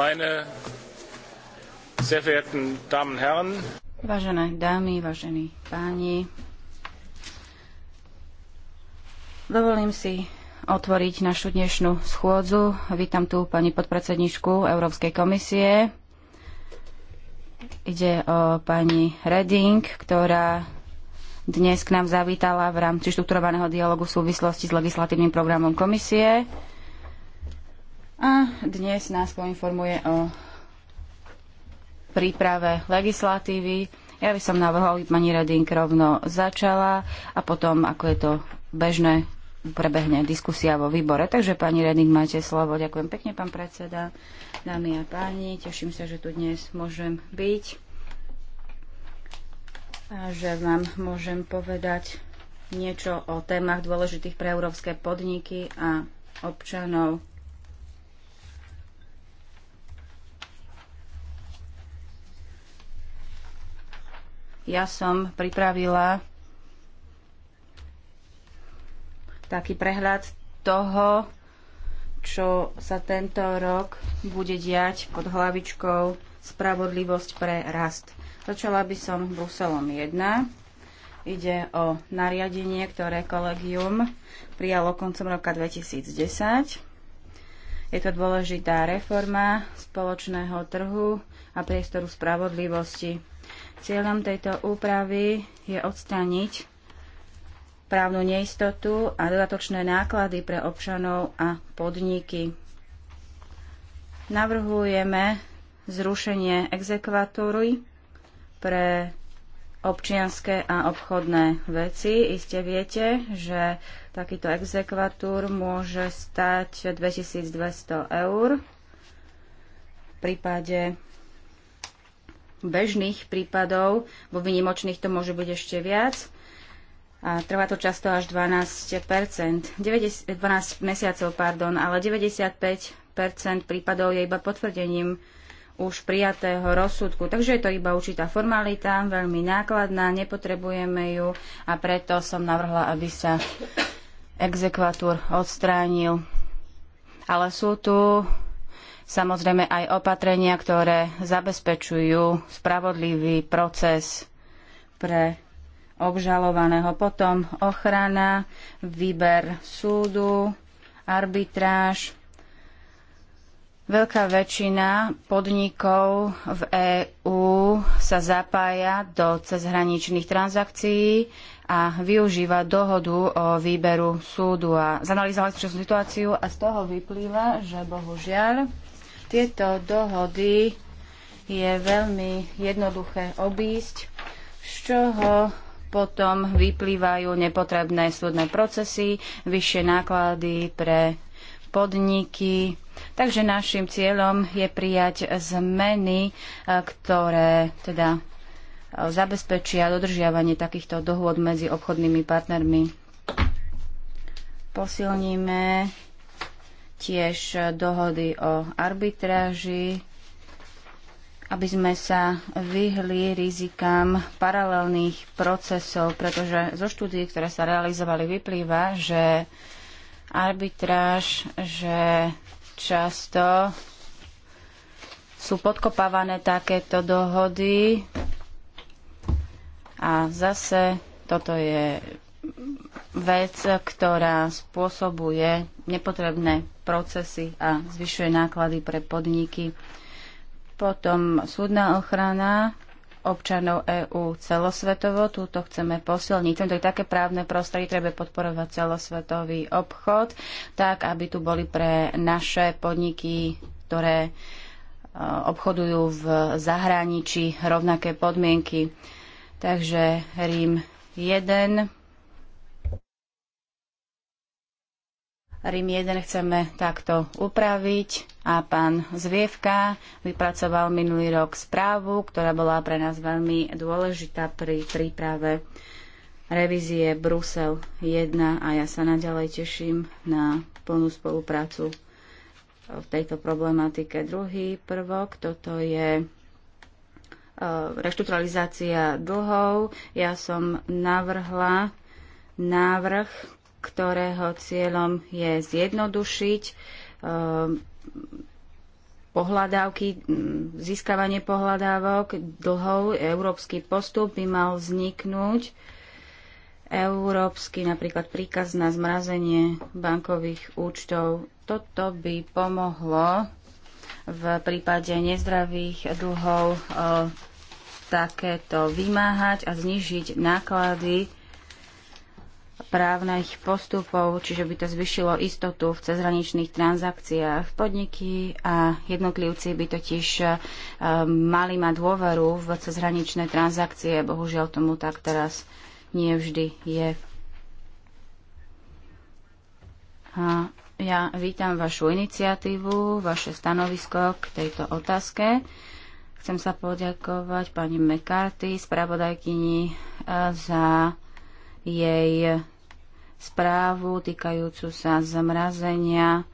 Meine sehr verehrten Damen und Herren, Vážené dámy, vážení páni, dovolím si otvoriť našu dnešnú schôdzu. Vítam tu pani podpredsedničku Európskej komisie. Ide o pani Reding, ktorá dnes k nám zavítala v rámci štrukturovaného dialogu v súvislosti s legislatívnym programom komisie a dnes nás poinformuje o príprave legislatívy. Ja by som navrhol, pani Radink rovno začala a potom, ako je to bežné, prebehne diskusia vo výbore. Takže pani Reding, máte slovo. Ďakujem pekne, pán predseda, dámy a páni. Teším sa, že tu dnes môžem byť a že vám môžem povedať niečo o témach dôležitých pre európske podniky a občanov. Ja som pripravila taký prehľad toho, čo sa tento rok bude diať pod hlavičkou Spravodlivosť pre rast. Začala by som Bruselom 1. Ide o nariadenie, ktoré kolegium prijalo koncom roka 2010. Je to dôležitá reforma spoločného trhu a priestoru spravodlivosti. Cieľom tejto úpravy je odstrániť právnu neistotu a dodatočné náklady pre občanov a podniky. Navrhujeme zrušenie exekvatúry pre občianské a obchodné veci. Iste viete, že takýto exekvatúr môže stať 2200 eur v prípade bežných prípadov, vo vynimočných to môže byť ešte viac. A trvá to často až 12 90, 12 mesiacov, pardon, ale 95 prípadov je iba potvrdením už prijatého rozsudku. Takže je to iba určitá formalita, veľmi nákladná, nepotrebujeme ju a preto som navrhla, aby sa exekvatúr odstránil. Ale sú tu samozrejme aj opatrenia, ktoré zabezpečujú spravodlivý proces pre obžalovaného. Potom ochrana, výber súdu, arbitráž. Veľká väčšina podnikov v EÚ sa zapája do cezhraničných transakcií a využíva dohodu o výberu súdu. A zanalýzovali sme situáciu a z toho vyplýva, že bohužiaľ tieto dohody je veľmi jednoduché obísť, z čoho potom vyplývajú nepotrebné súdne procesy, vyššie náklady pre podniky. Takže našim cieľom je prijať zmeny, e, ktoré teda e, zabezpečia dodržiavanie takýchto dohôd medzi obchodnými partnermi. Posilníme tiež dohody o arbitráži, aby sme sa vyhli rizikám paralelných procesov, pretože zo štúdií, ktoré sa realizovali, vyplýva, že arbitráž, že často sú podkopávané takéto dohody a zase toto je vec, ktorá spôsobuje nepotrebné procesy a zvyšuje náklady pre podniky. Potom súdna ochrana občanov EÚ celosvetovo. Túto chceme posilniť. Tento je také právne prostredie, treba podporovať celosvetový obchod, tak aby tu boli pre naše podniky, ktoré e, obchodujú v zahraničí rovnaké podmienky. Takže Rím 1 Rím 1 chceme takto upraviť a pán Zvievka vypracoval minulý rok správu, ktorá bola pre nás veľmi dôležitá pri príprave revízie Brusel 1 a ja sa naďalej teším na plnú spoluprácu v tejto problematike. Druhý prvok, toto je e, reštrukturalizácia dlhov. Ja som navrhla návrh, ktorého cieľom je zjednodušiť ehm, pohľadávky, mm, získavanie pohľadávok dlhov, európsky postup by mal vzniknúť európsky napríklad príkaz na zmrazenie bankových účtov. Toto by pomohlo v prípade nezdravých dlhov ehm, takéto vymáhať a znižiť náklady právnych postupov, čiže by to zvyšilo istotu v cezhraničných transakciách. Podniky a jednotlivci by totiž eh, mali mať dôveru v cezhraničné transakcie. Bohužiaľ tomu tak teraz nie vždy je. A ja vítam vašu iniciatívu, vaše stanovisko k tejto otázke. Chcem sa poďakovať pani McCarthy, spravodajkyni, eh, za jej správu týkajúcu sa zmrazenia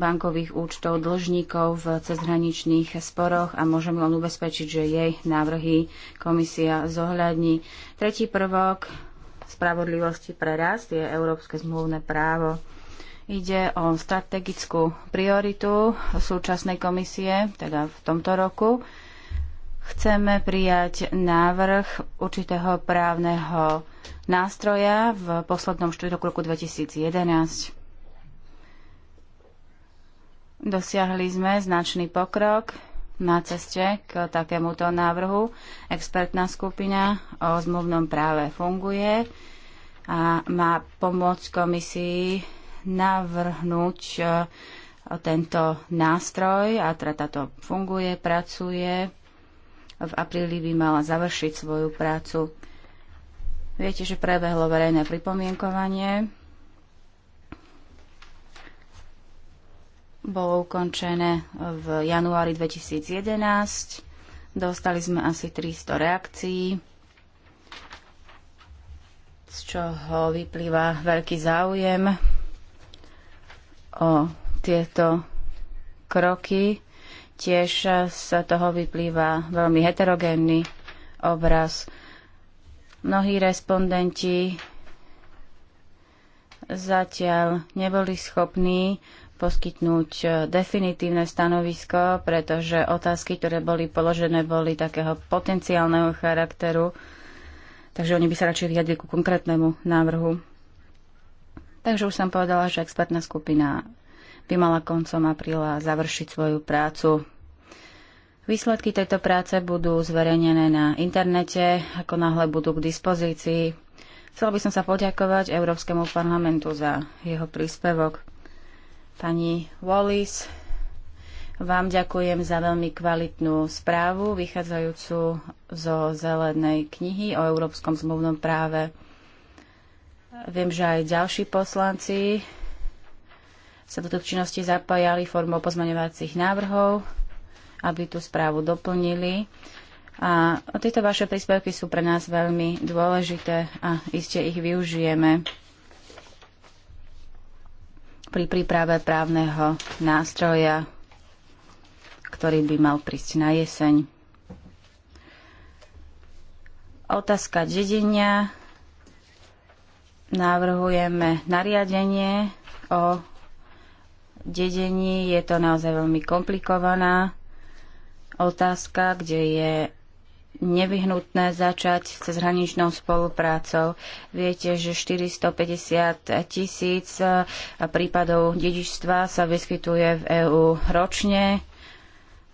bankových účtov dlžníkov v cezhraničných sporoch a môžem len ubezpečiť, že jej návrhy komisia zohľadní. Tretí prvok spravodlivosti pre rast je európske zmluvné právo. Ide o strategickú prioritu súčasnej komisie, teda v tomto roku Chceme prijať návrh určitého právneho nástroja v poslednom štvrtok roku 2011. Dosiahli sme značný pokrok na ceste k takémuto návrhu. Expertná skupina o zmluvnom práve funguje a má pomôcť komisii navrhnúť e, tento nástroj a teda táto funguje, pracuje v apríli by mala završiť svoju prácu. Viete, že prebehlo verejné pripomienkovanie. Bolo ukončené v januári 2011. Dostali sme asi 300 reakcií, z čoho vyplýva veľký záujem o tieto kroky. Tiež z toho vyplýva veľmi heterogénny obraz. Mnohí respondenti zatiaľ neboli schopní poskytnúť e, definitívne stanovisko, pretože otázky, ktoré boli položené, boli takého potenciálneho charakteru, takže oni by sa radšej vyjadili ku konkrétnemu návrhu. Takže už som povedala, že expertná skupina by mala koncom apríla završiť svoju prácu. Výsledky tejto práce budú zverejnené na internete, ako náhle budú k dispozícii. Chcel by som sa poďakovať Európskemu parlamentu za jeho príspevok. Pani Wallis, vám ďakujem za veľmi kvalitnú správu vychádzajúcu zo zelenej knihy o európskom zmluvnom práve. Viem, že aj ďalší poslanci sa do tých činností zapájali formou pozmaňovacích návrhov, aby tú správu doplnili. A tieto vaše príspevky sú pre nás veľmi dôležité a iste ich využijeme pri príprave právneho nástroja, ktorý by mal prísť na jeseň. Otázka dedenia. Navrhujeme nariadenie o dedení. Je to naozaj veľmi komplikovaná otázka, kde je nevyhnutné začať cez hraničnou spoluprácou. Viete, že 450 tisíc e, prípadov dedičstva sa vyskytuje v EÚ ročne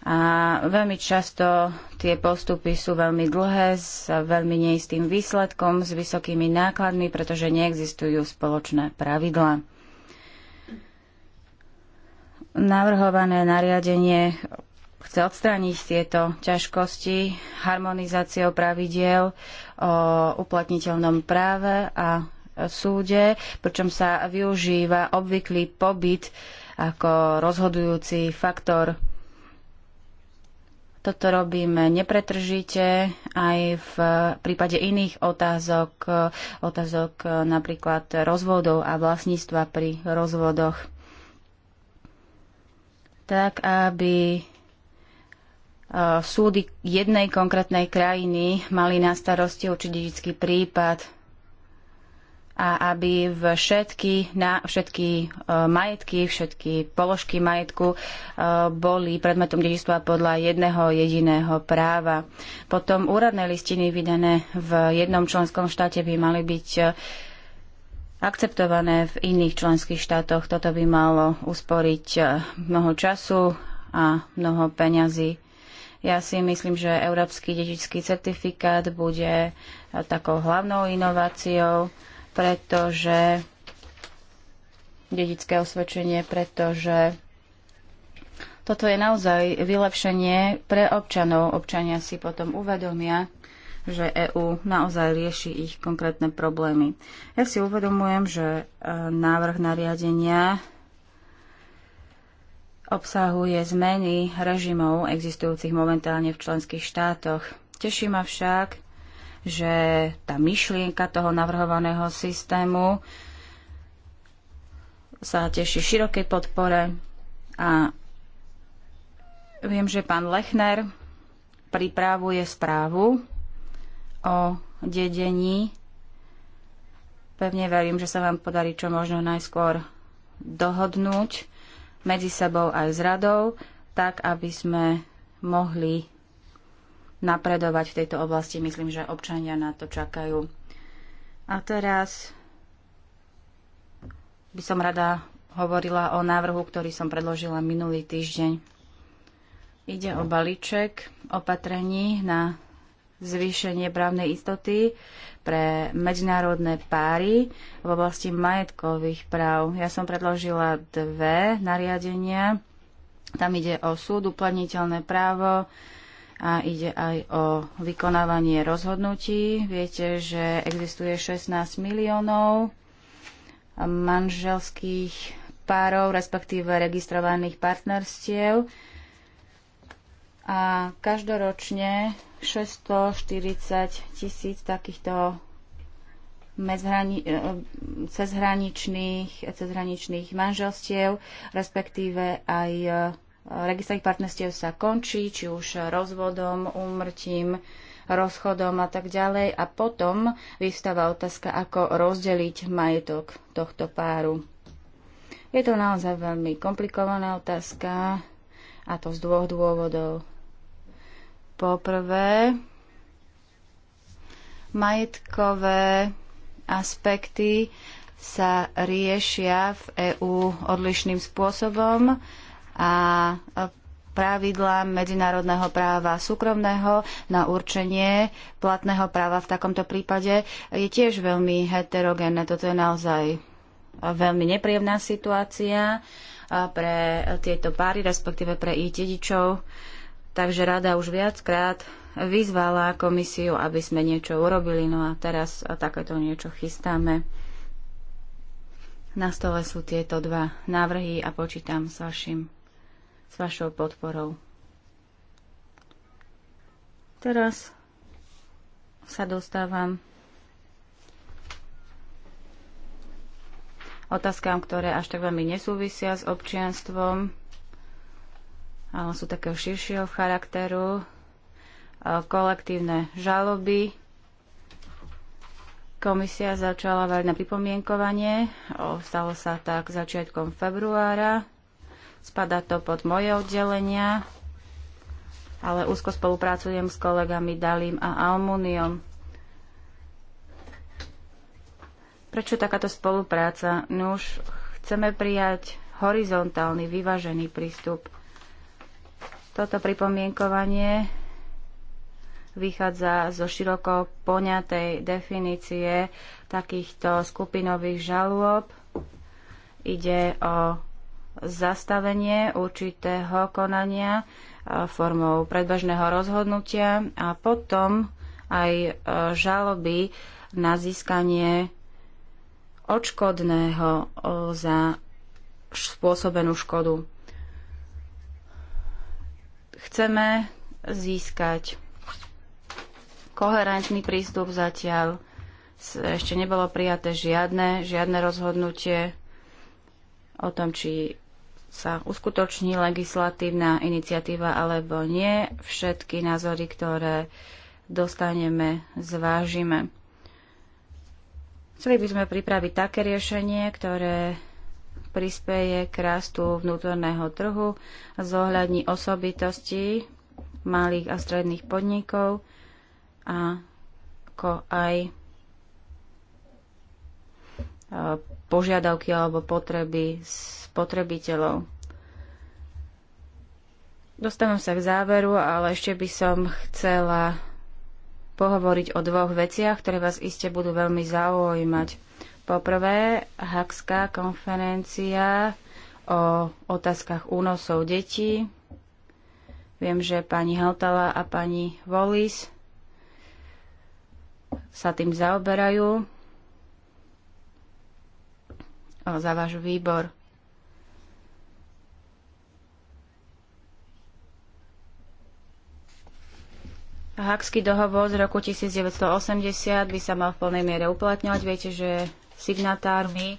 a veľmi často tie postupy sú veľmi dlhé, s veľmi neistým výsledkom, s vysokými nákladmi, pretože neexistujú spoločné pravidlá. Navrhované nariadenie chce odstrániť tieto ťažkosti harmonizáciou pravidiel o uplatniteľnom práve a súde, pričom sa využíva obvyklý pobyt ako rozhodujúci faktor. Toto robíme nepretržite aj v prípade iných otázok, otázok napríklad rozvodov a vlastníctva pri rozvodoch tak aby e, súdy jednej konkrétnej krajiny mali na starosti určitý prípad a aby všetky, na, všetky e, majetky, všetky položky majetku e, boli predmetom dedičstva podľa jedného jediného práva. Potom úradné listiny vydané v jednom členskom štáte by mali byť akceptované v iných členských štátoch. Toto by malo usporiť eh, mnoho času a mnoho peňazí. Ja si myslím, že Európsky dedičský certifikát bude eh, takou hlavnou inováciou, pretože dedické osvedčenie, pretože toto je naozaj vylepšenie pre občanov. Občania si potom uvedomia, že EÚ naozaj rieši ich konkrétne problémy. Ja si uvedomujem, že e, návrh nariadenia obsahuje zmeny režimov existujúcich momentálne v členských štátoch. Teší ma však, že tá myšlienka toho navrhovaného systému sa teší širokej podpore a viem, že pán Lechner pripravuje správu o dedení. Pevne verím, že sa vám podarí čo možno najskôr dohodnúť medzi sebou aj s radou, tak aby sme mohli napredovať v tejto oblasti. Myslím, že občania na to čakajú. A teraz by som rada hovorila o návrhu, ktorý som predložila minulý týždeň. Ide o balíček opatrení na zvýšenie právnej istoty pre medzinárodné páry v oblasti majetkových práv. Ja som predložila dve nariadenia. Tam ide o súd, uplatniteľné právo a ide aj o vykonávanie rozhodnutí. Viete, že existuje 16 miliónov manželských párov, respektíve registrovaných partnerstiev. A každoročne 640 tisíc takýchto e, cezhraničných, cezhraničných manželstiev, respektíve aj e, registrých partnerstiev sa končí, či už rozvodom, úmrtím, rozchodom a tak ďalej. A potom vystáva otázka, ako rozdeliť majetok tohto páru. Je to naozaj veľmi komplikovaná otázka a to z dvoch dôvodov. Poprvé, majetkové aspekty sa riešia v EÚ odlišným spôsobom a pravidlá medzinárodného práva súkromného na určenie platného práva v takomto prípade je tiež veľmi heterogénne. Toto je naozaj veľmi nepríjemná situácia pre tieto páry, respektíve pre ich dedičov. Takže rada už viackrát vyzvala komisiu, aby sme niečo urobili, no a teraz takéto niečo chystáme. Na stole sú tieto dva návrhy a počítam s, vašim, s vašou podporou. Teraz sa dostávam otázkam, ktoré až tak veľmi nesúvisia s občianstvom ale sú takého širšieho charakteru, e, kolektívne žaloby. Komisia začala na pripomienkovanie, stalo sa tak začiatkom februára. Spada to pod moje oddelenia, ale úzko spolupracujem s kolegami Dalím a Almuniom. Prečo takáto spolupráca? už chceme prijať horizontálny, vyvážený prístup toto pripomienkovanie vychádza zo široko poňatej definície takýchto skupinových žalôb. Ide o zastavenie určitého konania formou predbežného rozhodnutia a potom aj e, žaloby na získanie odškodného e, za spôsobenú škodu chceme získať koherentný prístup zatiaľ. Ešte nebolo prijaté žiadne, žiadne rozhodnutie o tom, či sa uskutoční legislatívna iniciatíva alebo nie. Všetky názory, ktoré dostaneme, zvážime. Chceli by sme pripraviť také riešenie, ktoré prispeje k rastu vnútorného trhu, zohľadní osobitosti malých a stredných podnikov a ako aj e, požiadavky alebo potreby spotrebiteľov. Dostávam sa k záveru, ale ešte by som chcela pohovoriť o dvoch veciach, ktoré vás iste budú veľmi zaujímať. Poprvé, Hakská konferencia o otázkach únosov detí. Viem, že pani Haltala a pani Volis sa tým zaoberajú o, za váš výbor. Hakský dohovor z roku 1980 by sa mal v plnej miere uplatňovať. Viete, že signatármi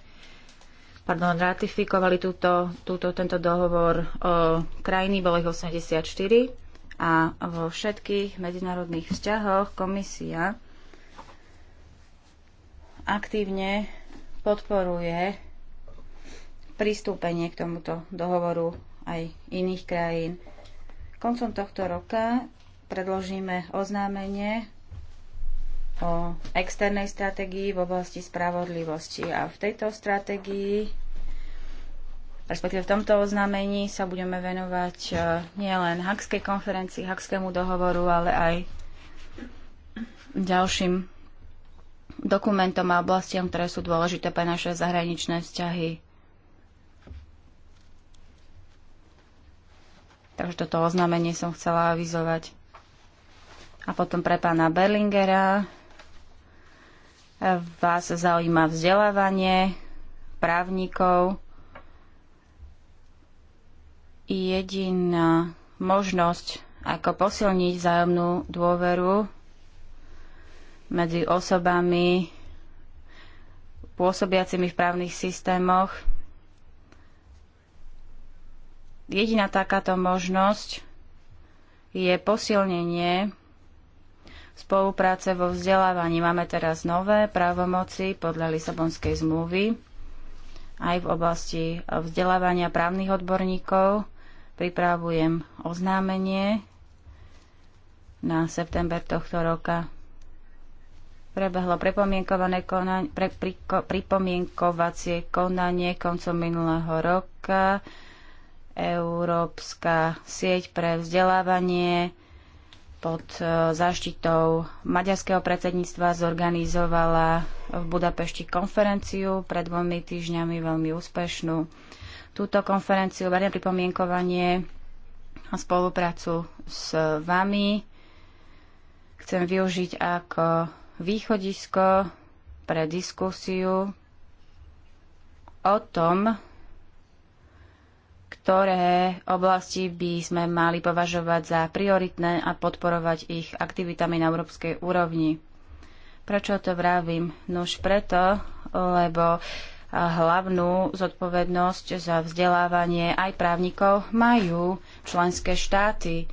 pardon, ratifikovali túto, túto, tento dohovor o krajiny, bolo ich 84 a vo všetkých medzinárodných vzťahoch komisia aktívne podporuje pristúpenie k tomuto dohovoru aj iných krajín. Koncom tohto roka predložíme oznámenie o externej stratégii v oblasti spravodlivosti. A v tejto stratégii, respektíve v tomto oznámení, sa budeme venovať e, nielen Hakskej konferencii, Hakskému dohovoru, ale aj ďalším dokumentom a oblastiam, ktoré sú dôležité pre naše zahraničné vzťahy. Takže toto oznámenie som chcela avizovať. A potom pre pána Berlingera vás zaujíma vzdelávanie právnikov. Jediná možnosť, ako posilniť vzájomnú dôveru medzi osobami pôsobiacimi v právnych systémoch. Jediná takáto možnosť je posilnenie spolupráce vo vzdelávaní. Máme teraz nové právomoci podľa Lisabonskej zmluvy aj v oblasti vzdelávania právnych odborníkov. Pripravujem oznámenie na september tohto roka. Prebehlo pripomienkované konanie, pre, pri, ko, pripomienkovacie konanie koncom minulého roka. Európska sieť pre vzdelávanie pod e, záštitou maďarského predsedníctva zorganizovala v Budapešti konferenciu pred dvomi týždňami veľmi úspešnú. Túto konferenciu verejné pripomienkovanie a spoluprácu s vami chcem využiť ako východisko pre diskusiu o tom, ktoré oblasti by sme mali považovať za prioritné a podporovať ich aktivitami na európskej úrovni. Prečo to vravím? Nož preto, lebo hlavnú zodpovednosť za vzdelávanie aj právnikov majú členské štáty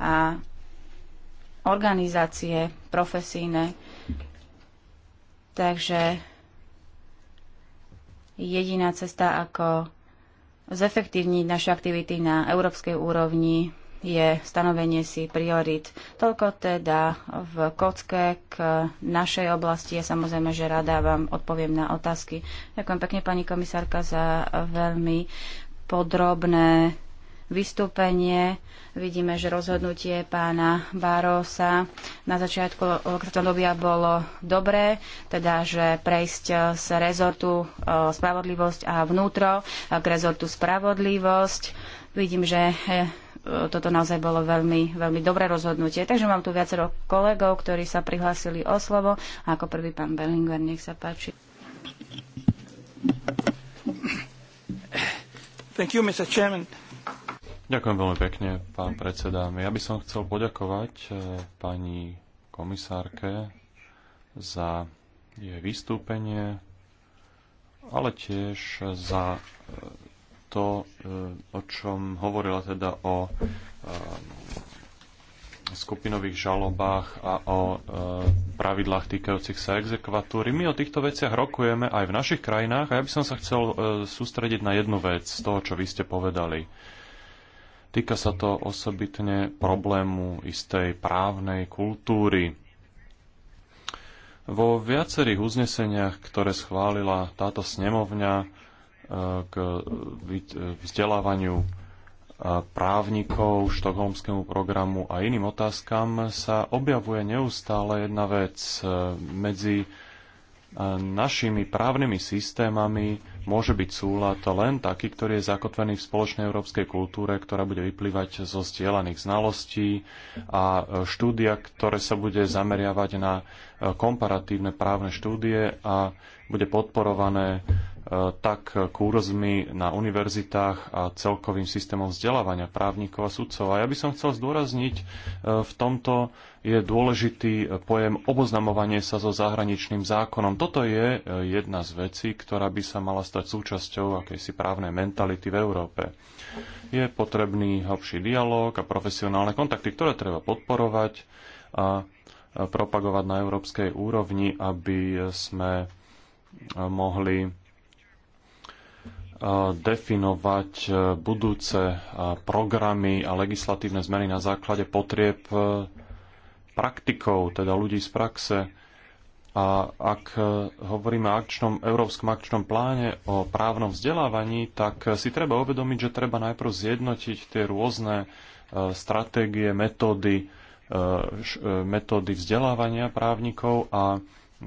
a organizácie profesíne. Takže jediná cesta, ako zefektívniť naše aktivity na európskej úrovni je stanovenie si priorit. Toľko teda v kocke k našej oblasti. Ja samozrejme, že rada vám odpoviem na otázky. Ďakujem pekne, pani komisárka, za veľmi podrobné vystúpenie. Vidíme, že rozhodnutie pána Barosa na začiatku obdobia bolo dobré, teda že prejsť z rezortu e, spravodlivosť a vnútro k rezortu spravodlivosť. Vidím, že e, toto naozaj bolo veľmi, veľmi dobré rozhodnutie. Takže mám tu viacero kolegov, ktorí sa prihlásili o slovo. A ako prvý pán Bellinger, nech sa páči. Thank you, Mr. Chairman. Ďakujem veľmi pekne, pán predseda. Ja by som chcel poďakovať e, pani komisárke za jej vystúpenie, ale tiež za e, to, e, o čom hovorila teda o skupinových žalobách a o pravidlách týkajúcich sa exekvatúry. My o týchto veciach rokujeme aj v našich krajinách a ja by som sa chcel sústrediť na jednu vec z toho, čo vy ste povedali. Týka sa to osobitne problému istej právnej kultúry. Vo viacerých uzneseniach, ktoré schválila táto snemovňa e, k e, e, vzdelávaniu právnikov, štokholmskému programu a iným otázkam sa objavuje neustále jedna vec medzi našimi právnymi systémami môže byť súlad len taký, ktorý je zakotvený v spoločnej európskej kultúre, ktorá bude vyplývať zo zdieľaných znalostí a štúdia, ktoré sa bude zameriavať na eh, komparatívne právne štúdie a bude podporované tak kurzmi na univerzitách a celkovým systémom vzdelávania právnikov a sudcov. A ja by som chcel zdôrazniť, e, v tomto je dôležitý pojem oboznamovanie sa so zahraničným zákonom. Toto je e, jedna z vecí, ktorá by sa mala stať súčasťou akejsi právnej mentality v Európe. Je potrebný hlbší dialog a profesionálne kontakty, ktoré treba podporovať a propagovať na európskej úrovni, aby sme e, mohli definovať e, budúce e, programy a legislatívne zmeny na základe potrieb e, praktikov, teda ľudí z praxe. A ak hovoríme o akčnom, európskom akčnom pláne o právnom vzdelávaní, tak si treba uvedomiť, že treba najprv zjednotiť tie rôzne stratégie, metódy, metódy vzdelávania právnikov a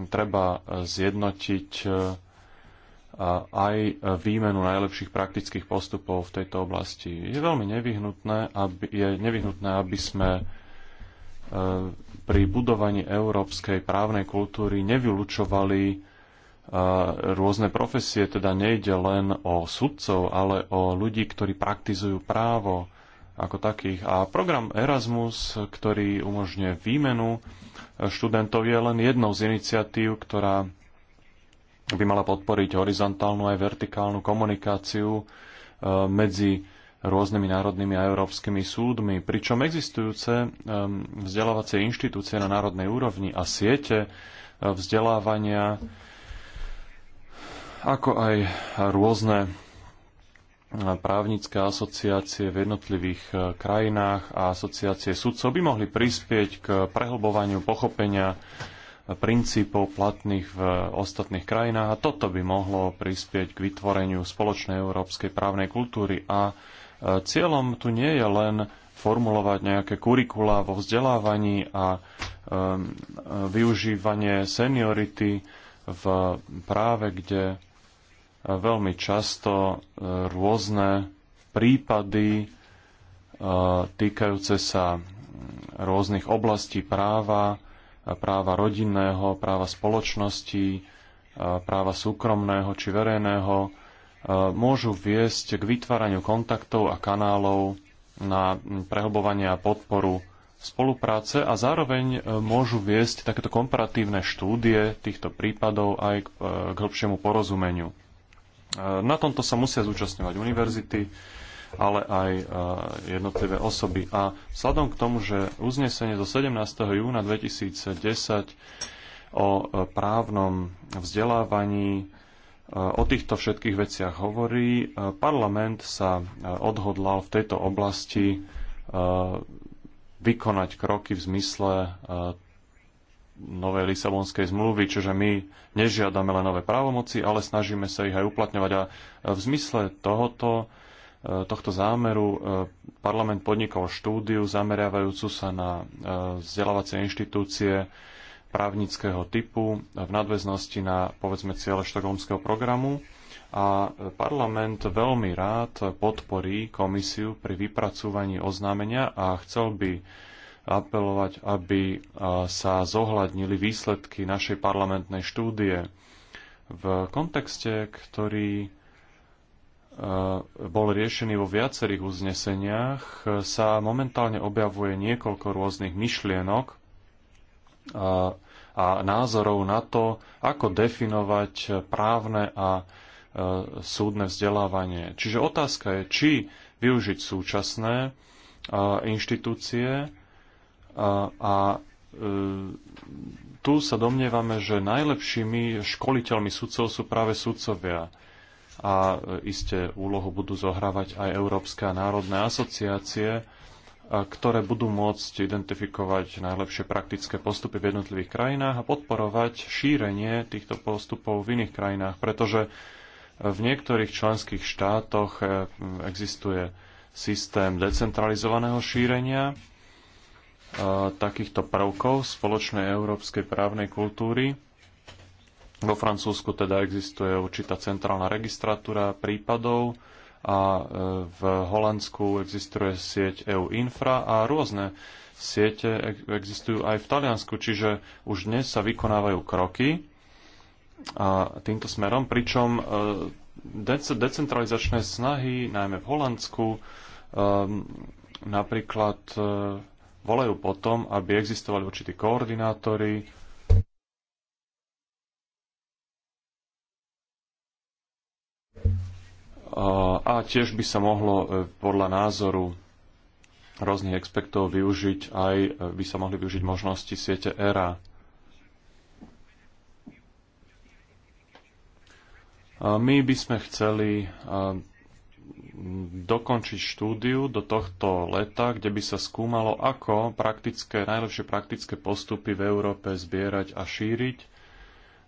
treba zjednotiť aj výmenu najlepších praktických postupov v tejto oblasti. Je veľmi nevyhnutné, aby, je nevyhnutné, aby sme e, pri budovaní európskej právnej kultúry nevylučovali e, rôzne profesie, teda nejde len o sudcov, ale o ľudí, ktorí praktizujú právo ako takých. A program Erasmus, ktorý umožňuje výmenu e, študentov, je len jednou z iniciatív, ktorá by mala podporiť horizontálnu aj vertikálnu komunikáciu e, medzi rôznymi národnými a európskymi súdmi, pričom existujúce e, vzdelávacie inštitúcie na národnej úrovni a siete e, vzdelávania, ako aj rôzne právnické asociácie v jednotlivých krajinách a asociácie sudcov by mohli prispieť k prehlbovaniu pochopenia princípov platných v ostatných krajinách a toto by mohlo prispieť k vytvoreniu spoločnej európskej právnej kultúry. A e, cieľom tu nie je len formulovať nejaké kurikula vo vzdelávaní a um, využívanie seniority v práve, kde veľmi často rôzne prípady týkajúce sa rôznych oblastí práva práva rodinného, práva spoločnosti, práva súkromného či verejného, môžu viesť k vytváraniu kontaktov a kanálov na prehlbovanie a podporu spolupráce a zároveň e, môžu viesť takéto komparatívne štúdie týchto prípadov aj k e, hĺbšiemu porozumeniu. E, na tomto sa musia zúčastňovať univerzity, ale aj e, jednotlivé osoby. A vzhľadom k tomu, že uznesenie zo 17. júna 2010 o e, právnom vzdelávaní e, o týchto všetkých veciach hovorí, parlament sa odhodlal v tejto oblasti vykonať kroky v zmysle novej Lisabonskej zmluvy, čiže my nežiadame len nové právomoci, ale snažíme sa ich aj uplatňovať. A v zmysle tohoto tohto zámeru e, parlament podnikol štúdiu zameriavajúcu sa na e, vzdelávacie inštitúcie právnického typu v nadväznosti na, povedzme, ciele štokholmského programu a parlament veľmi rád podporí komisiu pri vypracúvaní oznámenia a chcel by apelovať, aby e, sa zohľadnili výsledky našej parlamentnej štúdie v kontexte, ktorý Eh, bol riešený vo viacerých uzneseniach, eh, sa momentálne objavuje niekoľko rôznych myšlienok eh, a názorov na to, ako definovať právne a súdne vzdelávanie. Čiže otázka je, či využiť súčasné inštitúcie a tu sa domnievame, že najlepšími školiteľmi sudcov sú práve sudcovia a iste úlohu budú zohrávať aj Európske a národné asociácie, ktoré budú môcť identifikovať najlepšie praktické postupy v jednotlivých krajinách a podporovať šírenie týchto postupov v iných krajinách, pretože v niektorých členských štátoch e, existuje systém decentralizovaného šírenia e, takýchto prvkov spoločnej európskej právnej kultúry vo Francúzsku teda existuje určitá centrálna registratúra prípadov a e, v Holandsku existuje sieť EU Infra a rôzne siete existujú aj v Taliansku, čiže už dnes sa vykonávajú kroky a týmto smerom, pričom e, decentralizačné snahy, najmä v Holandsku, e, napríklad volajú potom, aby existovali určití koordinátori a tiež by sa mohlo e, podľa názoru rôznych expertov využiť aj, e, by sa mohli využiť možnosti siete ERA. My by sme chceli e, dokončiť štúdiu do tohto leta, kde by sa skúmalo, ako praktické, najlepšie praktické postupy v Európe zbierať a šíriť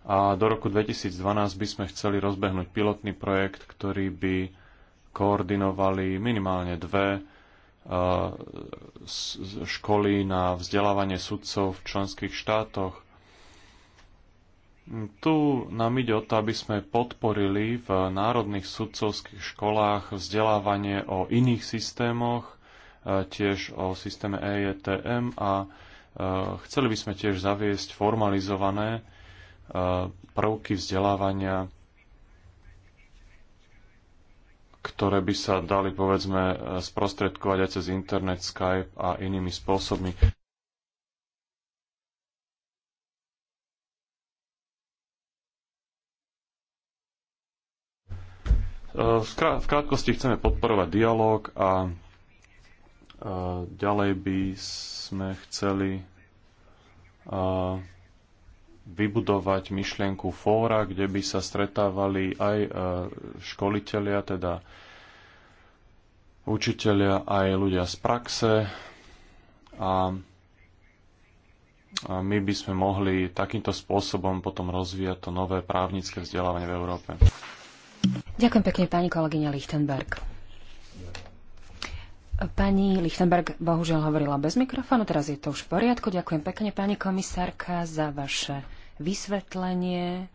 a do roku 2012 by sme chceli rozbehnúť pilotný projekt, ktorý by koordinovali minimálne dve e, školy na vzdelávanie sudcov v členských štátoch. Tu nám ide o to, aby sme podporili v národných sudcovských školách vzdelávanie o iných systémoch, e, tiež o systéme EJTM e a chceli by sme tiež zaviesť formalizované prvky vzdelávania, ktoré by sa dali, povedzme, sprostredkovať aj cez internet, Skype a inými spôsobmi. V krátkosti chceme podporovať dialog a e, ďalej by sme chceli e, vybudovať myšlienku fóra, kde by sa stretávali aj e, školitelia, teda učitelia, aj ľudia z praxe. A my by sme mohli takýmto spôsobom potom rozvíjať to nové právnické vzdelávanie v Európe. Ďakujem pekne, pani kolegyňa Lichtenberg. Pani Lichtenberg bohužiaľ hovorila bez mikrofónu, teraz je to už v poriadku. Ďakujem pekne, pani komisárka, za vaše vysvetlenie.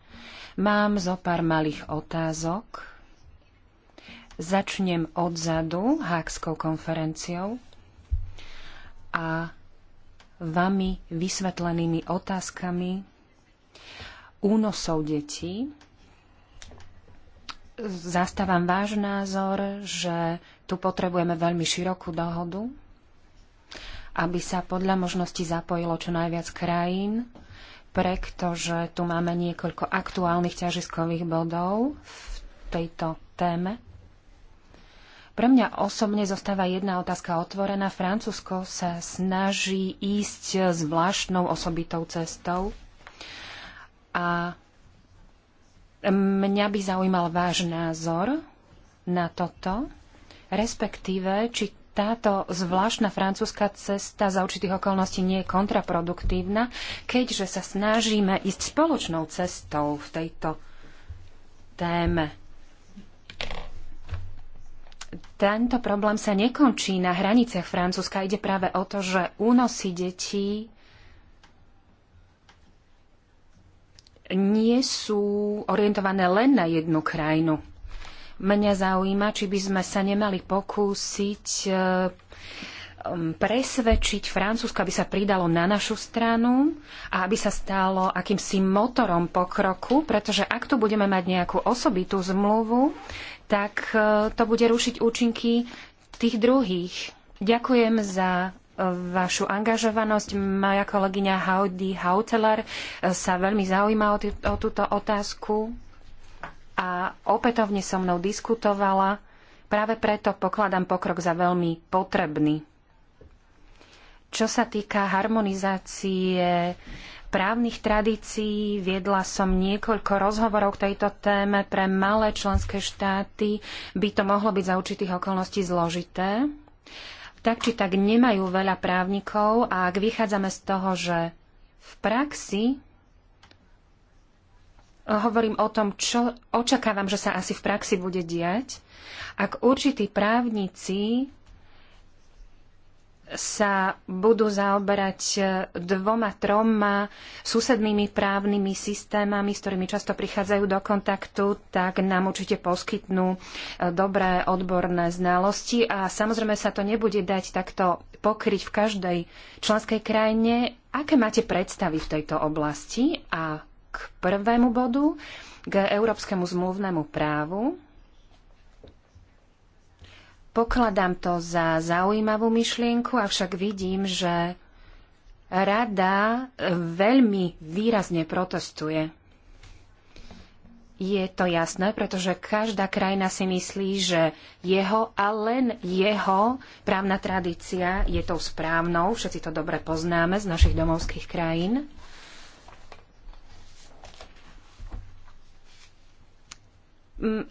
Mám zo pár malých otázok. Začnem odzadu Hákskou konferenciou a vami vysvetlenými otázkami únosov detí zastávam váš názor, že tu potrebujeme veľmi širokú dohodu, aby sa podľa možnosti zapojilo čo najviac krajín, pretože tu máme niekoľko aktuálnych ťažiskových bodov v tejto téme. Pre mňa osobne zostáva jedna otázka otvorená. Francúzsko sa snaží ísť zvláštnou osobitou cestou a Mňa by zaujímal váš názor na toto, respektíve či táto zvláštna francúzska cesta za určitých okolností nie je kontraproduktívna, keďže sa snažíme ísť spoločnou cestou v tejto téme. Tento problém sa nekončí na hraniciach Francúzska. Ide práve o to, že únosy detí nie sú orientované len na jednu krajinu. Mňa zaujíma, či by sme sa nemali pokúsiť e, um, presvedčiť Francúzsko, aby sa pridalo na našu stranu a aby sa stalo akýmsi motorom pokroku, pretože ak tu budeme mať nejakú osobitú zmluvu, tak e, to bude rušiť účinky tých druhých. Ďakujem za vašu angažovanosť. Moja kolegyňa Haudy Hauteler eh, sa veľmi zaujíma o, o túto otázku a opätovne so mnou diskutovala. Práve preto pokladám pokrok za veľmi potrebný. Čo sa týka harmonizácie právnych tradícií, viedla som niekoľko rozhovorov k tejto téme pre malé členské štáty. By to mohlo byť za určitých okolností zložité tak či tak nemajú veľa právnikov a ak vychádzame z toho, že v praxi eh, hovorím o tom, čo očakávam, že sa asi v praxi bude diať, ak určití právnici sa budú zaoberať e, dvoma, troma susednými právnymi systémami, s ktorými často prichádzajú do kontaktu, tak nám určite poskytnú e, dobré odborné znalosti. A samozrejme sa to nebude dať takto pokryť v každej členskej krajine. Aké máte predstavy v tejto oblasti? A k prvému bodu, k európskemu zmluvnému právu, Pokladám to za zaujímavú myšlienku, avšak vidím, že rada e, veľmi výrazne protestuje. Je to jasné, pretože každá krajina si myslí, že jeho a len jeho právna tradícia je tou správnou. Všetci to dobre poznáme z našich domovských krajín.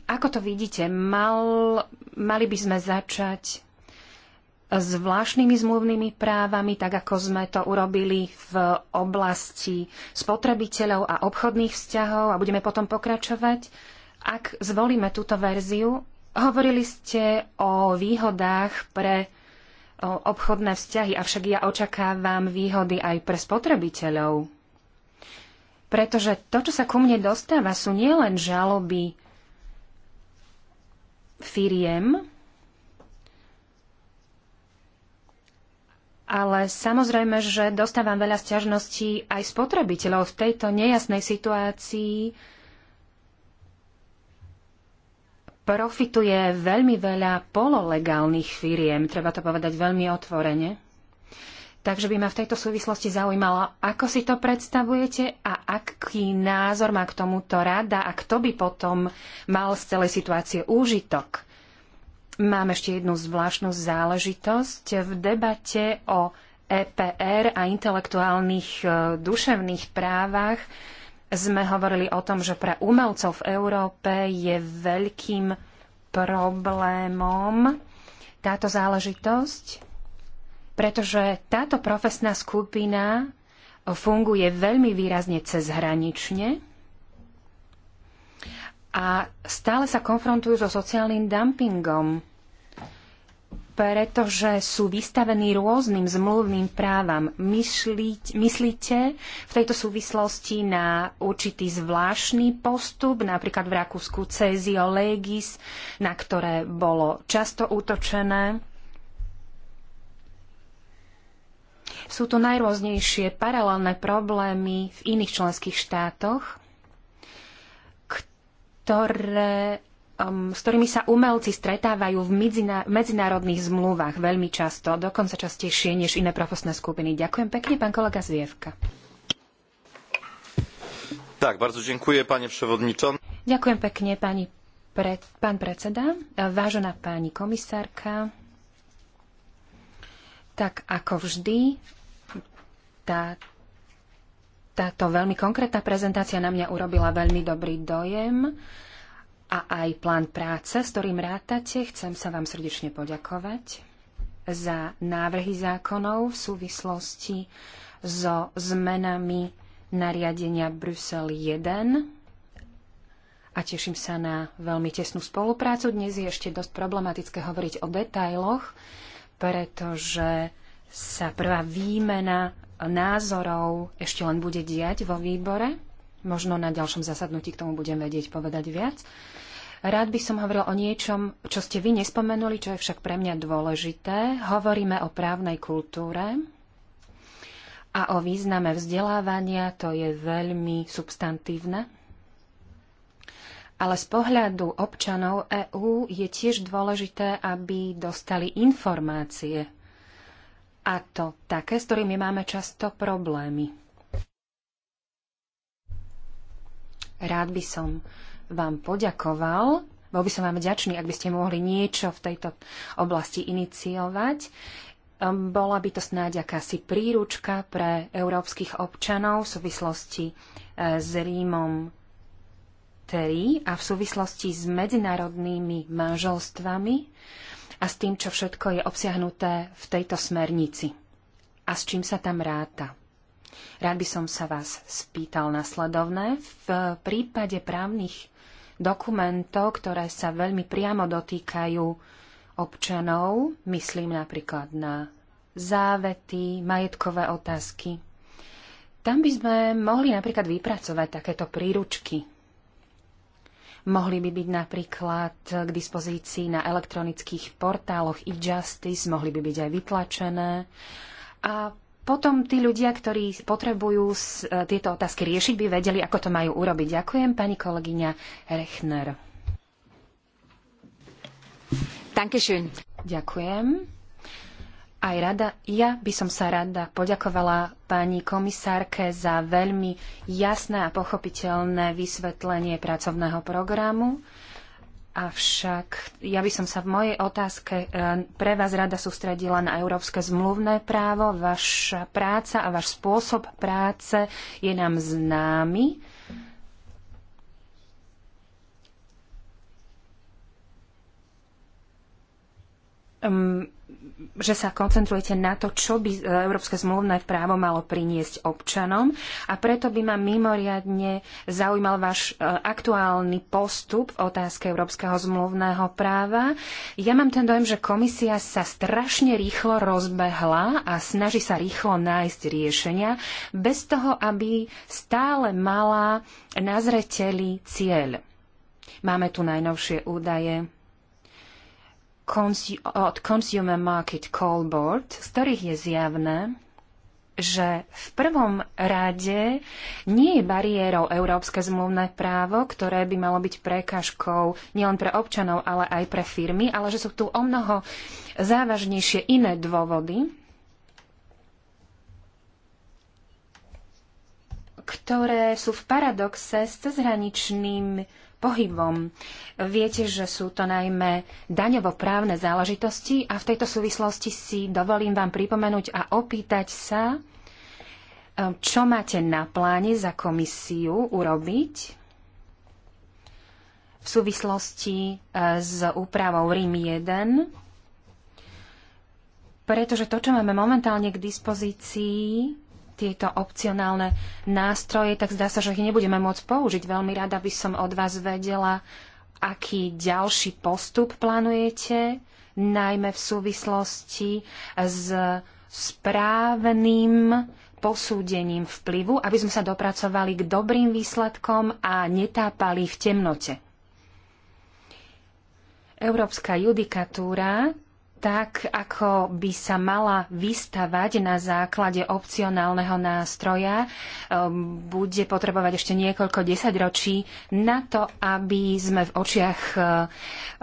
Ako to vidíte, mal, mali by sme začať s zvláštnymi zmluvnými právami, tak ako sme to urobili v oblasti spotrebiteľov a obchodných vzťahov a budeme potom pokračovať. Ak zvolíme túto verziu, hovorili ste o výhodách pre obchodné vzťahy, avšak ja očakávam výhody aj pre spotrebiteľov. Pretože to, čo sa ku mne dostáva, sú nielen žaloby firiem, ale samozrejme, že dostávam veľa sťažností aj spotrebiteľov v tejto nejasnej situácii. Profituje veľmi veľa pololegálnych firiem, treba to povedať veľmi otvorene. Takže by ma v tejto súvislosti zaujímalo, ako si to predstavujete a aký názor má k tomuto rada a kto by potom mal z celej situácie úžitok. Mám ešte jednu zvláštnu záležitosť. V debate o EPR a intelektuálnych e, duševných právach sme hovorili o tom, že pre umelcov v Európe je veľkým problémom táto záležitosť pretože táto profesná skupina funguje veľmi výrazne cezhranične a stále sa konfrontujú so sociálnym dumpingom, pretože sú vystavení rôznym zmluvným právam. Myslíte, myslíte v tejto súvislosti na určitý zvláštny postup, napríklad v Rakúsku Cezio Legis, na ktoré bolo často útočené? Sú tu najrôznejšie paralelné problémy v iných členských štátoch, ktoré, um, s ktorými sa umelci stretávajú v medziná, medzinárodných zmluvách veľmi často, dokonca častejšie než iné profesné skupiny. Ďakujem pekne, pán kolega Zvievka. Tak, bardzo dziękuję, panie przewodniczący. Ďakujem pekne, pani pre, pán predseda, vážená pani komisárka, tak ako vždy, tá, táto veľmi konkrétna prezentácia na mňa urobila veľmi dobrý dojem a aj plán práce, s ktorým rátate. Chcem sa vám srdečne poďakovať za návrhy zákonov v súvislosti so zmenami nariadenia Brusel 1 a teším sa na veľmi tesnú spoluprácu. Dnes je ešte dosť problematické hovoriť o detailoch, pretože sa prvá výmena názorov ešte len bude diať vo výbore. Možno na ďalšom zasadnutí k tomu budem vedieť povedať viac. Rád by som hovoril o niečom, čo ste vy nespomenuli, čo je však pre mňa dôležité. Hovoríme o právnej kultúre a o význame vzdelávania. To je veľmi substantívne ale z pohľadu občanov EÚ je tiež dôležité, aby dostali informácie. A to také, s ktorými máme často problémy. Rád by som vám poďakoval. Bol by som vám vďačný, ak by ste mohli niečo v tejto oblasti iniciovať. Ehm, bola by to snáď akási príručka pre európskych občanov v súvislosti eh, s Rímom Terry a v súvislosti s medzinárodnými manželstvami a s tým, čo všetko je obsiahnuté v tejto smernici a s čím sa tam ráta. Rád by som sa vás spýtal nasledovné. V prípade právnych dokumentov, ktoré sa veľmi priamo dotýkajú občanov, myslím napríklad na závety, majetkové otázky. Tam by sme mohli napríklad vypracovať takéto príručky Mohli by byť napríklad k dispozícii na elektronických portáloch e-justice, mohli by byť aj vytlačené. A potom tí ľudia, ktorí potrebujú e, tieto otázky riešiť, by vedeli, ako to majú urobiť. Ďakujem, pani kolegyňa Rechner. Dankeschön. Ďakujem aj rada. Ja by som sa rada poďakovala pani komisárke za veľmi jasné a pochopiteľné vysvetlenie pracovného programu. Avšak ja by som sa v mojej otázke e, pre vás rada sústredila na európske zmluvné právo. Vaša práca a váš spôsob práce je nám známy. Um, že sa koncentrujete na to, čo by e, Európske zmluvné právo malo priniesť občanom a preto by ma mimoriadne zaujímal váš e, aktuálny postup v otázke Európskeho zmluvného práva. Ja mám ten dojem, že komisia sa strašne rýchlo rozbehla a snaží sa rýchlo nájsť riešenia bez toho, aby stále mala na zreteli cieľ. Máme tu najnovšie údaje od Consumer Market Call Board, z ktorých je zjavné, že v prvom rade nie je bariérou európske zmluvné právo, ktoré by malo byť prekažkou nielen pre občanov, ale aj pre firmy, ale že sú tu o mnoho závažnejšie iné dôvody, ktoré sú v paradoxe s cezhraničným pohybom. Viete, že sú to najmä daňovo-právne záležitosti a v tejto súvislosti si dovolím vám pripomenúť a opýtať sa, e, čo máte na pláne za komisiu urobiť v súvislosti e, s úpravou RIM 1, pretože to, čo máme momentálne k dispozícii, tieto opcionálne nástroje, tak zdá sa, že ich nebudeme môcť použiť. Veľmi rada by som od vás vedela, aký ďalší postup plánujete, najmä v súvislosti s správnym posúdením vplyvu, aby sme sa dopracovali k dobrým výsledkom a netápali v temnote. Európska judikatúra tak, ako by sa mala vystavať na základe opcionálneho nástroja, ehm, bude potrebovať ešte niekoľko desaťročí na to, aby sme v očiach e,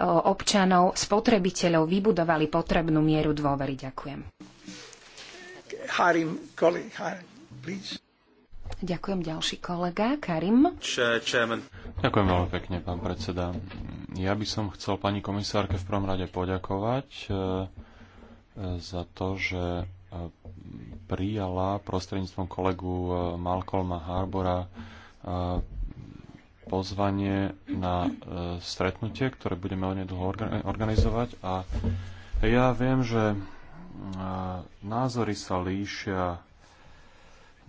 občanov, spotrebiteľov vybudovali potrebnú mieru dôvery. Ďakujem. Harim, Colin, Harim, please. Ďakujem ďalší kolega, Karim. Ďakujem veľmi pekne, pán predseda. Ja by som chcel pani komisárke v prvom rade poďakovať e, za to, že e, prijala prostredníctvom kolegu e, Malcolma Harbora pozvanie na stretnutie, ktoré budeme onedlho organizovať. A ja viem, že názory sa líšia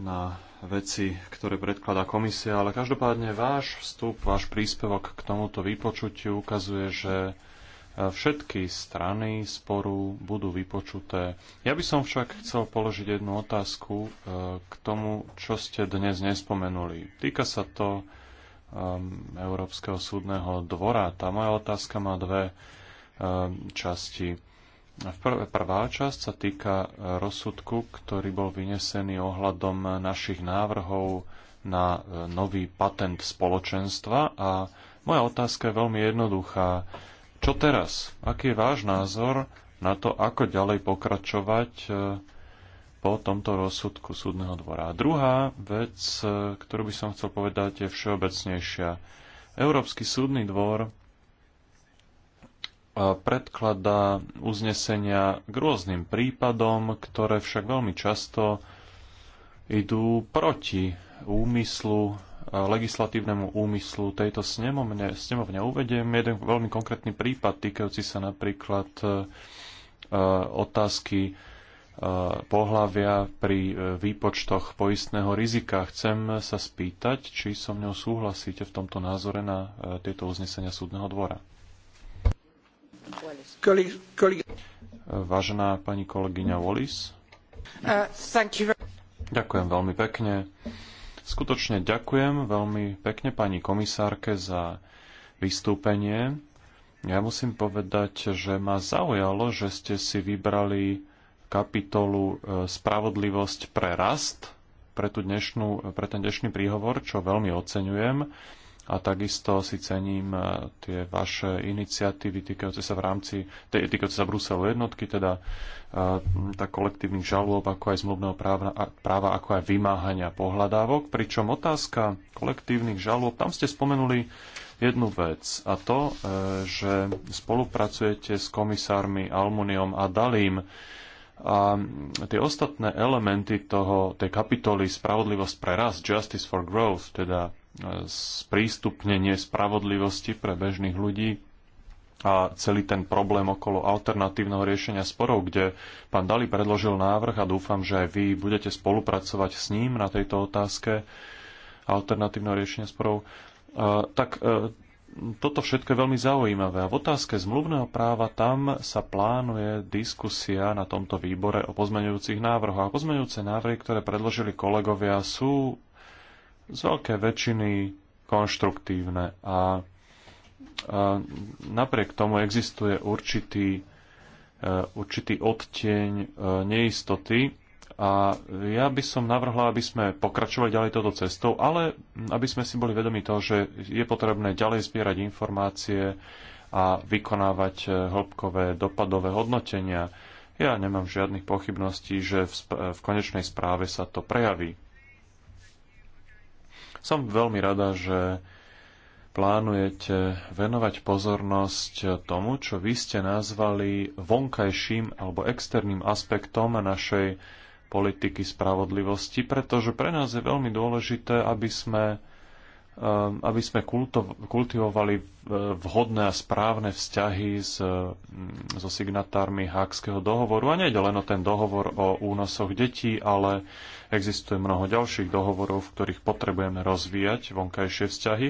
na veci, ktoré predkladá komisia, ale každopádne váš vstup, váš príspevok k tomuto vypočutiu ukazuje, že e, všetky strany sporu budú vypočuté. Ja by som však chcel položiť jednu otázku e, k tomu, čo ste dnes nespomenuli. Týka sa to e, Európskeho súdneho dvora. Tá moja otázka má dve časti prvé, prvá časť sa týka e, rozsudku, ktorý bol vynesený ohľadom našich návrhov na e, nový patent spoločenstva a moja otázka je veľmi jednoduchá. Čo teraz? Aký je váš názor na to, ako ďalej pokračovať e, po tomto rozsudku súdneho dvora? A druhá vec, ktorú by som chcel povedať, je všeobecnejšia. Európsky súdny dvor predkladá uznesenia k rôznym prípadom, ktoré však veľmi často idú proti úmyslu, legislatívnemu úmyslu tejto snemovne. Snemovne uvediem jeden veľmi konkrétny prípad týkajúci sa napríklad e, e, otázky e, pohľavia pri výpočtoch poistného rizika. Chcem sa spýtať, či so mnou súhlasíte v tomto názore na tieto uznesenia súdneho dvora. Vážená pani kolegyňa Wallis. Ďakujem veľmi pekne. Skutočne ďakujem veľmi pekne pani komisárke za vystúpenie. Ja musím povedať, že ma zaujalo, že ste si vybrali kapitolu e, Spravodlivosť pre rast pre, tú dnešnú, pre ten dnešný príhovor, čo veľmi oceňujem a takisto si cením e, tie vaše iniciatívy týkajúce sa v rámci, týkajúce sa Bruselu jednotky, teda e, tak kolektívnych žalôb, ako aj zmluvného práva, práva, ako aj vymáhania pohľadávok. Pričom otázka kolektívnych žalôb, tam ste spomenuli jednu vec a to, e, že spolupracujete s komisármi Almuniom a Dalím a tie ostatné elementy toho, tej kapitoly Spravodlivosť pre rast, Justice for Growth, teda sprístupnenie spravodlivosti pre bežných ľudí a celý ten problém okolo alternatívneho riešenia sporov, kde pán Dali predložil návrh a dúfam, že aj vy budete spolupracovať s ním na tejto otázke alternatívneho riešenia sporov, e, tak e, toto všetko je veľmi zaujímavé. A v otázke zmluvného práva tam sa plánuje diskusia na tomto výbore o pozmeňujúcich návrhoch. A pozmeňujúce návrhy, ktoré predložili kolegovia, sú z veľkej väčšiny konštruktívne a napriek tomu existuje určitý, e, určitý odtieň e, neistoty a ja by som navrhla, aby sme pokračovali ďalej touto cestou, ale aby sme si boli vedomi toho, že je potrebné ďalej zbierať informácie a vykonávať e, hĺbkové dopadové hodnotenia. Ja nemám žiadnych pochybností, že v, v konečnej správe sa to prejaví. Som veľmi rada, že plánujete venovať pozornosť tomu, čo vy ste nazvali vonkajším alebo externým aspektom našej politiky spravodlivosti, pretože pre nás je veľmi dôležité, aby sme, ehm, aby sme kultivovali e, vhodné a správne vzťahy s, mm, so signatármi Hákského dohovoru. A nejde len o ten dohovor o únosoch detí, ale Existuje mnoho ďalších dohovorov, v ktorých potrebujeme rozvíjať vonkajšie vzťahy.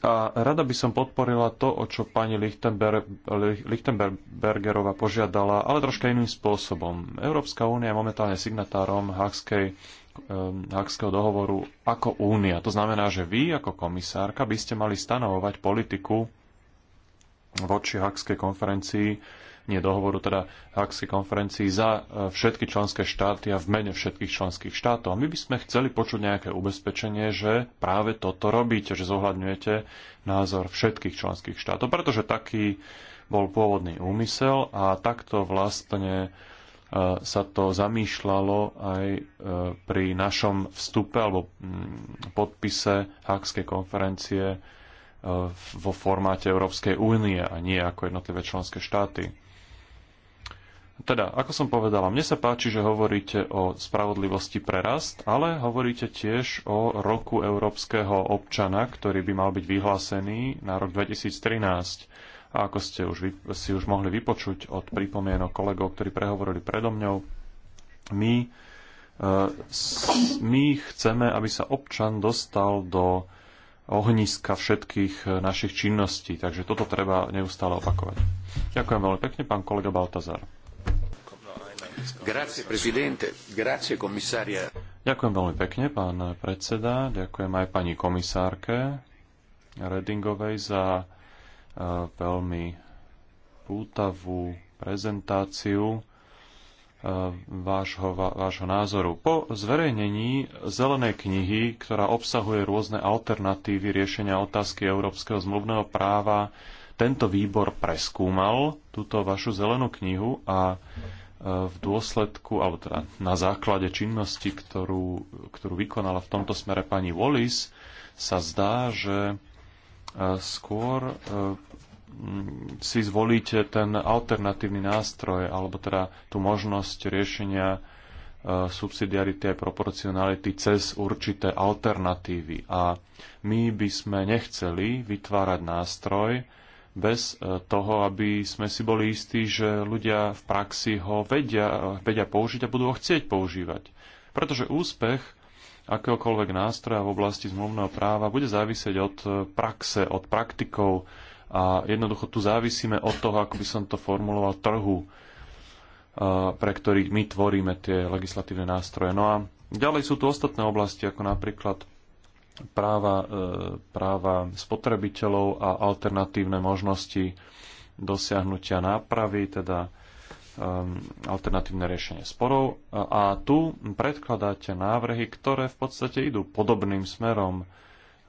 A rada by som podporila to, o čo pani Lichtenberg, Lichtenbergerová požiadala, ale troška iným spôsobom. Európska únia je momentálne signatárom Hagskej dohovoru ako únia. To znamená, že vy ako komisárka by ste mali stanovovať politiku voči Hakskej konferencii nie dohovoru, teda Hákskej konferencii za e, všetky členské štáty a v mene všetkých členských štátov. A my by sme chceli počuť nejaké ubezpečenie, že práve toto robíte, že zohľadňujete názor všetkých členských štátov, pretože taký bol pôvodný úmysel a takto vlastne e, sa to zamýšľalo aj e, pri našom vstupe alebo mm, podpise Hákskej konferencie vo formáte Európskej únie a nie ako jednotlivé členské štáty. Teda, ako som povedala, mne sa páči, že hovoríte o spravodlivosti pre rast, ale hovoríte tiež o roku európskeho občana, ktorý by mal byť vyhlásený na rok 2013. A ako ste už, si už mohli vypočuť od pripomienok kolegov, ktorí prehovorili predo mňou, my, e, my chceme, aby sa občan dostal do ohniska všetkých e, našich činností. Takže toto treba neustále opakovať. Ďakujem veľmi pekne, pán kolega Baltazar. Ďakujem veľmi pekne, pán predseda. Ďakujem aj pani komisárke Redingovej za e, veľmi pútavú prezentáciu e, vášho, vášho názoru. Po zverejnení zelenej knihy, ktorá obsahuje rôzne alternatívy riešenia otázky európskeho zmluvného práva, tento výbor preskúmal túto vašu zelenú knihu a v dôsledku, alebo teda na základe činnosti, ktorú, ktorú vykonala v tomto smere pani Wallis, sa zdá, že e, skôr e, si zvolíte ten alternatívny nástroj, alebo teda tú možnosť riešenia e, subsidiarity a proporcionality cez určité alternatívy. A my by sme nechceli vytvárať nástroj, bez e, toho, aby sme si boli istí, že ľudia v praxi ho vedia, vedia použiť a budú ho chcieť používať. Pretože úspech akéhokoľvek nástroja v oblasti zmluvného práva bude závisieť od e, praxe, od praktikov a jednoducho tu závisíme od toho, ako by som to formuloval, trhu, e, pre ktorý my tvoríme tie legislatívne nástroje. No a ďalej sú tu ostatné oblasti, ako napríklad práva, e, práva spotrebiteľov a alternatívne možnosti dosiahnutia nápravy, teda alternatívne riešenie sporov. A, a tu predkladáte návrhy, ktoré v podstate idú podobným smerom. E,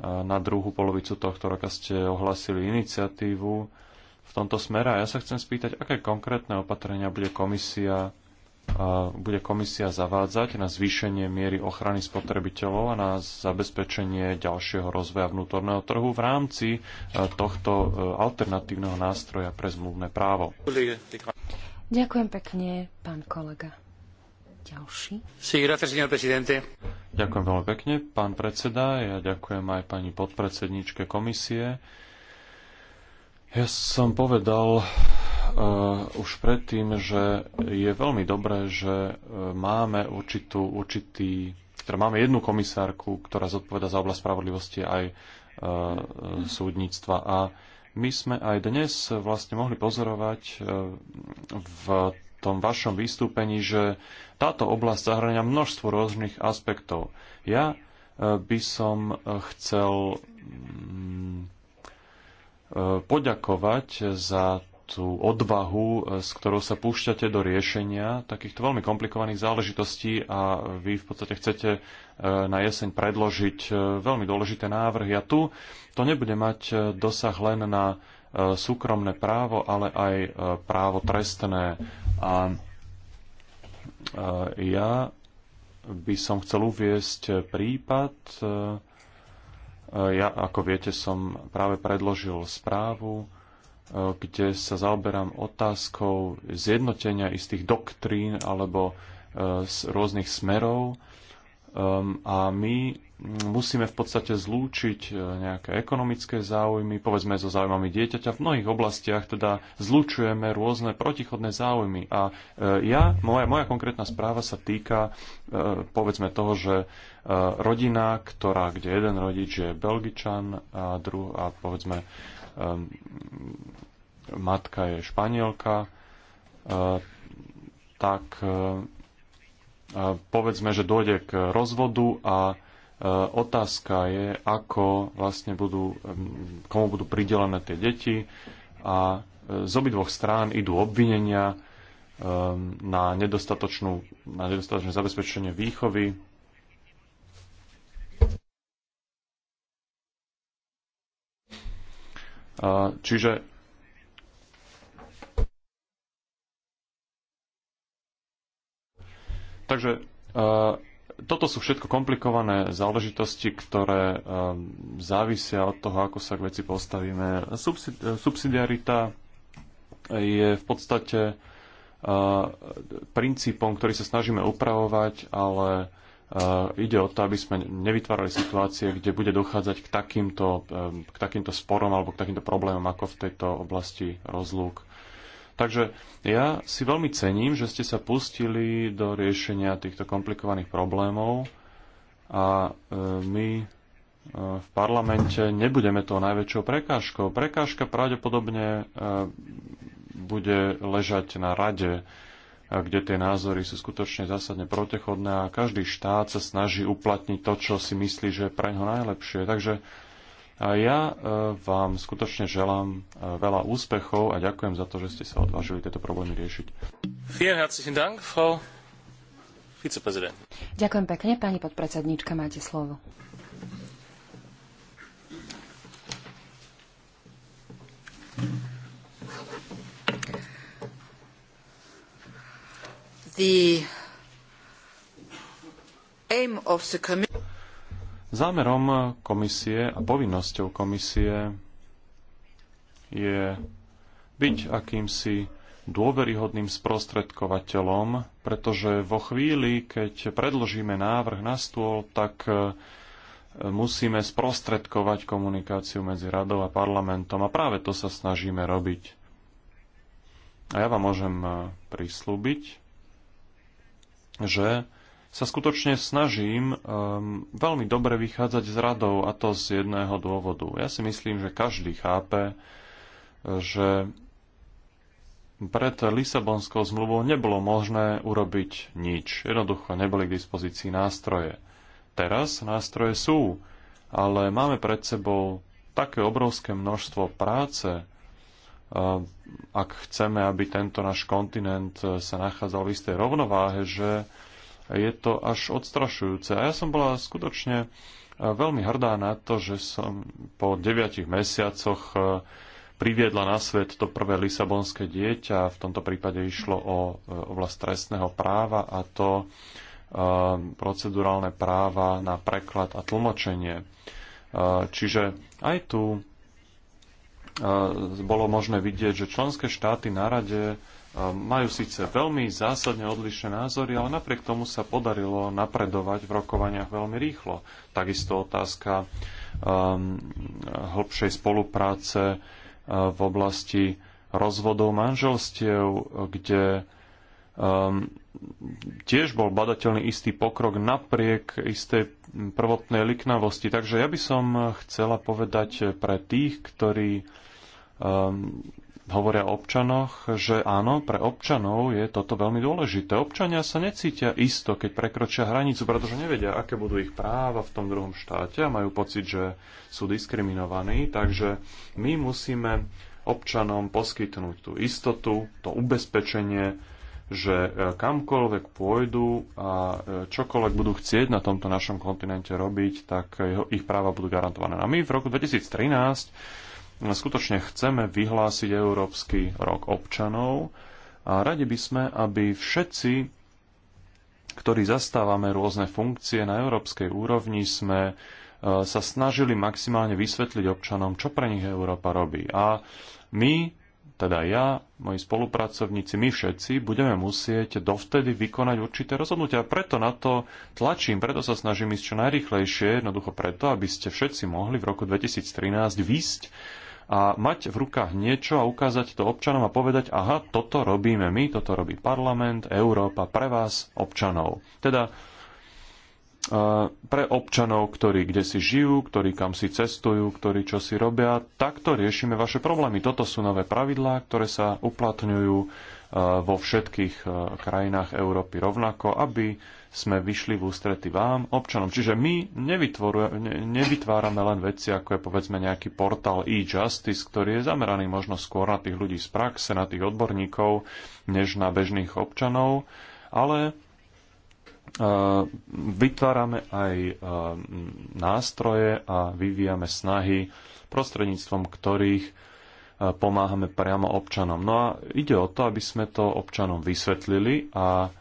na druhú polovicu tohto roka ste ohlasili iniciatívu v tomto smere. A ja sa chcem spýtať, aké konkrétne opatrenia bude komisia bude komisia zavádzať na zvýšenie miery ochrany spotrebiteľov a na zabezpečenie ďalšieho rozvoja vnútorného trhu v rámci e, tohto e, alternatívneho nástroja pre zmluvné právo. Ďakujem pekne, pán kolega. Ďalší. Ďakujem veľmi pekne, pán predseda. Ja ďakujem aj pani podpredsedničke komisie. Ja som povedal Eh, už predtým, že je veľmi dobré, že eh, máme určitú, určitý, teda máme jednu komisárku, ktorá zodpoveda za oblasť spravodlivosti aj eh, súdnictva. A my sme aj dnes vlastne mohli pozorovať v tom vašom vystúpení, že táto oblasť zahrania množstvo rôznych aspektov. Ja by som chcel mm, poďakovať za tú odvahu, e, s ktorou sa púšťate do riešenia takýchto veľmi komplikovaných záležitostí a vy v podstate chcete e, na jeseň predložiť e, veľmi dôležité návrhy. A tu to nebude mať dosah len na súkromné právo, ale aj právo trestné. A ja by som chcel uviesť prípad. Ja, ako viete, som práve predložil správu, kde sa zaoberám otázkou zjednotenia istých doktrín alebo z e, rôznych smerov. Ehm, a my musíme v podstate zlúčiť e, nejaké ekonomické záujmy, povedzme so záujmami dieťaťa. V mnohých oblastiach teda zlúčujeme rôzne protichodné záujmy. A e, ja, moja, moja konkrétna správa sa týka povedzme toho, že rodina, ktorá, kde jeden rodič je Belgičan a, druh, a povedzme Ehm, matka je španielka, ehm, tak ehm, povedzme, že dojde k rozvodu a otázka je, ako vlastne budú, komu budú pridelené tie deti a z obidvoch strán idú obvinenia na, nedostatočnú, na nedostatočné zabezpečenie výchovy Čiže Takže toto sú všetko komplikované záležitosti, ktoré závisia od toho, ako sa k veci postavíme. Subsidiarita je v podstate princípom, ktorý sa snažíme upravovať, ale Eh, ide o to, aby sme nevytvárali situácie, kde bude dochádzať k takýmto, eh, k takýmto sporom alebo k takýmto problémom ako v tejto oblasti rozlúk. Takže ja si veľmi cením, že ste sa pustili do riešenia týchto komplikovaných problémov a eh, my v parlamente nebudeme tou najväčšou prekážkou. Prekážka pravdepodobne bude ležať na rade kde tie názory sú skutočne zásadne protechodné a každý štát sa snaží uplatniť to, čo si myslí, že je pre ňo najlepšie. Takže a ja e, vám skutočne želám e, veľa úspechov a ďakujem za to, že ste sa odvážili tieto problémy riešiť. Ďakujem pekne, pani podpredsedníčka, máte slovo. Thank you. Zámerom komisie a povinnosťou komisie je byť akýmsi dôveryhodným sprostredkovateľom, pretože vo chvíli, keď predložíme návrh na stôl, tak e, musíme sprostredkovať komunikáciu medzi radou a parlamentom a práve to sa snažíme robiť. A ja vám môžem e, prislúbiť, že sa skutočne snažím um, veľmi dobre vychádzať z radov a to z jedného dôvodu. Ja si myslím, že každý chápe, že pred Lisabonskou zmluvou nebolo možné urobiť nič. Jednoducho neboli k dispozícii nástroje. Teraz nástroje sú, ale máme pred sebou také obrovské množstvo práce, Eh, ak chceme, aby tento náš kontinent eh, sa nachádzal v istej rovnováhe, že je to až odstrašujúce. A ja som bola skutočne eh, veľmi hrdá na to, že som po deviatich mesiacoch priviedla na svet to prvé lisabonské dieťa. V tomto prípade išlo o oblast trestného práva a to procedurálne práva na preklad a tlmočenie. Čiže aj tu E, bolo možné vidieť, že členské štáty na rade e, majú síce veľmi zásadne odlišné názory, ale napriek tomu sa podarilo napredovať v rokovaniach veľmi rýchlo. Takisto otázka um, hĺbšej spolupráce v oblasti rozvodov manželstiev, kde um, tiež bol badateľný istý pokrok napriek istej prvotnej liknavosti. Takže ja by som chcela povedať pre tých, ktorí um, hovoria o občanoch, že áno, pre občanov je toto veľmi dôležité. Občania sa necítia isto, keď prekročia hranicu, pretože nevedia, aké budú ich práva v tom druhom štáte a majú pocit, že sú diskriminovaní. Takže my musíme občanom poskytnúť tú istotu, to ubezpečenie, že e, kamkoľvek pôjdu a e, čokoľvek budú chcieť na tomto našom kontinente robiť, tak ich práva budú garantované. No a my v roku 2013 skutočne chceme vyhlásiť Európsky rok občanov a radi by sme, aby všetci, ktorí zastávame rôzne funkcie na európskej úrovni, sme e, sa snažili maximálne vysvetliť občanom, čo pre nich Európa robí. A my, teda ja, moji spolupracovníci, my všetci budeme musieť dovtedy vykonať určité rozhodnutia. Preto na to tlačím, preto sa snažím ísť čo najrychlejšie, jednoducho preto, aby ste všetci mohli v roku 2013 výsť a mať v rukách niečo a ukázať to občanom a povedať, aha, toto robíme my, toto robí parlament, Európa pre vás, občanov. Teda e, pre občanov, ktorí kde si žijú, ktorí kam si cestujú, ktorí čo si robia, takto riešime vaše problémy. Toto sú nové pravidlá, ktoré sa uplatňujú Eh, vo všetkých eh, krajinách Európy rovnako, aby sme vyšli v ústrety vám, občanom. Čiže my nevytvárame len veci, ako je povedzme nejaký portál e-justice, ktorý je zameraný možno skôr na tých ľudí z praxe, na tých odborníkov, než na bežných občanov, ale eh, vytvárame aj nástroje a vyvíjame snahy, prostredníctvom ktorých pomáhame priamo občanom. No a ide o to, aby sme to občanom vysvetlili a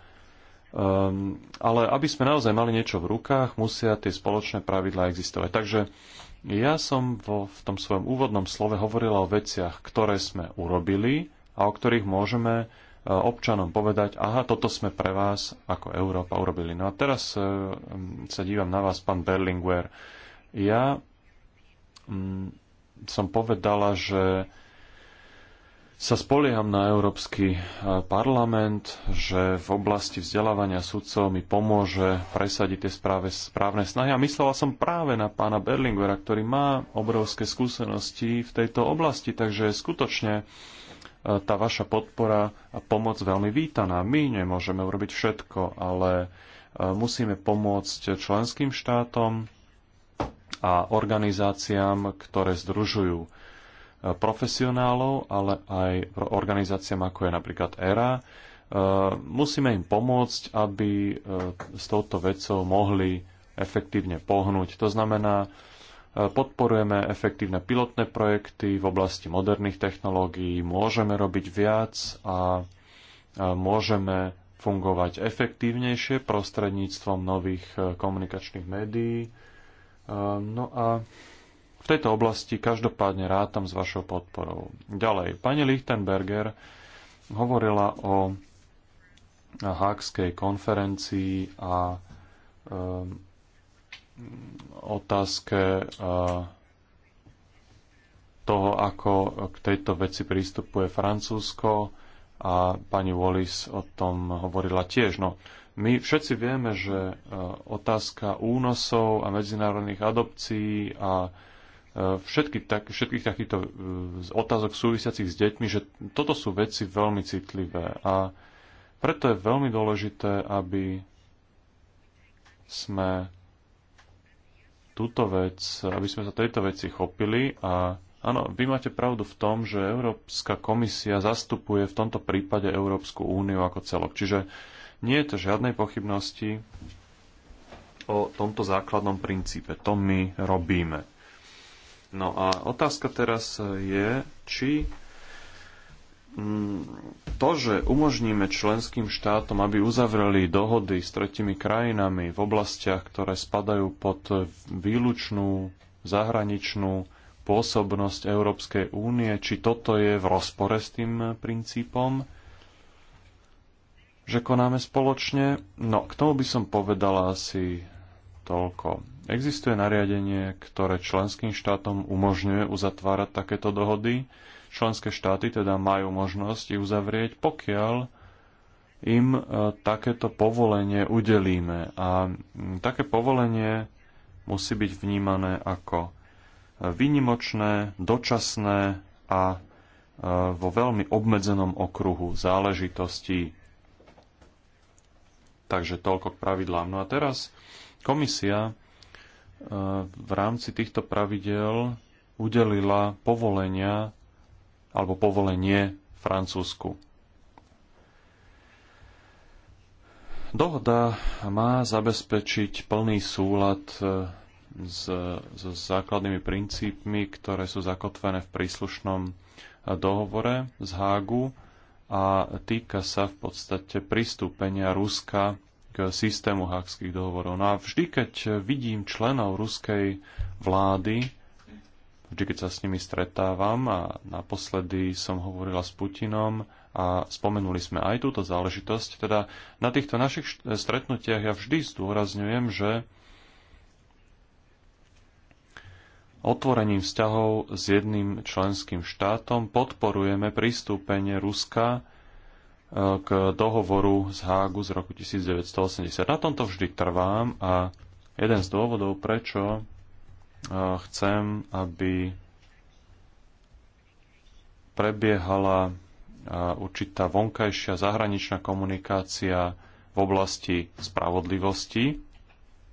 Um, ale aby sme naozaj mali niečo v rukách, musia tie spoločné pravidlá existovať. Takže ja som vo, v tom svojom úvodnom slove hovorila o veciach, ktoré sme urobili a o ktorých môžeme e, občanom povedať, aha, toto sme pre vás ako Európa urobili. No a teraz e, sa dívam na vás, pán Berlinguer. Ja um, som povedala, že sa spolieham na Európsky e, parlament, že v oblasti vzdelávania sudcov mi pomôže presadiť tie správe, správne snahy. A myslela som práve na pána Berlingera, ktorý má obrovské skúsenosti v tejto oblasti, takže skutočne e, tá vaša podpora a pomoc veľmi vítaná. My nemôžeme urobiť všetko, ale e, musíme pomôcť členským štátom a organizáciám, ktoré združujú profesionálov, ale aj organizáciám ako je napríklad ERA. E, musíme im pomôcť, aby e, s touto vecou mohli efektívne pohnúť. To znamená, e, podporujeme efektívne pilotné projekty v oblasti moderných technológií, môžeme robiť viac a môžeme fungovať efektívnejšie prostredníctvom nových komunikačných médií. No a v tejto oblasti každopádne rátam s vašou podporou. Ďalej, pani Lichtenberger hovorila o Hákskej konferencii a um, otázke uh, toho, ako k tejto veci prístupuje Francúzsko a pani Wallis o tom hovorila tiež. No, my všetci vieme, že uh, otázka únosov a medzinárodných adopcií a všetky tak, všetkých takýchto e, otázok súvisiacich s deťmi, že toto sú veci veľmi citlivé a preto je veľmi dôležité, aby sme túto vec, aby sme sa tejto veci chopili a áno, vy máte pravdu v tom, že Európska komisia zastupuje v tomto prípade Európsku úniu ako celok. Čiže nie je to žiadnej pochybnosti o tomto základnom princípe. To my robíme. No a otázka teraz e, je, či mm, to, že umožníme členským štátom, aby uzavreli dohody s tretimi krajinami v oblastiach, ktoré spadajú pod výlučnú zahraničnú pôsobnosť Európskej únie, či toto je v rozpore s tým princípom, že konáme spoločne? No, k tomu by som povedala asi toľko. Existuje nariadenie, ktoré členským štátom umožňuje uzatvárať takéto dohody. Členské štáty teda majú možnosť ich uzavrieť, pokiaľ im e, takéto povolenie udelíme. A také povolenie musí byť vnímané ako e, výnimočné, dočasné a e, vo veľmi obmedzenom okruhu záležitostí. Takže toľko k pravidlám. No a teraz komisia v rámci týchto pravidel udelila povolenia alebo povolenie Francúzsku. Dohoda má zabezpečiť plný súlad e, s, s základnými princípmi, ktoré sú zakotvené v príslušnom e, dohovore z Hágu a týka sa v podstate pristúpenia Ruska k systému hákských dohovorov. No a vždy, keď vidím členov ruskej vlády, vždy, keď sa s nimi stretávam a naposledy som hovorila s Putinom a spomenuli sme aj túto záležitosť, teda na týchto našich stretnutiach ja vždy zdôrazňujem, že Otvorením vzťahov s jedným členským štátom podporujeme pristúpenie Ruska k dohovoru z Hágu z roku 1980. Na tomto vždy trvám a jeden z dôvodov, prečo e, chcem, aby prebiehala e, určitá vonkajšia zahraničná komunikácia v oblasti spravodlivosti,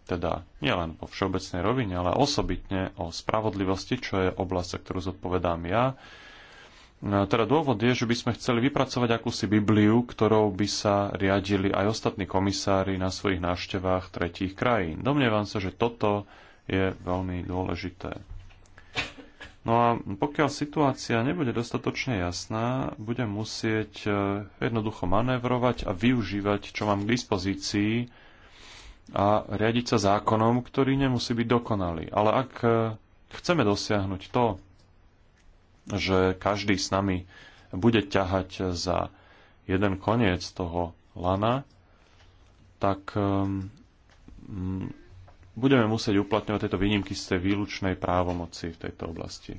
teda nielen vo všeobecnej rovine, ale osobitne o spravodlivosti, čo je oblasť, za ktorú zodpovedám ja, No, teda dôvod je, že by sme chceli vypracovať akúsi Bibliu, ktorou by sa riadili aj ostatní komisári na svojich návštevách tretích krajín. Domnievam sa, že toto je veľmi dôležité. No a pokiaľ situácia nebude dostatočne jasná, budem musieť e, jednoducho manévrovať a využívať, čo mám k dispozícii a riadiť sa zákonom, ktorý nemusí byť dokonalý. Ale ak e, chceme dosiahnuť to, že každý s nami bude ťahať za jeden koniec toho lana, tak um, mm, budeme musieť uplatňovať tieto výnimky z tej výlučnej právomoci v tejto oblasti.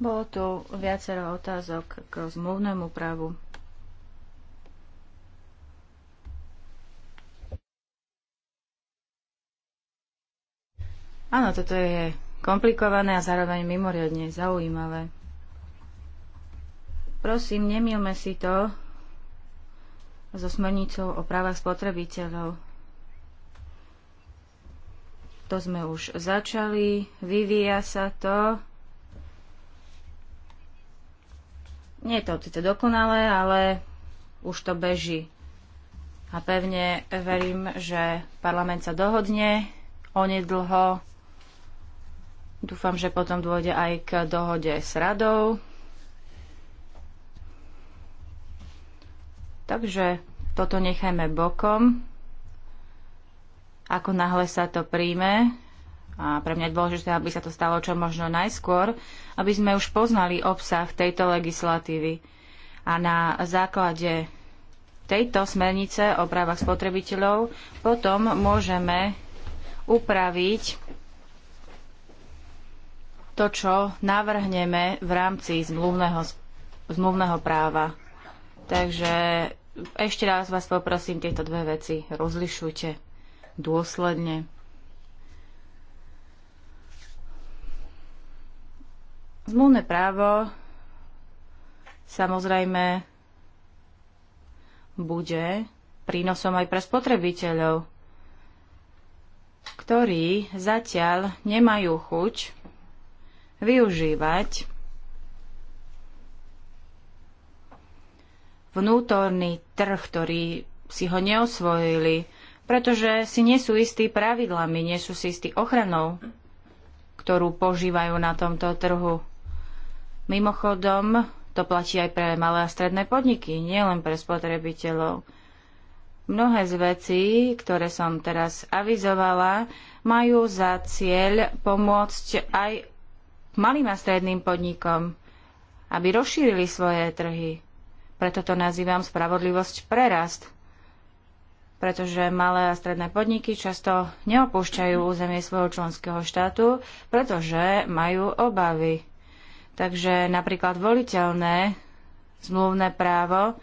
Bolo tu viacero otázok k zmluvnému právu. Áno, toto je komplikované a zároveň mimoriadne zaujímavé. Prosím, nemilme si to so smernicou o právach spotrebiteľov. To sme už začali, vyvíja sa to. Nie je to síce dokonalé, ale už to beží. A pevne verím, že parlament sa dohodne onedlho Dúfam, že potom dôjde aj k dohode s radou. Takže toto nechajme bokom. Ako náhle sa to príjme, a pre mňa je dôležité, aby sa to stalo čo možno najskôr, aby sme už poznali obsah tejto legislatívy. A na základe tejto smernice o právach spotrebiteľov potom môžeme upraviť to, čo navrhneme v rámci zmluvného, zmluvného práva. Takže ešte raz vás poprosím tieto dve veci. Rozlišujte dôsledne. Zmluvné právo samozrejme bude prínosom aj pre spotrebiteľov, ktorí zatiaľ nemajú chuť využívať vnútorný trh, ktorý si ho neosvojili, pretože si nie sú istí pravidlami, nie sú si istí ochranou, ktorú požívajú na tomto trhu. Mimochodom, to platí aj pre malé a stredné podniky, nielen pre spotrebiteľov. Mnohé z vecí, ktoré som teraz avizovala, majú za cieľ pomôcť aj malým a stredným podnikom, aby rozšírili svoje trhy. Preto to nazývam spravodlivosť prerast, pretože malé a stredné podniky často neopúšťajú územie svojho členského štátu, pretože majú obavy. Takže napríklad voliteľné zmluvné právo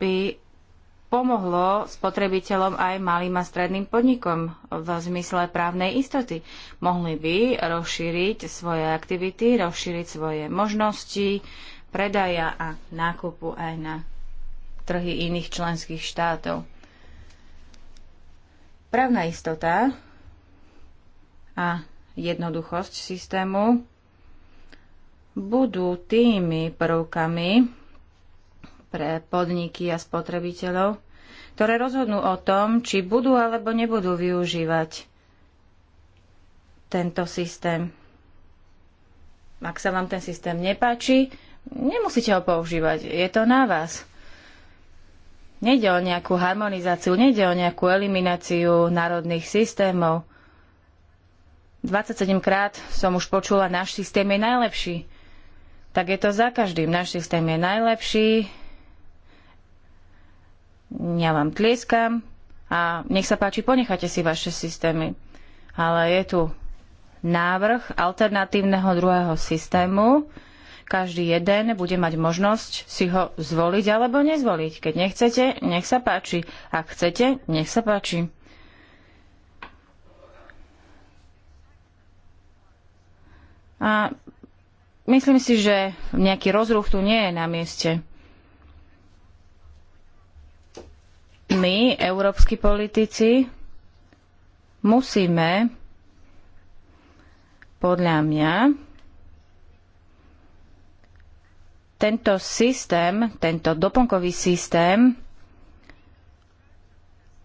by pomohlo spotrebiteľom aj malým a stredným podnikom v zmysle právnej istoty. Mohli by rozšíriť svoje aktivity, rozšíriť svoje možnosti predaja a nákupu aj na trhy iných členských štátov. Právna istota a jednoduchosť systému budú tými prvkami, pre podniky a spotrebiteľov, ktoré rozhodnú o tom, či budú alebo nebudú využívať tento systém. Ak sa vám ten systém nepáči, nemusíte ho používať. Je to na vás. Nejde o nejakú harmonizáciu, nejde o nejakú elimináciu národných systémov. 27 krát som už počula, náš systém je najlepší. Tak je to za každým. Náš systém je najlepší, ja vám tlieskam a nech sa páči, ponechajte si vaše systémy. Ale je tu návrh alternatívneho druhého systému. Každý jeden bude mať možnosť si ho zvoliť alebo nezvoliť. Keď nechcete, nech sa páči. Ak chcete, nech sa páči. A myslím si, že nejaký rozruch tu nie je na mieste. my, európski politici, musíme podľa mňa tento systém, tento doplnkový systém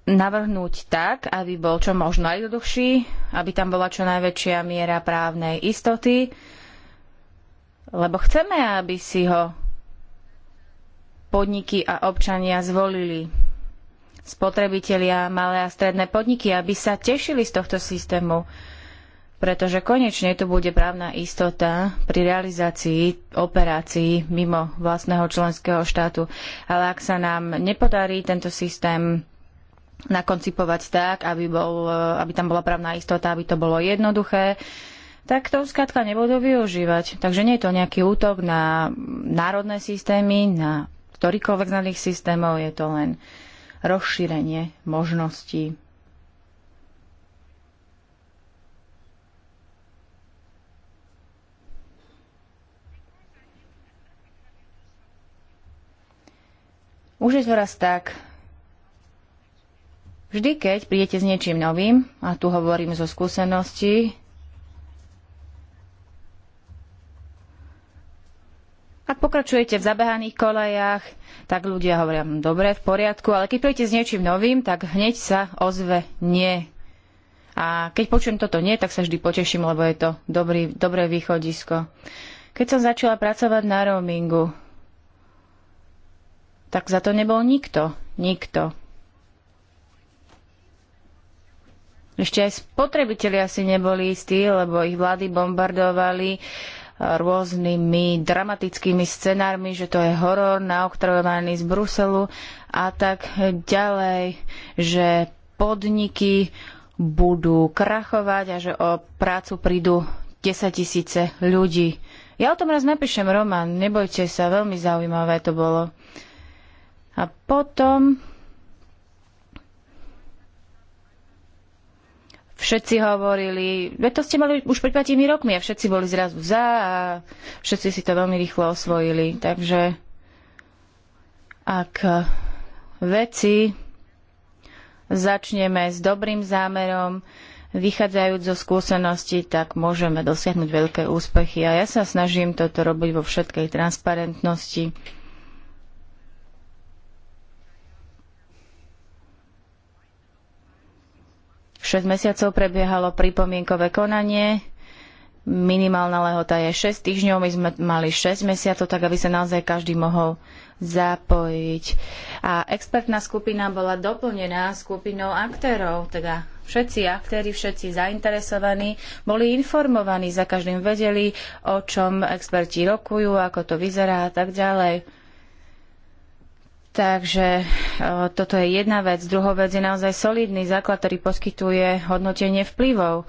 navrhnúť tak, aby bol čo možno najjednoduchší, aby tam bola čo najväčšia miera právnej istoty, lebo chceme, aby si ho podniky a občania zvolili spotrebitelia, malé a stredné podniky, aby sa tešili z tohto systému, pretože konečne tu bude právna istota pri realizácii operácií mimo vlastného členského štátu. Ale ak sa nám nepodarí tento systém nakoncipovať tak, aby, bol, aby tam bola právna istota, aby to bolo jednoduché, tak to skrátka nebudú využívať. Takže nie je to nejaký útok na národné systémy, na ktorýkoľvek z našich systémov, je to len uh, rozšírenie možností. Už je to raz tak. Vždy, keď prídete s niečím novým, a tu hovorím zo skúsenosti, Ak pokračujete v zabehaných kolejach, tak ľudia hovoria, mm, dobre, v poriadku, ale keď príjete s niečím novým, tak hneď sa ozve nie. A keď počujem toto nie, tak sa vždy poteším, lebo je to dobrý, dobré východisko. Keď som začala pracovať na roamingu, tak za to nebol nikto. Nikto. Ešte aj spotrebitelia si neboli istí, lebo ich vlády bombardovali rôznymi dramatickými scenármi, že to je horor naoktrojovaný z Bruselu a tak ďalej, že podniky budú krachovať a že o prácu prídu 10 tisíce ľudí. Ja o tom raz napíšem román, nebojte sa, veľmi zaujímavé to bolo. A potom všetci hovorili, veď to ste mali už pred 5 rokmi a všetci boli zrazu za a všetci si to veľmi rýchlo osvojili. Takže ak veci začneme s dobrým zámerom, vychádzajúc zo skúseností, tak môžeme dosiahnuť veľké úspechy. A ja sa snažím toto robiť vo všetkej transparentnosti. 6 mesiacov prebiehalo pripomienkové konanie. Minimálna lehota je 6 týždňov, my sme mali 6 mesiacov, tak aby sa naozaj každý mohol zapojiť. A expertná skupina bola doplnená skupinou aktérov, teda všetci aktéri, všetci zainteresovaní boli informovaní, za každým vedeli, o čom experti rokujú, ako to vyzerá a tak ďalej. Takže e, toto je jedna vec. Druhá vec je naozaj solidný základ, ktorý poskytuje hodnotenie vplyvov.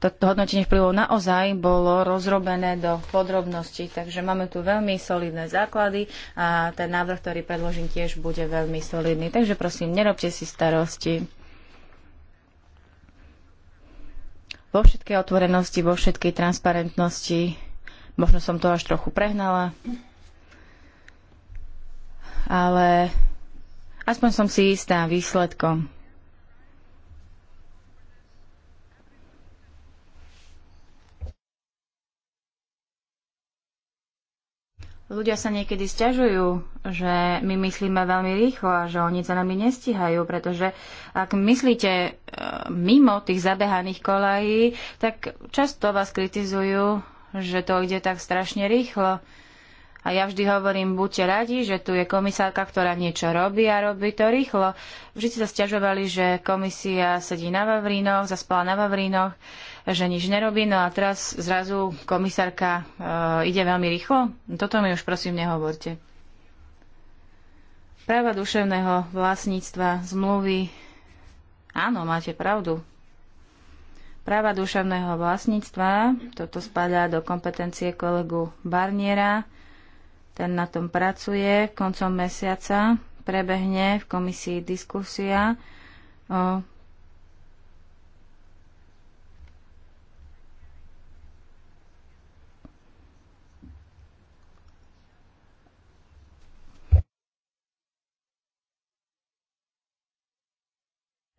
Toto hodnotenie vplyvov naozaj bolo rozrobené do podrobností, takže máme tu veľmi solidné základy a ten návrh, ktorý predložím, tiež bude veľmi solidný. Takže prosím, nerobte si starosti. Vo všetkej otvorenosti, vo všetkej transparentnosti, možno som to až trochu prehnala ale aspoň som si istá výsledkom. Ľudia sa niekedy stiažujú, že my myslíme veľmi rýchlo a že oni sa nami nestíhajú, pretože ak myslíte e, mimo tých zabehaných kolají, tak často vás kritizujú, že to ide tak strašne rýchlo. A ja vždy hovorím, buďte radi, že tu je komisárka, ktorá niečo robí a robí to rýchlo. Vždy sa stiažovali, že komisia sedí na Vavrínoch, zaspala na Vavrínoch, že nič nerobí. No a teraz zrazu komisárka e, ide veľmi rýchlo. Toto mi už prosím nehovorte. Práva duševného vlastníctva, zmluvy. Áno, máte pravdu. Práva duševného vlastníctva, toto spadá do kompetencie kolegu Barniera ten na tom pracuje. Koncom mesiaca prebehne v komisii diskusia o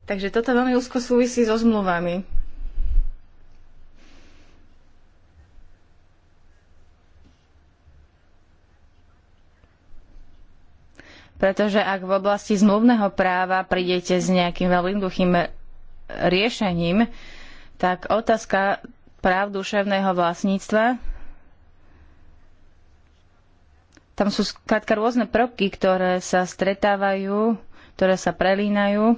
Takže toto veľmi úzko súvisí so zmluvami. Pretože ak v oblasti zmluvného práva prídete s nejakým veľmi jednoduchým eh, riešením, tak otázka práv duševného vlastníctva tam sú skrátka rôzne prvky, ktoré sa stretávajú, ktoré sa prelínajú.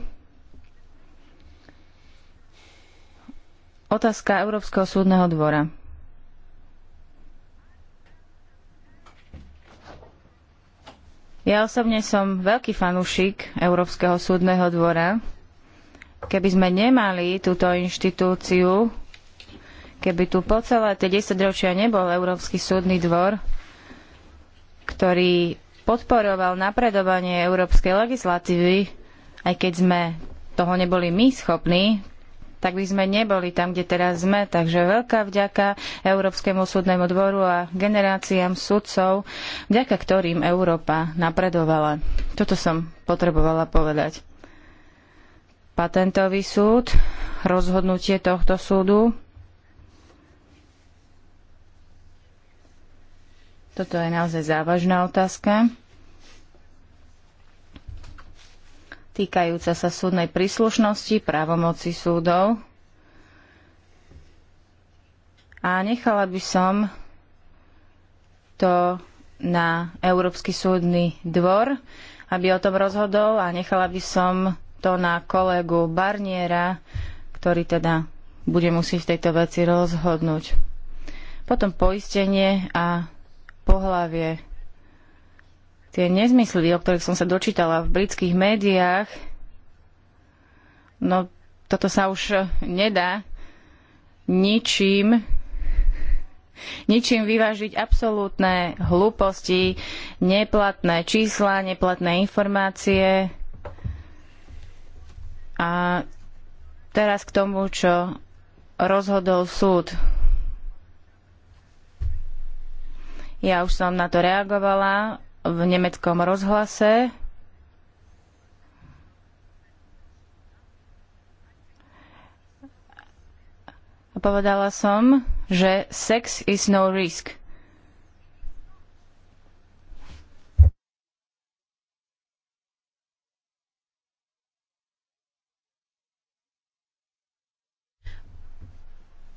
Otázka Európskeho súdneho dvora. Ja osobne som veľký fanúšik Európskeho súdneho dvora. Keby sme nemali túto inštitúciu, keby tu po celé tie 10 ročia nebol Európsky súdny dvor, ktorý podporoval napredovanie európskej legislatívy, aj keď sme toho neboli my schopní, tak by sme neboli tam, kde teraz sme. Takže veľká vďaka Európskemu súdnemu dvoru a generáciám sudcov, vďaka ktorým Európa napredovala. Toto som potrebovala povedať. Patentový súd, rozhodnutie tohto súdu. Toto je naozaj závažná otázka. týkajúca sa súdnej príslušnosti, právomoci súdov. A nechala by som to na Európsky súdny dvor, aby o tom rozhodol a nechala by som to na kolegu Barniera, ktorý teda bude musieť v tejto veci rozhodnúť. Potom poistenie a pohlavie tie nezmysly, o ktorých som sa dočítala v britských médiách, no toto sa už nedá ničím ničím vyvážiť absolútne hlúposti, neplatné čísla, neplatné informácie. A teraz k tomu, čo rozhodol súd. Ja už som na to reagovala v nemeckom rozhlase. Povedala som, že sex is no risk.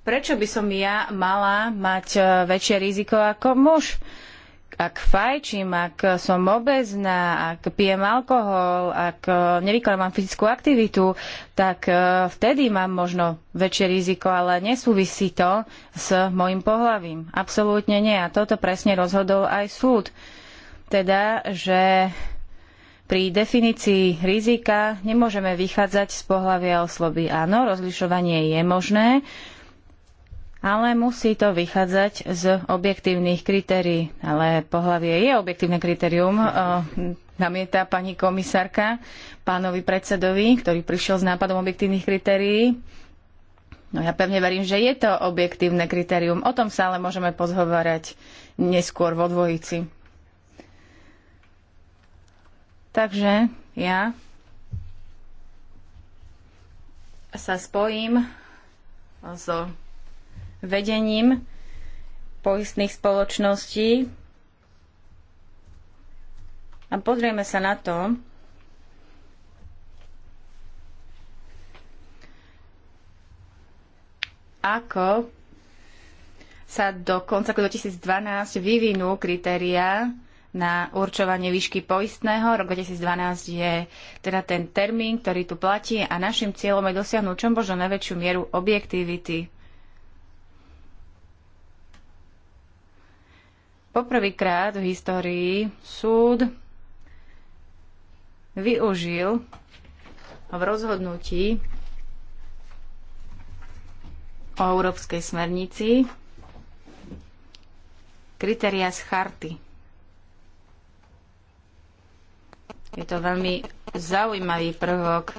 Prečo by som ja mala mať e, väčšie riziko ako muž? ak fajčím, ak som obezná, ak pijem alkohol, ak e, nevykonávam fyzickú aktivitu, tak e, vtedy mám možno väčšie riziko, ale nesúvisí to s mojim pohlavím. Absolútne nie. A toto presne rozhodol aj súd. Teda, že pri definícii rizika nemôžeme vychádzať z pohlavia osoby. Áno, rozlišovanie je možné, ale musí to vychádzať z objektívnych kritérií. Ale pohlavie je objektívne kritérium, eh, namieta pani komisárka pánovi predsedovi, ktorý prišiel s nápadom objektívnych kritérií. No ja pevne verím, že je to objektívne kritérium. O tom sa ale môžeme pozhovárať neskôr vo dvojici. Takže ja sa spojím so vedením poistných spoločností a pozrieme sa na to, ako sa do konca 2012 vyvinú kritéria na určovanie výšky poistného. Rok 2012 je teda ten termín, ktorý tu platí a našim cieľom je dosiahnuť čo možno najväčšiu mieru objektivity Poprvýkrát v histórii súd využil v rozhodnutí o európskej smernici kritéria z charty. Je to veľmi zaujímavý prvok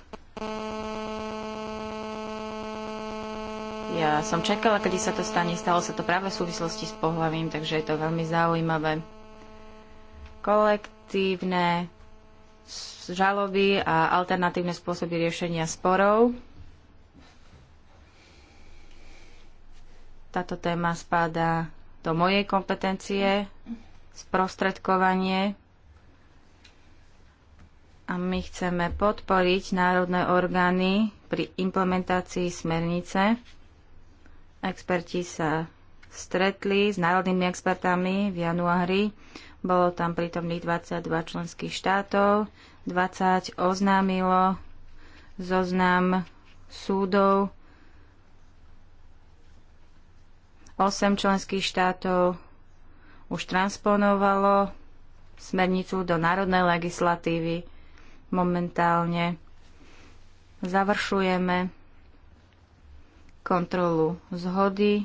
Ja som čakala, kedy sa to stane. Stalo sa to práve v súvislosti s pohľavím, takže je to veľmi zaujímavé. Kolektívne žaloby a alternatívne spôsoby riešenia sporov. Táto téma spadá do mojej kompetencie, sprostredkovanie a my chceme podporiť národné orgány pri implementácii smernice Experti sa stretli s národnými expertami v januári. Bolo tam prítomných 22 členských štátov, 20 oznámilo zoznam súdov, 8 členských štátov už transponovalo smernicu do národnej legislatívy. Momentálne završujeme kontrolu zhody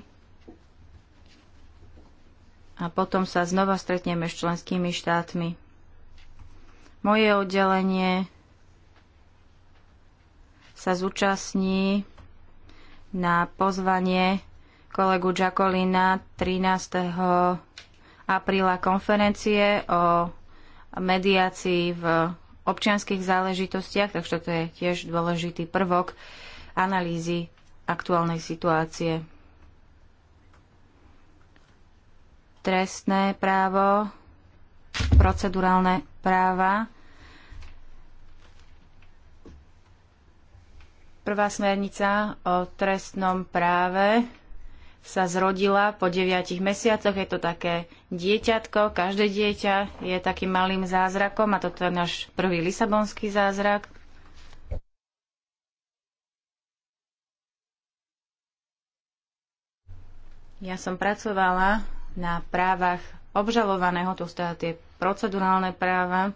a potom sa znova stretneme s členskými štátmi. Moje oddelenie sa zúčastní na pozvanie kolegu Jacolina 13. apríla konferencie o mediácii v občianských záležitostiach, takže to je tiež dôležitý prvok analýzy aktuálnej situácie. Trestné právo, procedurálne práva. Prvá smernica o trestnom práve sa zrodila po deviatich mesiacoch. Je to také dieťatko, každé dieťa je takým malým zázrakom a toto je náš prvý lisabonský zázrak. Ja som pracovala na právach obžalovaného, to sú teda tie procedurálne práva.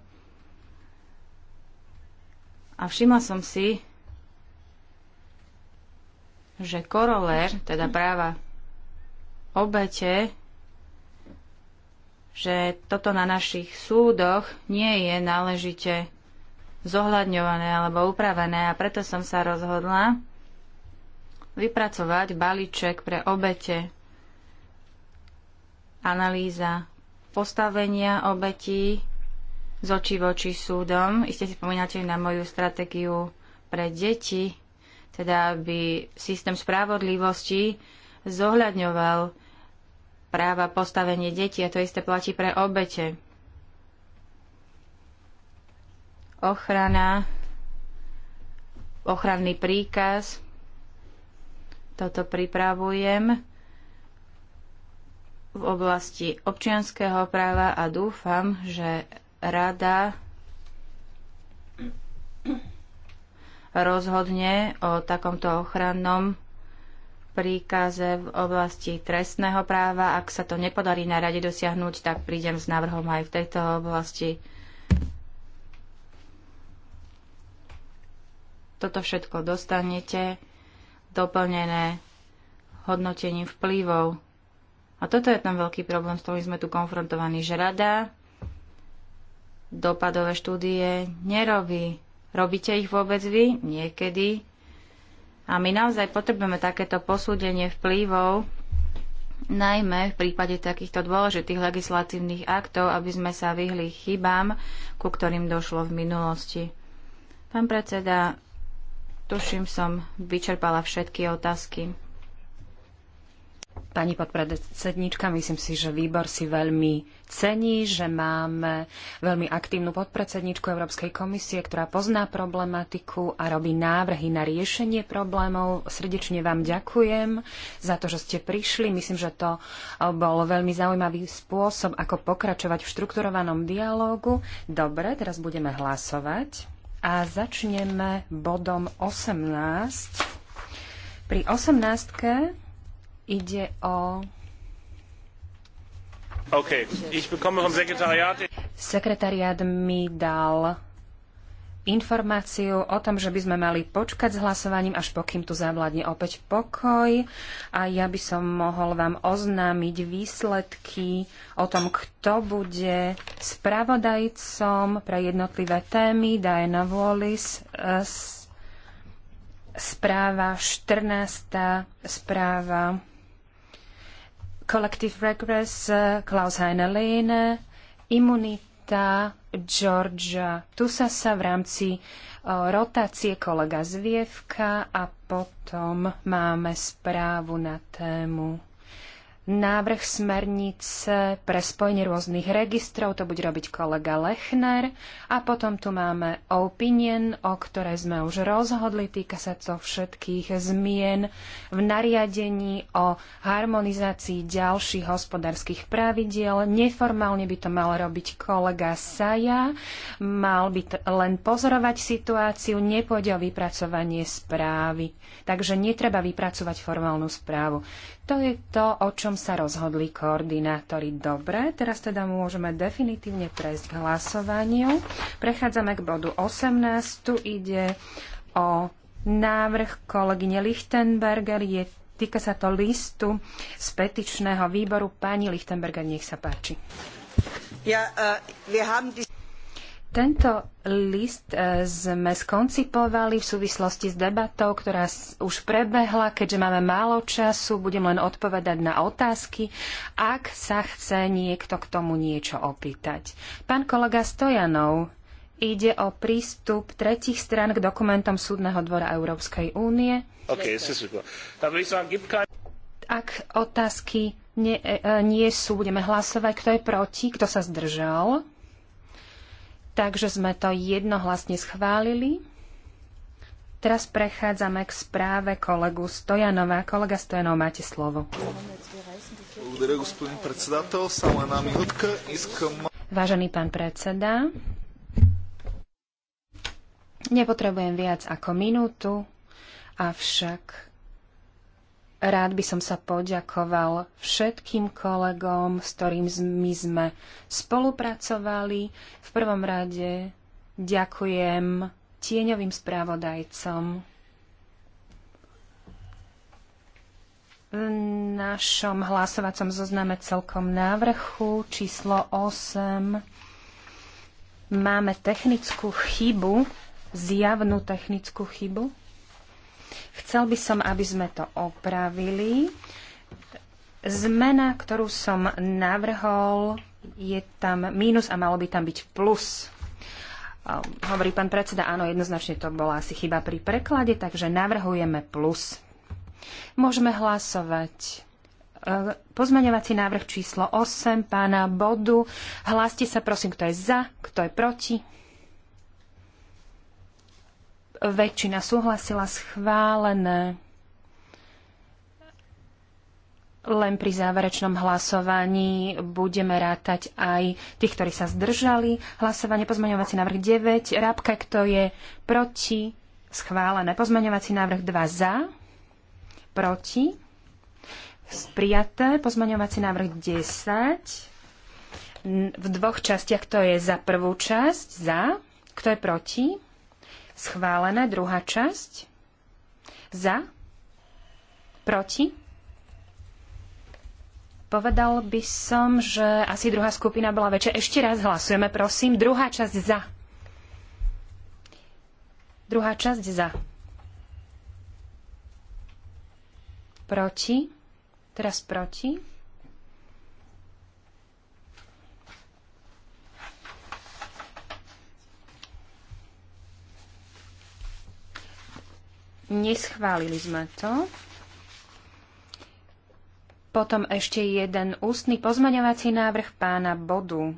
A všimla som si, že koroler, teda práva obete, že toto na našich súdoch nie je náležite zohľadňované alebo upravené a preto som sa rozhodla vypracovať balíček pre obete analýza postavenia obetí z očí voči súdom. Iste si spomínate na moju stratégiu pre deti, teda aby systém spravodlivosti zohľadňoval práva postavenie detí a to isté platí pre obete. Ochrana, ochranný príkaz, toto pripravujem v oblasti občianského práva a dúfam, že rada rozhodne o takomto ochrannom príkaze v oblasti trestného práva. Ak sa to nepodarí na rade dosiahnuť, tak prídem s návrhom aj v tejto oblasti. Toto všetko dostanete doplnené hodnotením vplyvov a toto je tam veľký problém, s ktorým sme tu konfrontovaní, že rada dopadové štúdie nerobí. Robíte ich vôbec vy? Niekedy. A my naozaj potrebujeme takéto posúdenie vplyvov, najmä v prípade takýchto dôležitých legislatívnych aktov, aby sme sa vyhli chybám, ku ktorým došlo v minulosti. Pán predseda, tuším som vyčerpala všetky otázky. Pani podpredsednička, myslím si, že výbor si veľmi cení, že máme veľmi aktívnu podpredsedničku Európskej komisie, ktorá pozná problematiku a robí návrhy na riešenie problémov. Srdečne vám ďakujem za to, že ste prišli. Myslím, že to bol veľmi zaujímavý spôsob, ako pokračovať v štrukturovanom dialógu. Dobre, teraz budeme hlasovať a začneme bodom 18. Pri 18 ide o Sekretariát mi dal informáciu o tom, že by sme mali počkať s hlasovaním, až pokým tu zavládne opäť pokoj. A ja by som mohol vám oznámiť výsledky o tom, kto bude spravodajcom pre jednotlivé témy. Diana Wallis, eh, správa 14. správa Collective Regress, Klaus Heine Imunita, Georgia Tusasa v rámci rotácie kolega Zvievka a potom máme správu na tému návrh smernice pre spojenie rôznych registrov, to bude robiť kolega Lechner. A potom tu máme opinion, o ktoré sme už rozhodli, týka sa to všetkých zmien v nariadení o harmonizácii ďalších hospodárskych pravidiel. Neformálne by to mal robiť kolega Saja, mal by len pozorovať situáciu, nepôjde o vypracovanie správy. Takže netreba vypracovať formálnu správu. To je to, o čom sa rozhodli koordinátori. Dobre, teraz teda môžeme definitívne prejsť k hlasovaniu. Prechádzame k bodu 18. Tu ide o návrh kolegyne Lichtenberger. Je, týka sa to listu z petičného výboru. Pani Lichtenberger, nech sa páči. Ja, uh, tento list e, sme skoncipovali v súvislosti s debatou, ktorá už prebehla. Keďže máme málo času, budem len odpovedať na otázky, ak sa chce niekto k tomu niečo opýtať. Pán kolega Stojanov, ide o prístup tretich strán k dokumentom Súdneho dvora Európskej únie. Okay, Ak otázky nie, e, e, nie sú, budeme hlasovať, kto je proti, kto sa zdržal. Takže sme to jednohlasne schválili. Teraz prechádzame k správe kolegu Stojanova. Kolega Stojanov, máte slovo. Vážený pán predseda, nepotrebujem viac ako minútu, avšak Rád by som sa poďakoval všetkým kolegom, s ktorými sme spolupracovali. V prvom rade ďakujem tieňovým správodajcom. V našom hlasovacom zozname celkom návrhu číslo 8 máme technickú chybu, zjavnú technickú chybu. Chcel by som, aby sme to opravili. Zmena, ktorú som navrhol, je tam mínus a malo by tam byť plus. Ehm, hovorí pán predseda, áno, jednoznačne to bola asi chyba pri preklade, takže navrhujeme plus. Môžeme hlasovať ehm, pozmeňovací návrh číslo 8 pána Bodu. Hláste sa prosím, kto je za, kto je proti väčšina súhlasila schválené. Len pri záverečnom hlasovaní budeme rátať aj tých, ktorí sa zdržali. Hlasovanie pozmeňovací návrh 9. Rábka, kto je proti, schválené. Pozmeňovací návrh 2 za, proti, Sprijaté. Pozmeňovací návrh 10. V dvoch častiach, kto je za prvú časť, za, kto je proti, Schválená Druhá časť. Za. Proti. Povedal by som, že asi druhá skupina bola väčšia. Ešte raz hlasujeme, prosím. Druhá časť za. Druhá časť za. Proti. Teraz proti. Neschválili sme to. Potom ešte jeden ústny pozmaňovací návrh pána Bodu.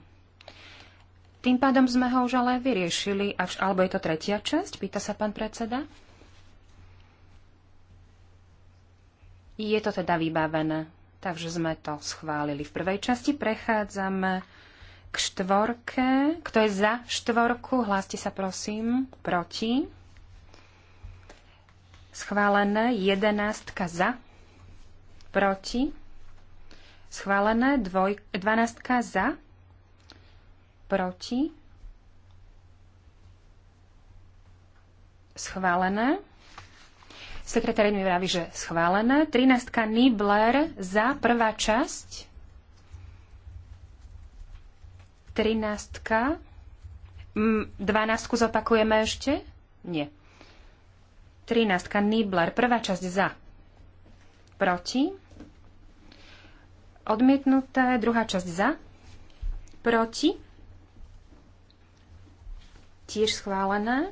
Tým pádom sme ho už ale vyriešili, až, alebo je to tretia časť, pýta sa pán predseda. Je to teda vybavené, takže sme to schválili. V prvej časti prechádzame k štvorke. Kto je za štvorku, hláste sa prosím. Proti? Schválené 11 za. Proti. Schválené 12 za. Proti. Schválené. Sekretár mi vraví, že schválené. 13 Nibler za prvá časť. 13. 12 mm, zopakujeme ešte? Nie. 13. Nibler, prvá časť za. Proti. Odmietnuté, druhá časť za. Proti. Tiež schválené,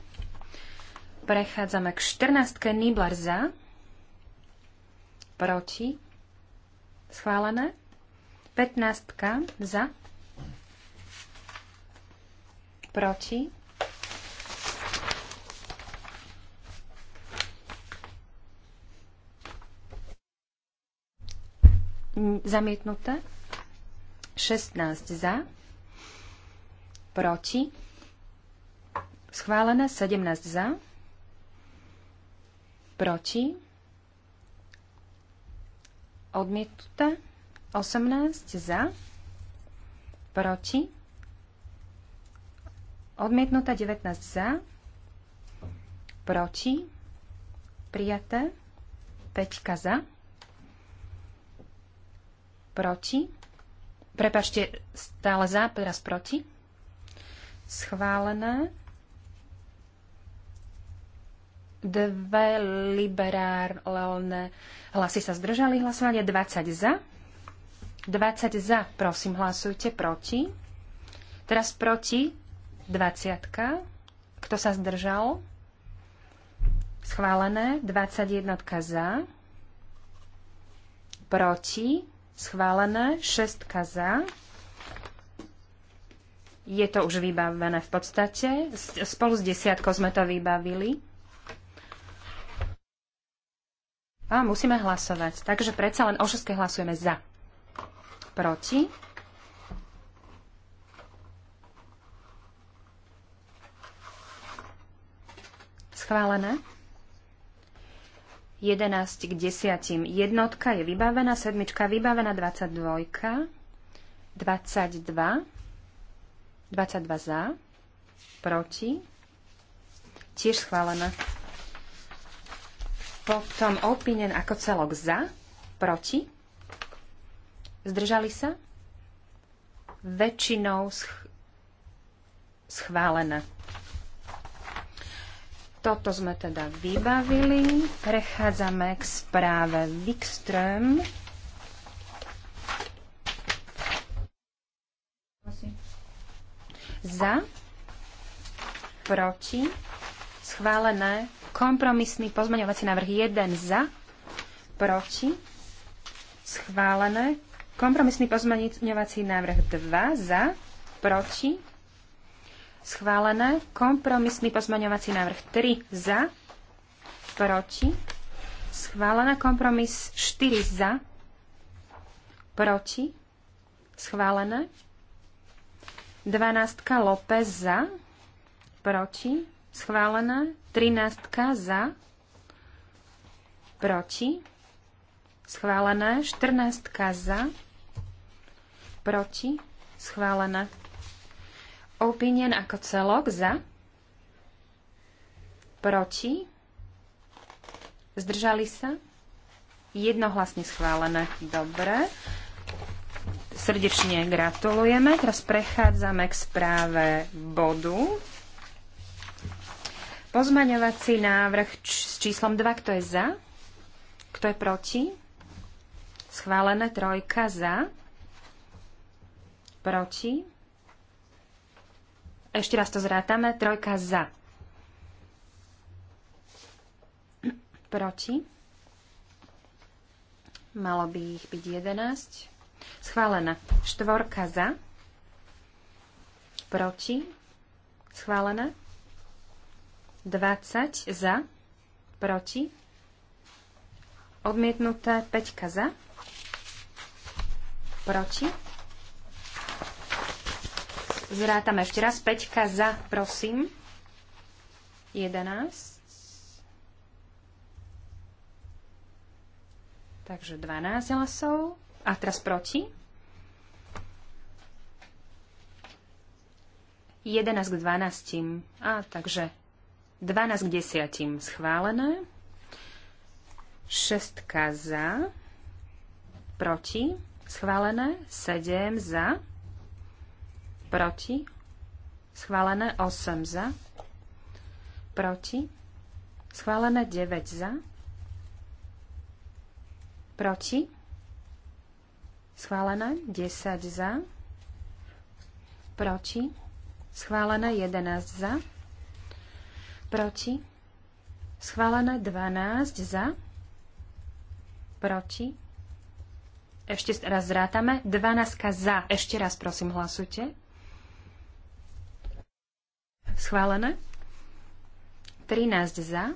Prechádzame k 14. Nibler za. Proti. Schválené. 15. za. Proti Zamietnuté. 16 za. Proti. Schválené 17 za. Proti. Odmietnuté 18 za. Proti. Odmietnuté 19 za. Proti. Prijaté 5 za proti. Prepačte, stále za, teraz proti. schválené. Dve liberálne hlasy sa zdržali hlasovanie. 20 za. 20 za, prosím, hlasujte proti. Teraz proti 20. Kto sa zdržal? Schválené. 21 za. Proti. Schválené. Šestka za. Je to už vybavené v podstate. Spolu s desiatkou sme to vybavili. A musíme hlasovať. Takže predsa len o šestke hlasujeme za. Proti. Schválené. 11 k 10. Jednotka je vybavená, sedmička vybavená, 22. 22. 22 za. Proti. Tiež schválená. Potom opinen ako celok za. Proti. Zdržali sa? Väčšinou sch- schválená. Toto sme teda vybavili. Prechádzame k správe Wikström. Za, proti, schválené, kompromisný pozmeňovací návrh 1 za, proti, schválené, kompromisný pozmeňovací návrh 2 za, proti, Schválené. Kompromisný pozmaňovací návrh 3 za. Proti. Schválené. Kompromis 4 za. Proti. Schválené. 12 López za. Proti. Schválené. 13 za. Proti. Schválené. 14 za. Proti. Schválené opinion ako celok za, proti, zdržali sa, jednohlasne schválené. Dobre. Srdečne gratulujeme. Teraz prechádzame k správe bodu. Pozmaňovací návrh č- s číslom 2, kto je za? Kto je proti? Schválené trojka za. Proti. Ešte raz to zrátame. Trojka za. Proti. Malo by ich byť 11. Schválená. Štvorka za. Proti. Schválená. 20 za. Proti. Odmietnuté 5 za. Proti. Zrátame ešte raz. Peťka za, prosím. 11. Takže 12 hlasov. A teraz proti. 11 k 12. A takže 12 k 10. Schválené. 6 za. Proti. Schválené. 7 za proti, schválené 8 za, proti, schválené 9 za, proti, schválené 10 za, proti, schválené 11 za, proti, schválené 12 za, proti, ešte raz zrátame, 12 za, ešte raz prosím hlasujte, Schválené. 13 za.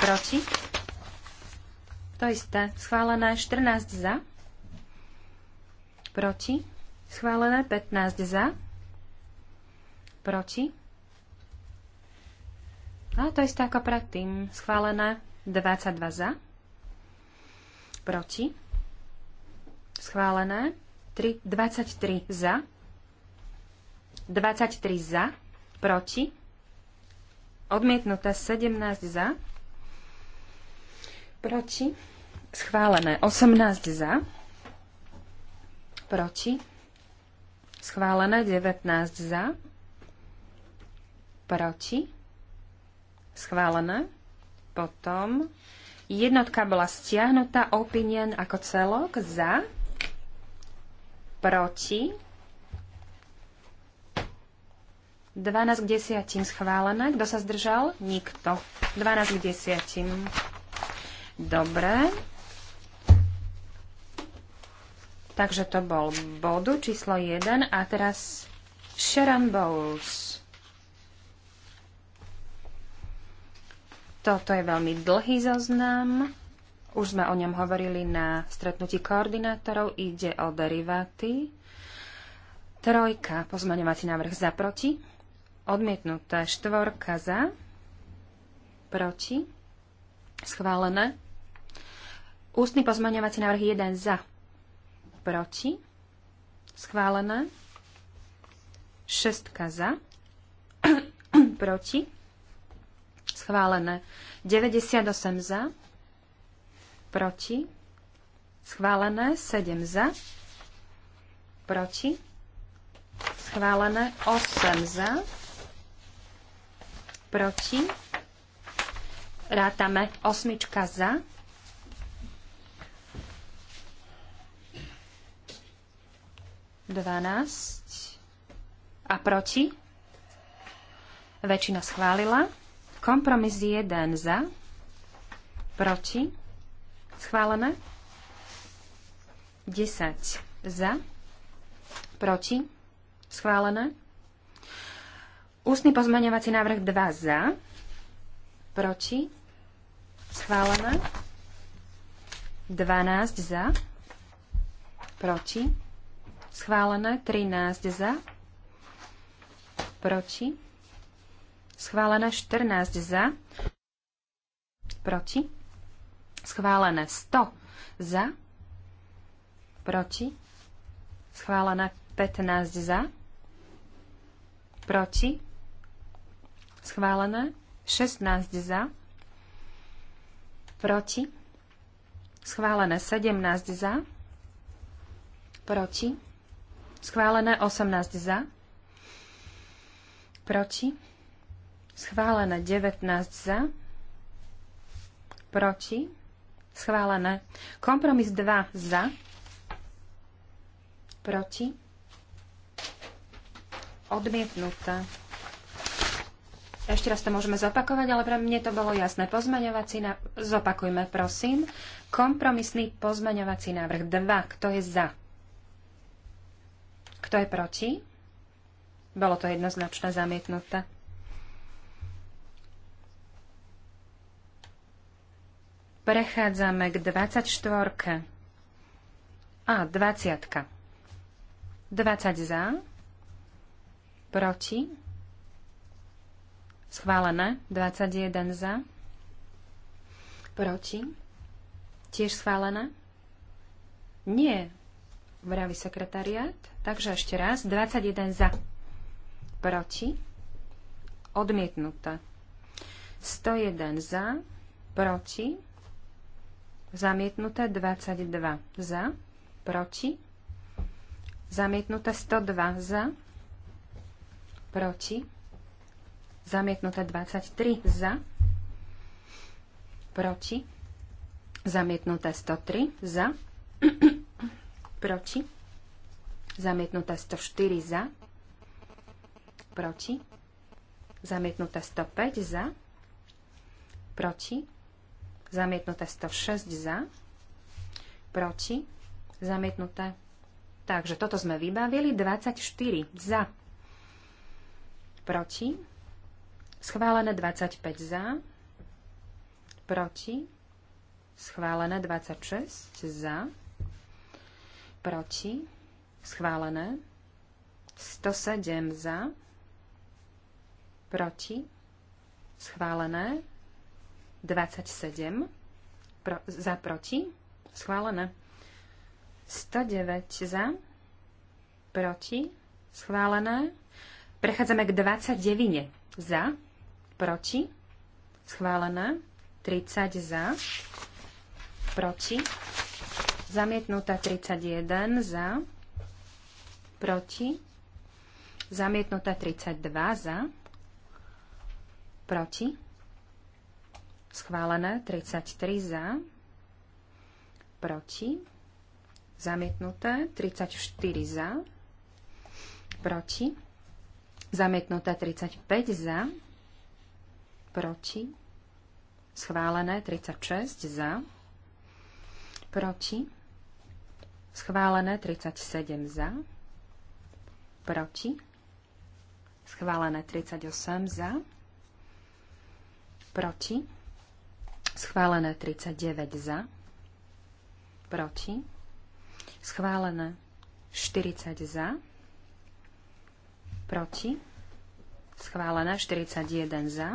Proti. To isté. Schválené 14 za. Proti. Schválené 15 za. Proti. A to isté ako predtým. Schválené 22 za. Proti. Schválené 3, 23 za. 23 za proti, odmietnuté 17 za, proti, schválené 18 za, proti, schválené 19 za, proti, schválené, potom jednotka bola stiahnutá, opinion ako celok za, proti, 12 k 10 schválené. Kto sa zdržal? Nikto. 12 k 10. Dobre. Takže to bol bodu číslo 1 a teraz Sharon Bowles. Toto je veľmi dlhý zoznam. Už sme o ňom hovorili na stretnutí koordinátorov. Ide o deriváty. Trojka, pozmaňovací návrh za proti. Odmietnuté. Štvorka za. Proti. Schválené. Ústny pozmaňovací návrh 1 za. Proti. Schválené. Šestka za. Proti. Schválené. 98 za. Proti. Schválené. 7 za. Proti. Schválené. 8 za proti. Rátame osmička za. Dvanáct a proti. Väčšina schválila. Kompromis 1 za. Proti. Schválené. 10 za. Proti. Schválené. Ústny pozmeňovací návrh 2 za, proti, Schválené. 12 za, proti, schválené. 13 za, proti, schválené. 14 za, proti, schválené. 100 za, proti, schválené. 15 za, proti, Schválené. 16 za. Proti. Schválené 17 za. Proti. Schválené 18 za. Proti. Schválené 19 za. Proti. Schválené. Kompromis 2 za. Proti. Odmietnuté. Ešte raz to môžeme zopakovať, ale pre mne to bolo jasné. Pozmaňovací na... Zopakujme, prosím. Kompromisný pozmaňovací návrh 2. Kto je za? Kto je proti? Bolo to jednoznačne zamietnuté. Prechádzame k 24. A 20. 20 za, proti, Schválené. 21 za. Proti. Tiež schválené? Nie, vraví sekretariat. Takže ešte raz. 21 za. Proti. Odmietnuté. 101 za. Proti. Zamietnuté 22 za. Proti. Zamietnuté 102 za. Proti Zamietnuté 23 za. Proti. Zamietnuté 103 za. Proti. Zamietnuté 104 za. Proti. Zamietnuté 105 za. Proti. Zamietnuté 106 za. Proti. Zamietnuté. Takže toto sme vybavili. 24 za. Proti Schválené 25 za. Proti. Schválené 26 za. Proti. Schválené. 107 za. Proti. Schválené. 27. Pro, za proti. Schválené. 109 za. Proti. Schválené. Prechádzame k 29. Za proti, schválená, 30 za, proti, zamietnutá 31 za, proti, zamietnutá 32 za, proti, schválená 33 za, proti, zamietnuté 34 za, proti, zamietnutá 35 za, proti, schválené 36 za, proti, schválené 37 za, proti, schválené 38 za, proti, schválené 39 za, proti, schválené 40 za, proti, schválené 41 za,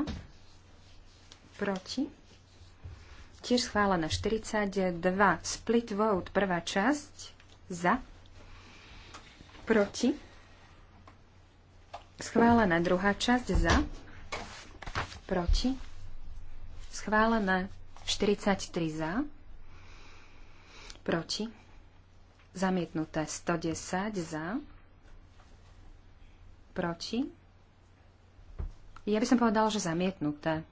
proti. Tiež schválené 42. Split vote, prvá časť, za, proti. Schválená druhá časť, za, proti. Schválené 43 za, proti. Zamietnuté 110 za, proti. Ja by som povedala, že zamietnuté.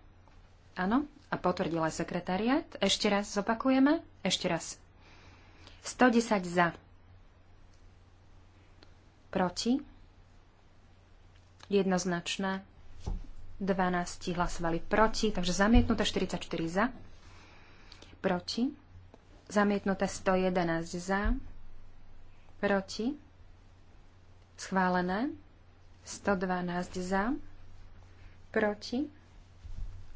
Áno, a potvrdila sekretariat. Ešte raz zopakujeme. Ešte raz. 110 za. Proti. Jednoznačné. 12 hlasovali proti, takže zamietnuté 44 za. Proti. Zamietnuté 111 za. Proti. Schválené. 112 za. Proti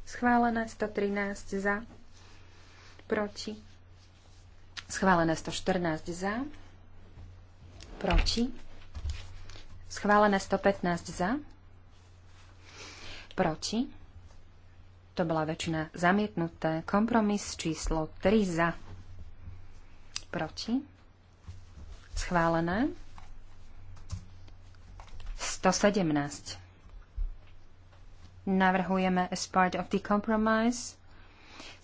Schválené 113 za. Proti. Schválené 114 za. Proti. Schválené 115 za. Proti. To bola väčšina zamietnuté. Kompromis číslo 3 za. Proti. Schválené. 117 navrhujeme as part of the compromise.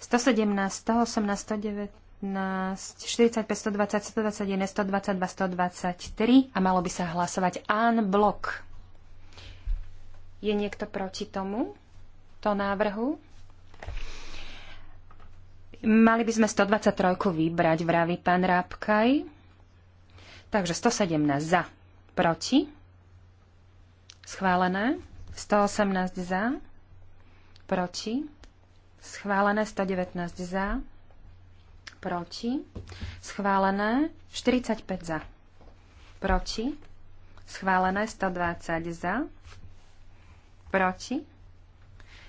117, 118, 119, 45, 120, 121, 122, 123 a malo by sa hlasovať an blok. Je niekto proti tomu? To návrhu? Mali by sme 123 vybrať, vraví pán Rábkaj. Takže 117 za, proti. Schválené. 118 za, proti, schválené 119 za, proti, schválené 45 za, proti, schválené 120 za, proti,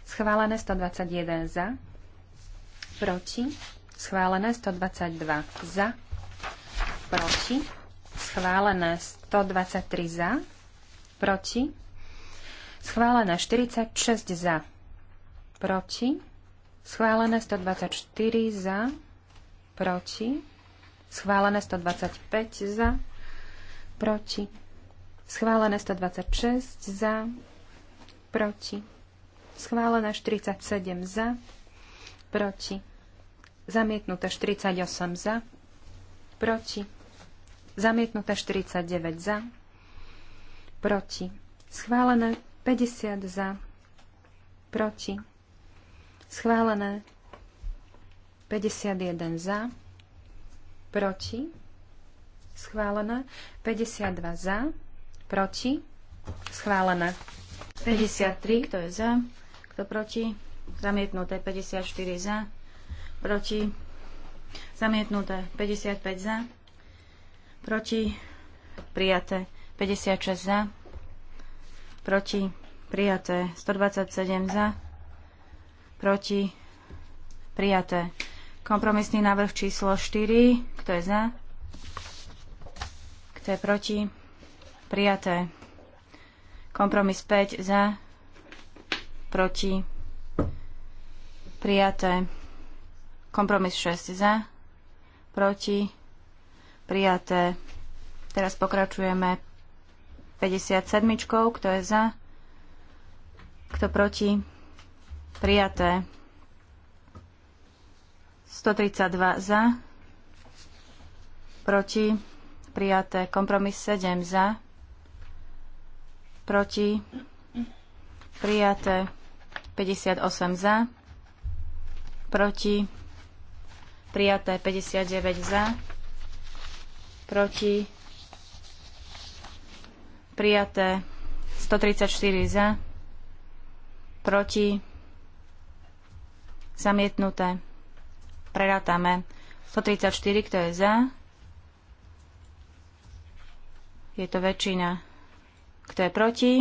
schválené 121 za, proti, schválené 122 za, proti, schválené 123 za, proti, Schválené 46 za. Proti. Schválené 124 za. Proti. Schválené 125 za. Proti. Schválené 126 za. Proti. Schválené 47 za. Proti. Zamietnuté 48 za. Proti. Zamietnuté 49 za. Proti. Schválené 50 za, proti, schválené 51 za, proti, schválené 52 za, proti, schválené 53, kto je za, kto proti, zamietnuté 54 za, proti, zamietnuté 55 za, proti, prijaté 56 za, proti, prijaté. 127 za, proti, prijaté. Kompromisný návrh číslo 4, kto je za, kto je proti, prijaté. Kompromis 5 za, proti, prijaté. Kompromis 6 za, proti, prijaté. Teraz pokračujeme 57. Kto je za? Kto proti? Prijaté. 132 za. Proti. Prijaté. Kompromis 7 za. Proti. Prijaté. 58 za. Proti. Prijaté. 59 za. Proti Prijaté 134 za, proti, zamietnuté. Prerátame 134, kto je za. Je to väčšina. Kto je proti?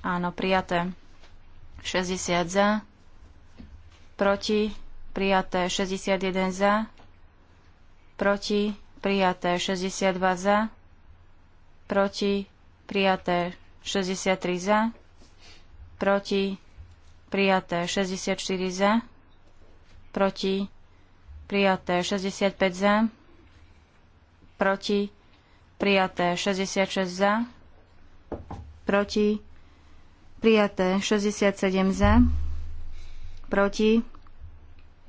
Áno, prijaté. 60 za, proti, prijaté 61 za, proti, prijaté 62 za, proti, prijaté 63 za, proti, prijaté 64 za, proti, prijaté 65 za, proti, prijaté 66 za, proti, prijaté 67 za, proti,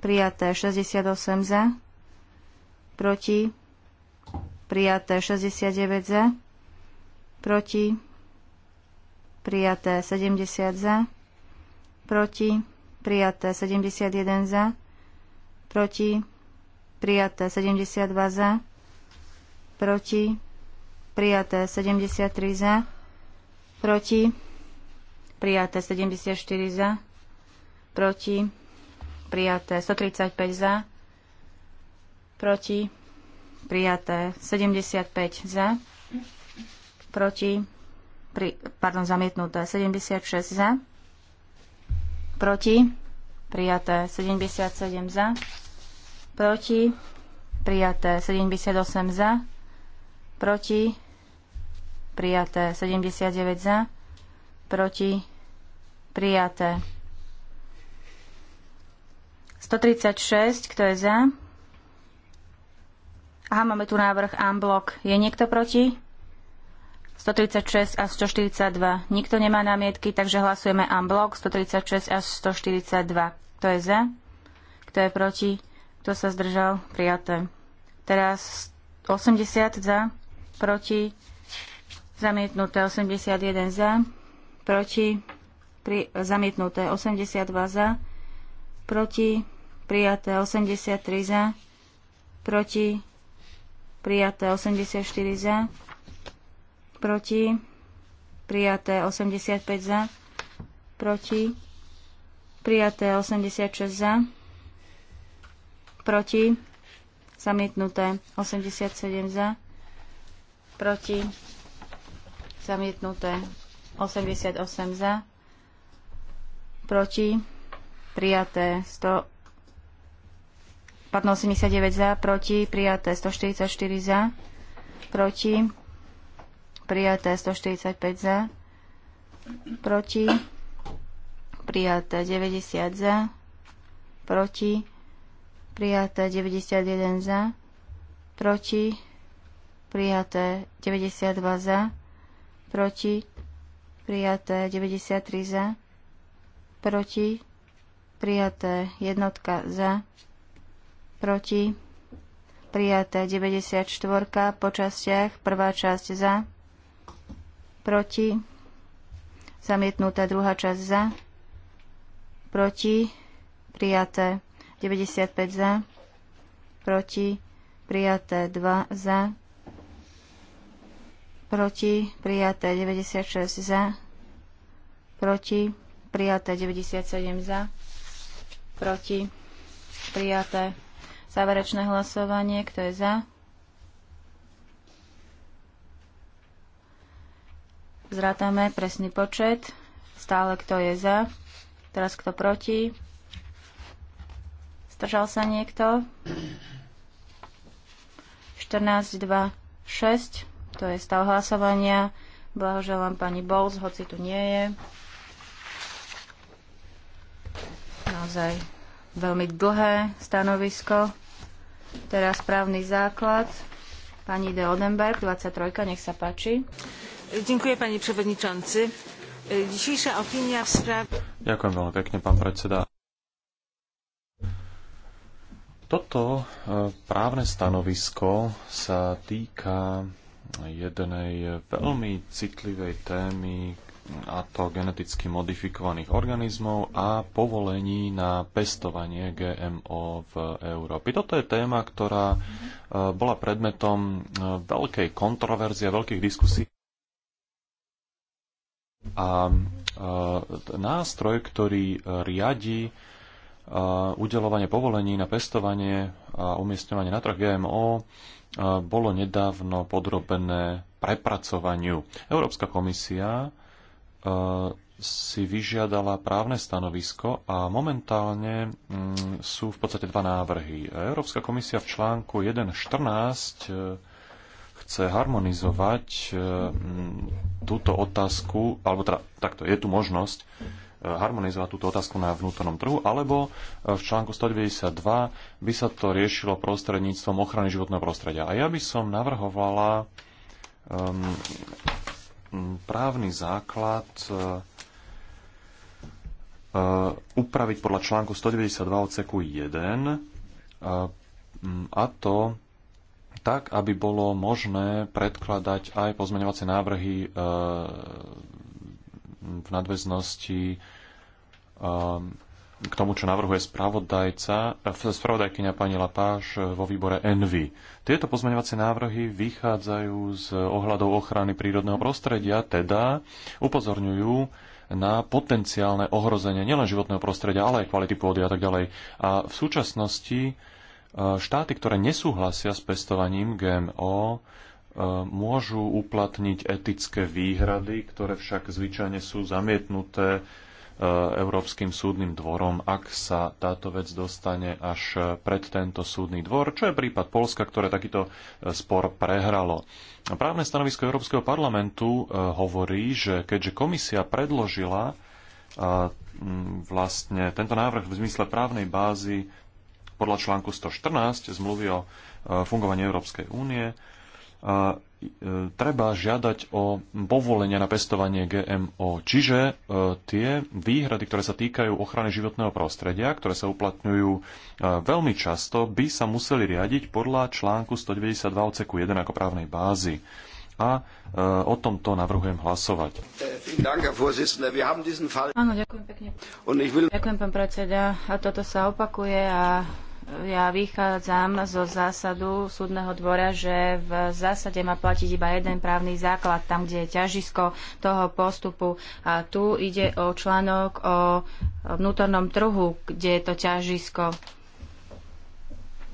prijaté 68 za, proti, prijaté 69 za, proti, prijaté 70 za, proti, prijaté 71 za, proti, prijaté 72 za, proti, prijaté 73 za, proti, prijaté 74 za, proti, prijaté 135 za, proti, prijaté 75 za, proti, pri, pardon, zamietnuté 76 za, proti, prijaté 77 za, proti, prijaté 78 za, proti, prijaté 79 za, proti, prijaté 136, kto je za? Aha, máme tu návrh Amblok. Je niekto proti? 136 a 142. Nikto nemá námietky, takže hlasujeme unblock 136 až 142. Kto je za? Kto je proti? Kto sa zdržal? Prijaté. Teraz 80 za, proti, zamietnuté 81 za, proti, pri, zamietnuté 82 za, proti, prijaté 83 za, proti, prijaté 84 za, proti, prijaté 85 za, proti, prijaté 86 za, proti, zamietnuté 87 za, proti, zamietnuté 88 za, proti, prijaté 100, 89 za, proti, prijaté 144 za, proti, prijaté 145 za, proti, prijaté 90 za, proti, prijaté 91 za, proti, prijaté 92 za, proti, prijaté 93 za, proti, prijaté jednotka za, proti, prijaté 94 po častiach, prvá časť za, proti, zamietnutá druhá časť za, proti, prijaté 95 za, proti, prijaté 2 za, proti, prijaté 96 za, proti, prijaté 97 za, proti, prijaté záverečné hlasovanie, kto je za, Zrátame presný počet. Stále kto je za. Teraz kto proti. Zdržal sa niekto. 14, 2, 6. To je stav hlasovania. Blahoželám pani Bowles, hoci tu nie je. Naozaj veľmi dlhé stanovisko. Teraz právny základ. Pani de Odenberg, 23, nech sa páči. Ďakujem, pani Ďakujem veľmi pekne, pán predseda. Toto e, právne stanovisko sa týka jednej veľmi citlivej témy, a to geneticky modifikovaných organizmov a povolení na pestovanie GMO v Európe. Toto je téma, ktorá e, bola predmetom e, veľkej kontroverzie, veľkých diskusí a nástroj, ktorý e, riadi e, udelovanie povolení na pestovanie a umiestňovanie na trh GMO e, bolo nedávno podrobené prepracovaniu. Európska komisia si vyžiadala právne stanovisko a momentálne mm, sú v podstate dva návrhy. Európska komisia v článku 1.14 chce harmonizovať eh, túto otázku, alebo teda, takto je tu možnosť eh, harmonizovať túto otázku na vnútornom trhu, alebo eh, v článku 192 by sa to riešilo prostredníctvom ochrany životného prostredia. A ja by som navrhovala um, právny základ uh, upraviť podľa článku 192 odseku 1 uh, a to tak, aby bolo možné predkladať aj pozmeňovacie návrhy e, v nadväznosti e, k tomu, čo navrhuje spravodajca, e, spravodajkyňa pani Lapáš vo výbore Envy. Tieto pozmeňovacie návrhy vychádzajú z ohľadov ochrany prírodného prostredia, teda upozorňujú na potenciálne ohrozenie nielen životného prostredia, ale aj kvality pôdy a tak ďalej. A v súčasnosti štáty, ktoré nesúhlasia s pestovaním GMO, e, môžu uplatniť etické výhrady, ktoré však zvyčajne sú zamietnuté e, Európskym súdnym dvorom, ak sa táto vec dostane až pred tento súdny dvor, čo je prípad Polska, ktoré takýto e, spor prehralo. Právne stanovisko Európskeho parlamentu hovorí, že keďže komisia predložila vlastne tento návrh v zmysle právnej bázy podľa článku 114 zmluvy o e, fungovaní Európskej únie e, e, treba žiadať o povolenie na pestovanie GMO. Čiže tie výhrady, ktoré sa týkajú ochrany životného prostredia, ktoré sa uplatňujú veľmi často, by sa museli riadiť podľa článku 192 odseku 1 ako právnej bázy. A o tomto navrhujem hlasovať. Áno, ďakujem pekne. Ďakujem, pán predseda. A toto sa opakuje a ja vychádzam zo zásadu súdneho dvora, že v zásade má platiť iba jeden právny základ, tam, kde je ťažisko toho postupu. A tu ide o článok o vnútornom trhu, kde je to ťažisko.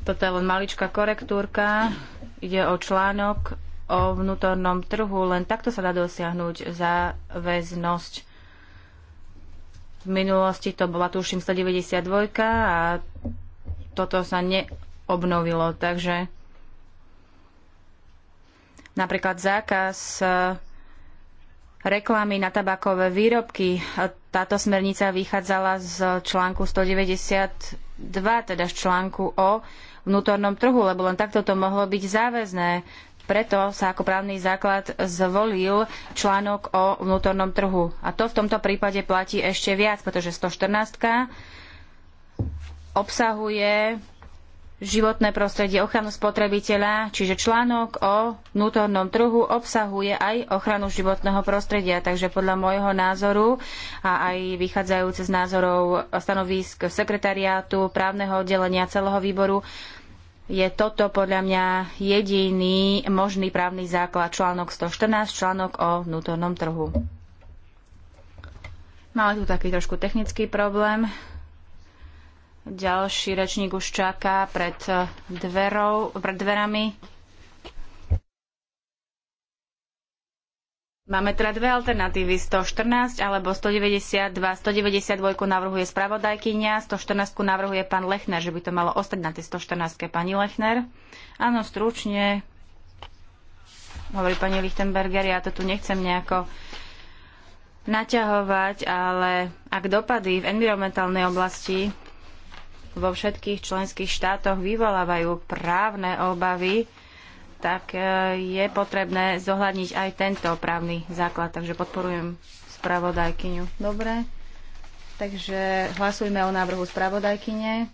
Toto je len maličká korektúrka. Ide o článok o vnútornom trhu. Len takto sa dá dosiahnuť záväznosť. V minulosti to bola tuším 192 a toto sa neobnovilo. Takže napríklad zákaz e, reklamy na tabakové výrobky. E, táto smernica vychádzala z článku 192, teda z článku o vnútornom trhu, lebo len takto to mohlo byť záväzné. Preto sa ako právny základ zvolil článok o vnútornom trhu. A to v tomto prípade platí ešte viac, pretože 114 obsahuje životné prostredie, ochranu spotrebiteľa, čiže článok o vnútornom trhu obsahuje aj ochranu životného prostredia. Takže podľa môjho názoru a aj vychádzajúce z názorov stanovisk sekretariátu, právneho oddelenia celého výboru, je toto podľa mňa jediný možný právny základ článok 114, článok o vnútornom trhu. Máme tu taký trošku technický problém. Ďalší rečník už čaká pred, eh, dverou, pred dverami. Máme teda dve alternatívy, 114 alebo 192. 192 navrhuje spravodajkynia, 114 navrhuje pán Lechner, že by to malo ostať na tej 114. Pani Lechner? Áno, stručne, hovorí pani Lichtenberger, ja to tu nechcem nejako naťahovať, ale ak dopady v environmentálnej oblasti vo všetkých členských štátoch vyvolávajú právne obavy, tak e, je potrebné zohľadniť aj tento právny základ. Takže podporujem spravodajkyňu. Dobre. Takže hlasujme o návrhu spravodajkyne.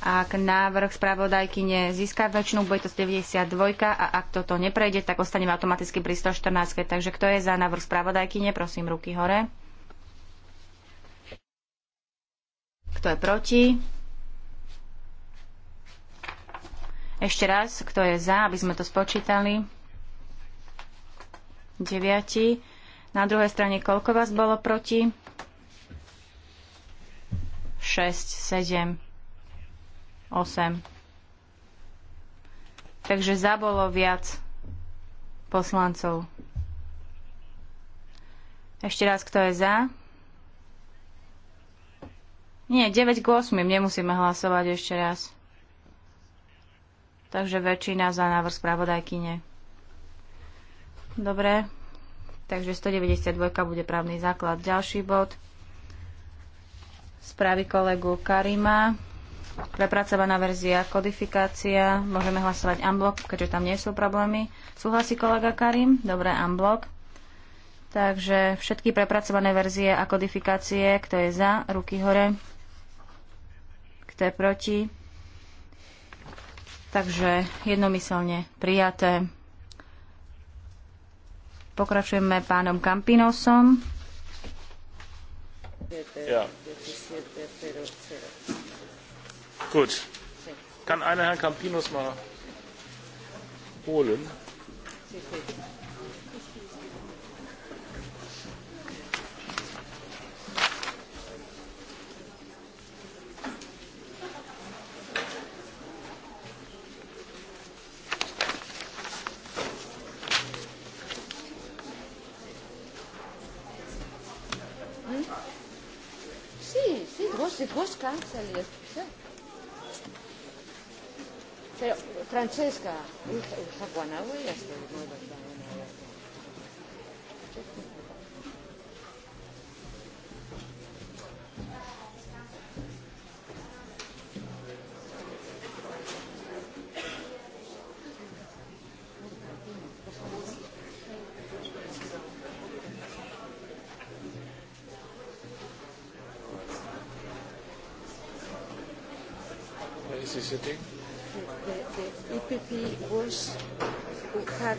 Ak návrh spravodajkyne získa väčšinu, bude to 92 a ak toto neprejde, tak ostaneme automaticky pri 114. Takže kto je za návrh spravodajkyne, prosím ruky hore. Kto je proti? Ešte raz, kto je za, aby sme to spočítali? 9. Na druhej strane, koľko vás bolo proti? 6, 7, 8. Takže za bolo viac poslancov. Ešte raz, kto je za? Nie, 9 k 8, nemusíme hlasovať ešte raz. Takže väčšina za návrh nie. Dobre, takže 192 bude právny základ. Ďalší bod. Správy kolegu Karima. Prepracovaná verzia, kodifikácia. Môžeme hlasovať unblock, keďže tam nie sú problémy. Súhlasí kolega Karim? Dobre, unblock. Takže všetky prepracované verzie a kodifikácie, kto je za, ruky hore isté proti. Takže jednomyselne prijaté. Pokračujeme pánom Kampinosom. Ja. Gut. Kann einer Herrn Campinos mal holen? Sí, sí. Se trop scarso Pero, Francesca, hija, hija Guanahue, ya estoy muy bien. necessity? The, the EPP was, had,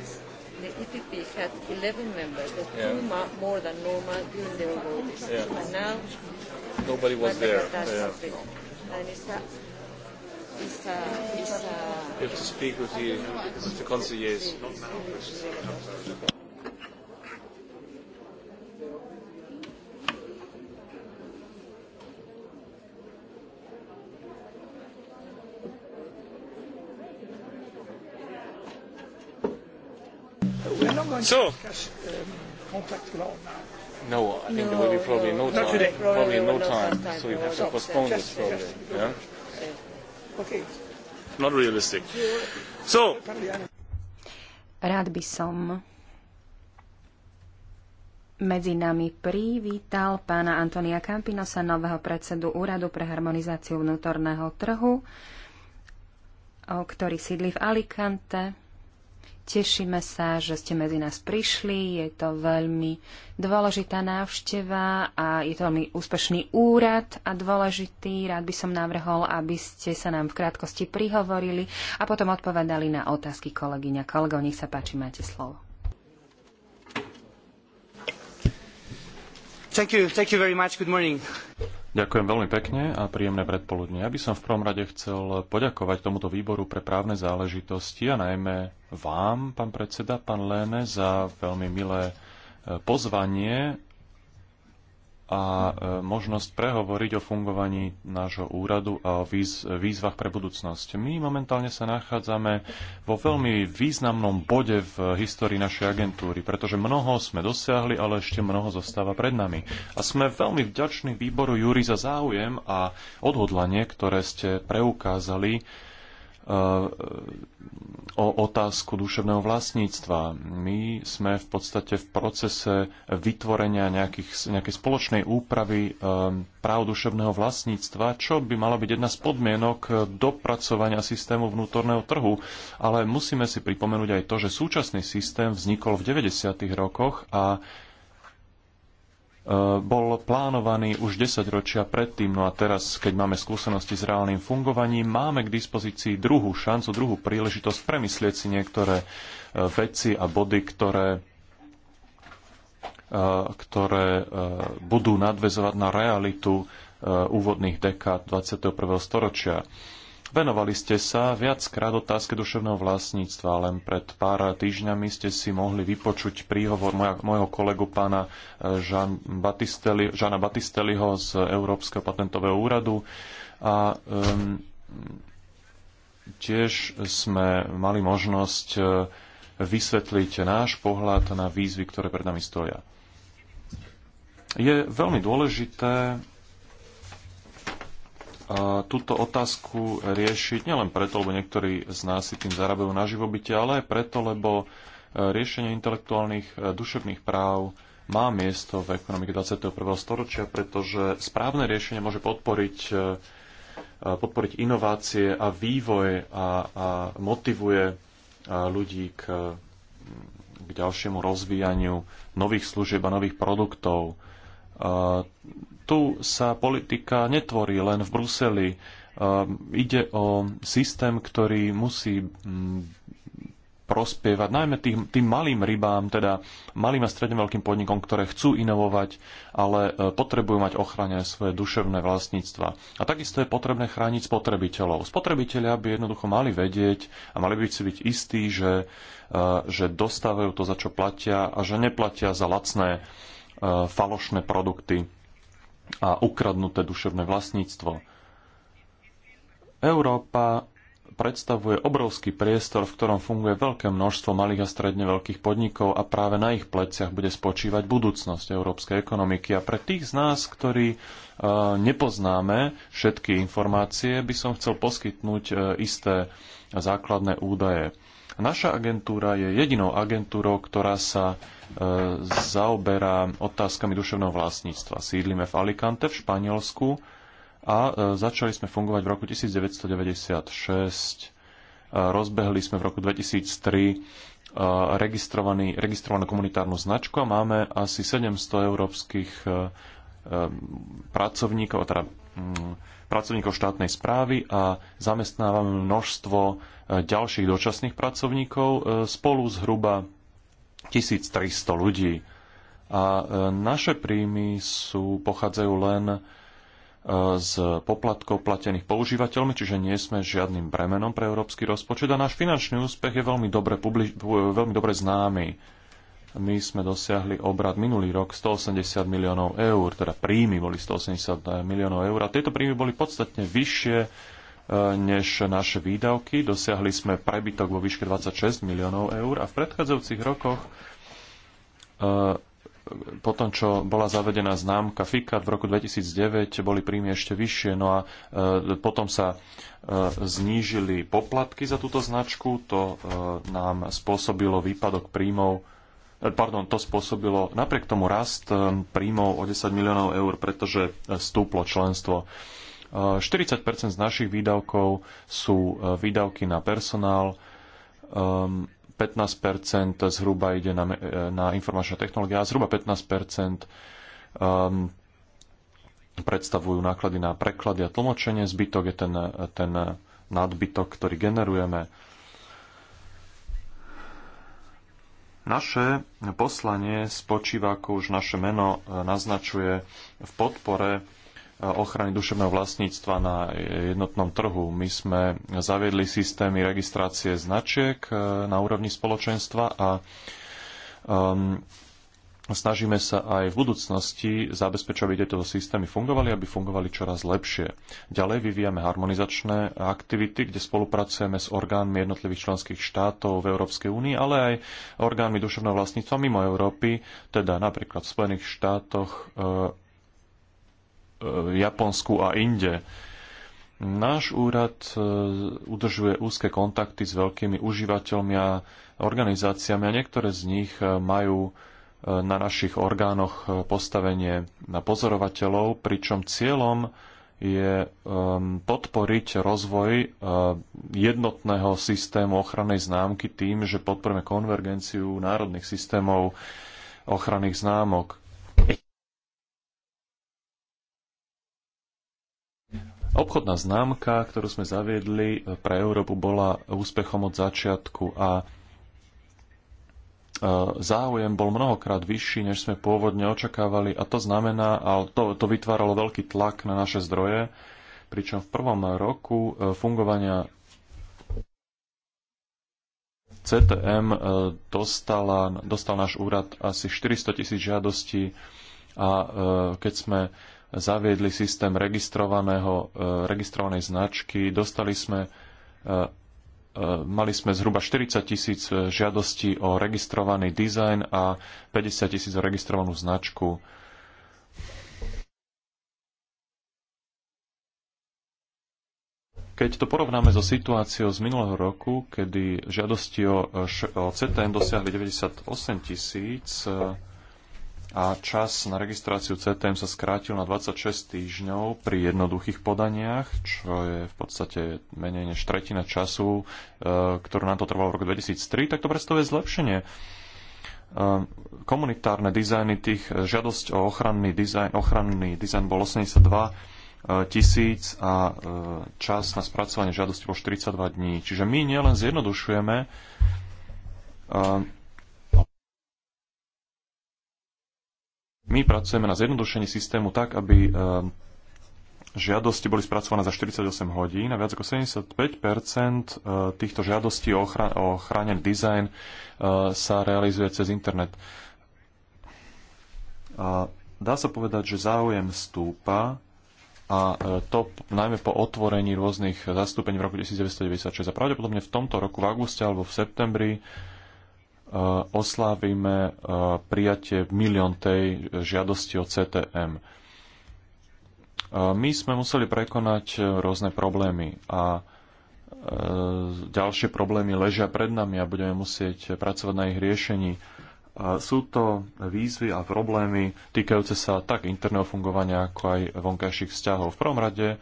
the EPP had 11 members, but yeah. two ma- more than normal during the overall decision. Yeah. And now, nobody was there. Yeah. And it's a, it's a, it's a, you have to speak with the, with the conciliers. Yes. So. No, I think no, there will be probably no, no time. today. Probably no, no, no time. time. So you have to postpone this probably. Yeah. Okay. Not realistic. So. Rád by som medzi nami privítal pána Antonia Campinosa, nového predsedu Úradu pre harmonizáciu vnútorného trhu, ktorý sídli v Alicante. Tešíme sa, že ste medzi nás prišli. Je to veľmi dôležitá návšteva a je to veľmi úspešný úrad a dôležitý. Rád by som navrhol, aby ste sa nám v krátkosti prihovorili a potom odpovedali na otázky kolegyňa. Kolegov, nech sa páči, máte slovo. Thank you, thank you very much. Good morning. Ďakujem veľmi pekne a príjemné predpoludne. Ja by som v prvom rade chcel poďakovať tomuto výboru pre právne záležitosti a najmä vám, pán predseda, pán Léne, za veľmi milé eh, pozvanie a e, možnosť prehovoriť o fungovaní nášho úradu a o výz, výzvach pre budúcnosť. My momentálne sa nachádzame vo veľmi významnom bode v histórii našej agentúry, pretože mnoho sme dosiahli, ale ešte mnoho zostáva pred nami. A sme veľmi vďační výboru Júri za záujem a odhodlanie, ktoré ste preukázali o otázku duševného vlastníctva. My sme v podstate v procese vytvorenia nejakých, nejakej spoločnej úpravy eh, práv duševného vlastníctva, čo by mala byť jedna z podmienok dopracovania systému vnútorného trhu. Ale musíme si pripomenúť aj to, že súčasný systém vznikol v 90. rokoch a Eh, bol plánovaný už 10 ročia predtým. No a teraz, keď máme skúsenosti s reálnym fungovaním, máme k dispozícii druhú šancu, druhú príležitosť premyslieť si niektoré eh, veci a body, ktoré, eh, ktoré budú nadvezovať na realitu úvodných dekád 21. storočia. Venovali ste sa viackrát otázke duševného vlastníctva. Len pred pár týždňami ste si mohli vypočuť príhovor môjho mojho kolegu pána e, Jean Batisteli, Žana Batisteliho z Európskeho patentového úradu. A um, tiež sme mali možnosť e, vysvetliť náš pohľad na výzvy, ktoré pred nami stoja. Je veľmi dôležité túto otázku riešiť nielen preto, lebo niektorí z nás si tým zarábajú na živobytie, ale aj preto, lebo e, riešenie intelektuálnych e, duševných práv má miesto v ekonomike 21. storočia, pretože správne riešenie môže podporiť, e, podporiť inovácie a vývoj a, a motivuje ľudí k, k ďalšiemu rozvíjaniu nových služieb a nových produktov tu sa politika netvorí len v Bruseli. Ehm, ide o systém, ktorý musí mm, prospievať najmä tým, tým malým rybám, teda malým a stredne veľkým podnikom, ktoré chcú inovovať, ale e, potrebujú mať ochranené svoje duševné vlastníctva. A takisto je potrebné chrániť spotrebiteľov. Spotrebiteľia by jednoducho mali vedieť a mali by si byť istí, že, e, že dostávajú to, za čo platia a že neplatia za lacné e, falošné produkty a ukradnuté duševné vlastníctvo. Európa predstavuje obrovský priestor, v ktorom funguje veľké množstvo malých a stredne veľkých podnikov a práve na ich pleciach bude spočívať budúcnosť európskej ekonomiky. A pre tých z nás, ktorí e, nepoznáme všetky informácie, by som chcel poskytnúť e, isté základné údaje. Naša agentúra je jedinou agentúrou, ktorá sa e, zaoberá otázkami duševného vlastníctva. Sídlime v Alicante v Španielsku a e, začali sme fungovať v roku 1996. E, rozbehli sme v roku 2003 registrovaný, registrovanú komunitárnu značku a máme asi 700 európskych pracovníkov, teda mm, pracovníkov štátnej správy a zamestnávame množstvo e, ďalších dočasných pracovníkov e, spolu zhruba 1300 ľudí. A e, naše príjmy sú, pochádzajú len z poplatkov platených používateľmi, čiže nie sme žiadnym bremenom pre európsky rozpočet a náš finančný úspech je veľmi dobre, publi- veľmi dobre známy my sme dosiahli obrad minulý rok 180 miliónov eur, teda príjmy boli 180 eh, miliónov eur a tieto príjmy boli podstatne vyššie eh, než naše výdavky. Dosiahli sme prebytok vo výške 26 miliónov eur a v predchádzajúcich rokoch eh, po tom, čo bola zavedená známka FICAT v roku 2009, boli príjmy ešte vyššie, no a potom sa znížili poplatky za túto značku, to nám spôsobilo výpadok príjmov pardon, to spôsobilo napriek tomu rast eh, príjmov o 10 miliónov eur, pretože eh, stúplo členstvo. 40 eh, z našich výdavkov sú výdavky na personál, 15 ehm, zhruba ide na, na informačné technológie a zhruba 15 ehm, predstavujú náklady na preklady a tlmočenie. Zbytok je ten, ten nadbytok, ktorý generujeme Naše poslanie spočíva, ako už naše meno e, naznačuje, v podpore e, ochrany duševného vlastníctva na jednotnom trhu. My sme zaviedli systémy registrácie značiek e, na úrovni spoločenstva a um, snažíme sa aj v budúcnosti zabezpečiť, aby tieto systémy fungovali, aby fungovali čoraz lepšie. Ďalej vyvíjame harmonizačné aktivity, kde spolupracujeme s orgánmi jednotlivých členských štátov v Európskej únii, ale aj orgánmi duševného vlastníctva mimo Európy, teda napríklad v Spojených štátoch, e, e, Japonsku a inde. Náš úrad e, udržuje úzke kontakty s veľkými užívateľmi a organizáciami a niektoré z nich e, majú na našich orgánoch e, postavenie na pozorovateľov, pričom cieľom je podporiť rozvoj e, jednotného systému ochrannej známky tým, že podporíme konvergenciu národných systémov ochranných známok. Obchodná známka, ktorú sme zaviedli e, pre Európu, bola úspechom od začiatku a záujem bol mnohokrát vyšší, než sme pôvodne očakávali a to znamená, a to, to vytváralo veľký tlak na naše zdroje, pričom v prvom roku e, fungovania CTM e, dostala, dostal náš úrad asi 400 tisíc žiadostí a e, keď sme zaviedli systém registrovaného, registrovanej značky, dostali sme E, mali sme zhruba 40 tisíc e, žiadostí o registrovaný dizajn a 50 tisíc o registrovanú značku. Keď to porovnáme so situáciou z minulého roku, kedy žiadosti o, o CTN dosiahli 98 tisíc, e, a čas na registráciu CTM sa skrátil na 26 týždňov pri jednoduchých podaniach, čo je v podstate menej než tretina času, e, ktorú nám to trvalo v roku 2003, tak to predstavuje zlepšenie. E, komunitárne dizajny tých, e, žiadosť o ochranný dizajn, ochranný dizajn bol 82 tisíc a čas na spracovanie žiadosti bol 42 dní. Čiže my nielen zjednodušujeme My pracujeme na zjednodušení systému tak, aby eh, žiadosti boli spracované za 48 hodín a viac ako 75 eh, týchto žiadostí o, ochra- o chránený dizajn eh, sa realizuje cez internet. A dá sa povedať, že záujem stúpa a to najmä po otvorení rôznych zastúpení v roku 1996. A pravdepodobne v tomto roku, v auguste alebo v septembri, Eh, oslávime eh, prijatie miliontej žiadosti o CTM. Eh, my sme museli prekonať rôzne problémy a ďalšie problémy ležia pred nami a budeme musieť pracovať na ich riešení. Sú to výzvy a problémy týkajúce sa tak interného fungovania, ako aj vonkajších vzťahov. V prvom rade e,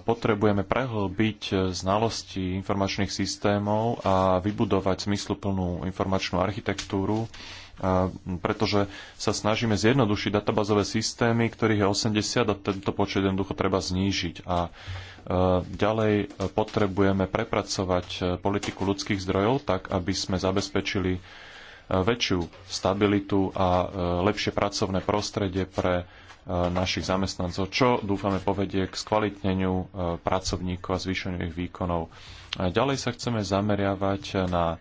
potrebujeme prehlbiť znalosti informačných systémov a vybudovať smysluplnú informačnú architektúru, e, pretože sa snažíme zjednodušiť databázové systémy, ktorých je 80 a tento počet jednoducho treba znížiť. A e, ďalej potrebujeme prepracovať politiku ľudských zdrojov tak, aby sme zabezpečili väčšiu stabilitu a e, lepšie pracovné prostredie pre e, našich zamestnancov, čo dúfame povedie k skvalitneniu e, pracovníkov a zvýšeniu ich výkonov. Ďalej sa chceme zameriavať na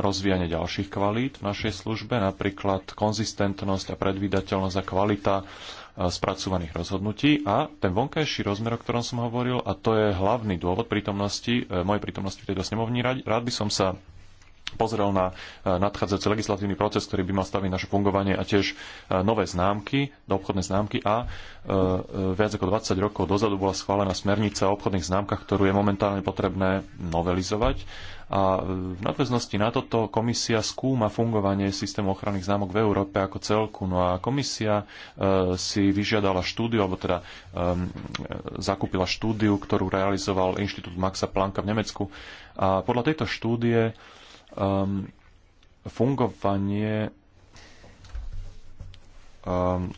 rozvíjanie ďalších kvalít v našej službe, napríklad konzistentnosť a predvídateľnosť a kvalita spracovaných rozhodnutí a ten vonkajší rozmer, o ktorom som hovoril, a to je hlavný dôvod prítomnosti, mojej prítomnosti v tejto snemovni, rád, rád by som sa pozrel na e, nadchádzajúci legislatívny proces, ktorý by mal staviť naše fungovanie a tiež e, nové známky, obchodné známky a e, viac ako 20 rokov dozadu bola schválená smernica o obchodných známkach, ktorú je momentálne potrebné novelizovať. A v nadväznosti na toto komisia skúma fungovanie systému ochranných známok v Európe ako celku. No a komisia si vyžiadala štúdiu, alebo teda zakúpila štúdiu, ktorú realizoval Inštitút Maxa Plancka v Nemecku. A podľa tejto štúdie um, fungovanie um,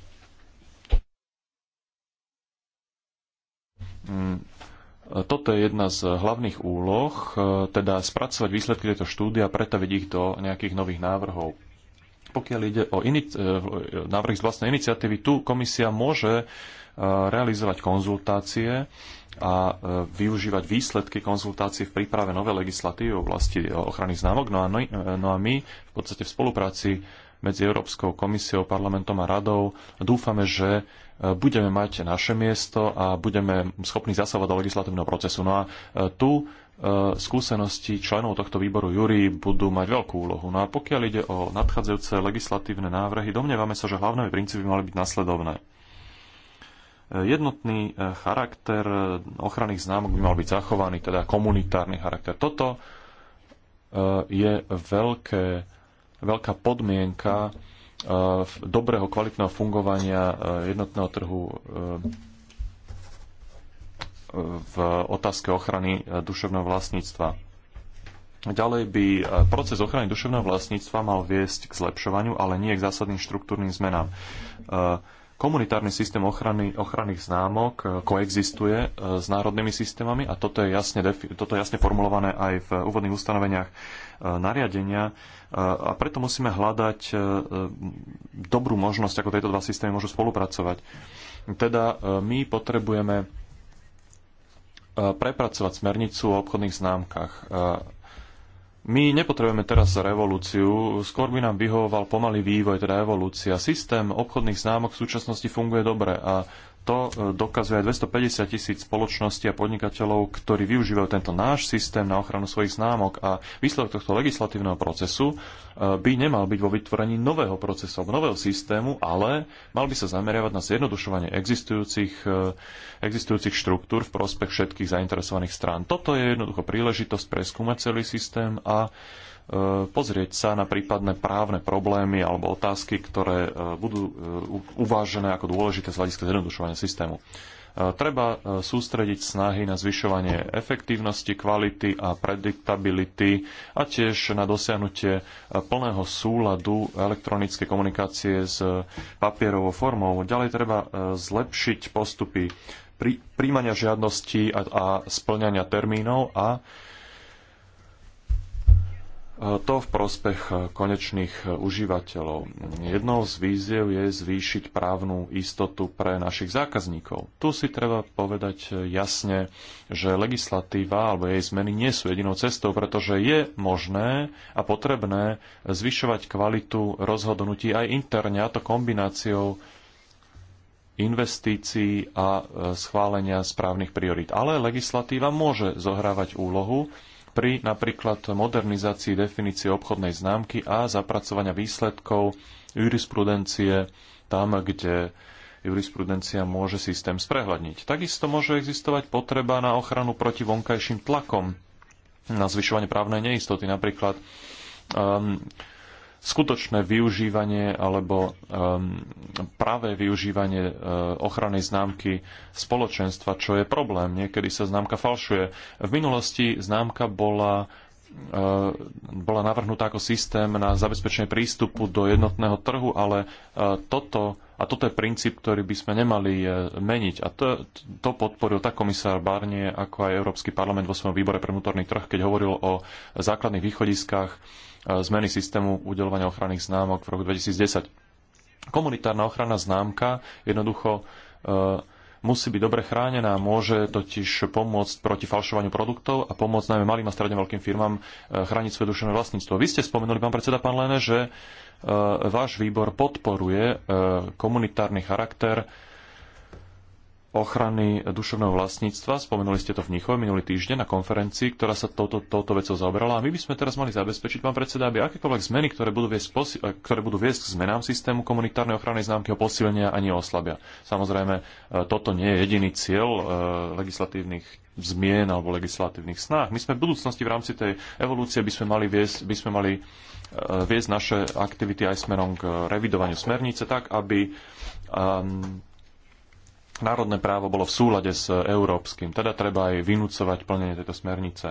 mm, toto je jedna z hlavných úloh, uh, teda spracovať výsledky tejto štúdie a pretaviť ich do nejakých nových návrhov. Pokiaľ ide o eh, návrh z vlastnej iniciatívy, tu komisia môže eh, realizovať konzultácie a e, využívať výsledky konzultácií v príprave novej legislatívy v oblasti ochrany známok. No a, no, no a my v podstate v spolupráci medzi Európskou komisiou, parlamentom a radou dúfame, že e, budeme mať naše miesto a budeme schopní zasahovať do legislatívneho procesu. No a tu skúsenosti členov tohto výboru Júri budú mať veľkú úlohu. No a pokiaľ ide o nadchádzajúce legislatívne návrhy, domnievame sa, že hlavné princípy mali byť nasledovné jednotný e, charakter e, ochranných známok by mal byť zachovaný, teda komunitárny charakter. Toto e, je veľké, veľká podmienka dobrého, kvalitného fungovania jednotného trhu v otázke ochrany duševného vlastníctva. Ďalej by proces ochrany duševného vlastníctva mal viesť k zlepšovaniu, ale nie k zásadným štruktúrnym zmenám. Uh, komunitárny systém ochrany, ochranných známok e, koexistuje e, s národnými systémami a toto je jasne, toto je jasne formulované aj v úvodných ustanoveniach e, nariadenia a preto musíme hľadať dobrú možnosť, ako tieto dva systémy môžu spolupracovať. Teda my potrebujeme prepracovať smernicu o obchodných známkach my nepotrebujeme teraz revolúciu, skôr by nám vyhovoval pomalý vývoj, teda evolúcia. Systém obchodných známok v súčasnosti funguje dobre a to e, dokazuje aj 250 tisíc spoločností a podnikateľov, ktorí využívajú tento náš systém na ochranu svojich známok a výsledok tohto legislatívneho procesu e, by nemal byť vo vytvorení nového procesu, nového systému, ale mal by sa zameriavať na zjednodušovanie existujúcich, e, existujúcich štruktúr v prospech všetkých zainteresovaných strán. Toto je jednoducho príležitosť preskúmať celý systém a E, pozrieť sa na prípadné právne problémy alebo otázky, ktoré e, budú e, uvážené ako dôležité z hľadiska zjednodušovania systému. Treba sústrediť snahy na zvyšovanie efektívnosti, kvality a prediktability a tiež na dosiahnutie plného súladu elektronickej komunikácie s papierovou formou. Ďalej treba zlepšiť postupy príjmania žiadností a, a splňania termínov a to v prospech e, konečných e, užívateľov. Jednou z víziev je zvýšiť právnu istotu pre našich zákazníkov. Tu si treba povedať e, jasne, že legislatíva alebo jej zmeny nie sú jedinou cestou, pretože je možné a potrebné zvyšovať kvalitu rozhodnutí aj interne, a to kombináciou investícií a schválenia správnych priorít. Ale legislatíva môže zohrávať úlohu, pri napríklad modernizácii definície obchodnej známky a zapracovania výsledkov jurisprudencie tam, kde jurisprudencia môže systém sprehľadniť. Takisto môže existovať potreba na ochranu proti vonkajším tlakom na zvyšovanie právnej neistoty. Napríklad um, skutočné využívanie alebo um, práve využívanie uh, ochrany známky spoločenstva, čo je problém. Niekedy sa známka falšuje. V minulosti známka bola uh, bola navrhnutá ako systém na zabezpečenie prístupu do jednotného trhu, ale uh, toto, a toto je princíp, ktorý by sme nemali uh, meniť. A to, to podporil tak komisár Barnie, ako aj Európsky parlament vo svojom výbore pre vnútorný trh, keď hovoril o základných východiskách E, zmeny systému udelovania ochranných známok v roku 2010. Komunitárna ochrana známka jednoducho e, musí byť dobre chránená, môže totiž pomôcť proti falšovaniu produktov a pomôcť najmä malým a stredne veľkým firmám e, chrániť svoje duševné vlastníctvo. Vy ste spomenuli, pán predseda, pán Lene, že váš výbor podporuje komunitárny charakter ochrany duševného vlastníctva. Spomenuli ste to v Nichove minulý týždeň na konferencii, ktorá sa touto, touto vecou zaoberala. A my by sme teraz mali zabezpečiť, pán predseda, aby akékoľvek zmeny, ktoré budú viesť, posi- eh, ktoré budú viesť k zmenám systému komunitárnej ochrany známky, ho posilnia ani oslabia. Samozrejme, eh, toto nie je jediný cieľ eh, legislatívnych zmien alebo legislatívnych snách. My sme v budúcnosti v rámci tej evolúcie by sme mali viesť, by sme mali viesť naše aktivity aj smerom k revidovaniu smernice tak, aby um, národné právo bolo v súlade s európskym. Teda treba aj vynúcovať plnenie tejto smernice.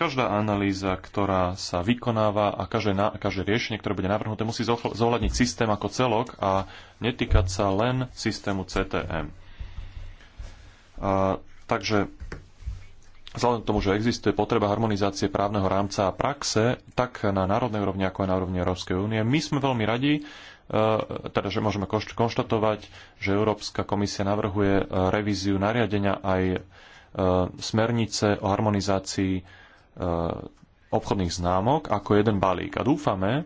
Každá analýza, ktorá sa vykonáva a každé, na, každé riešenie, ktoré bude navrhnuté, musí zohľadniť systém ako celok a netýkať sa len systému CTM. A, takže vzhľadom k tomu, že existuje potreba harmonizácie právneho rámca a praxe, tak na národnej úrovni, ako aj na úrovni Európskej únie. My sme veľmi radi, E, teda že môžeme konštatovať, že Európska komisia navrhuje e, revíziu nariadenia aj e, smernice o harmonizácii obchodných známok ako jeden balík. A dúfame,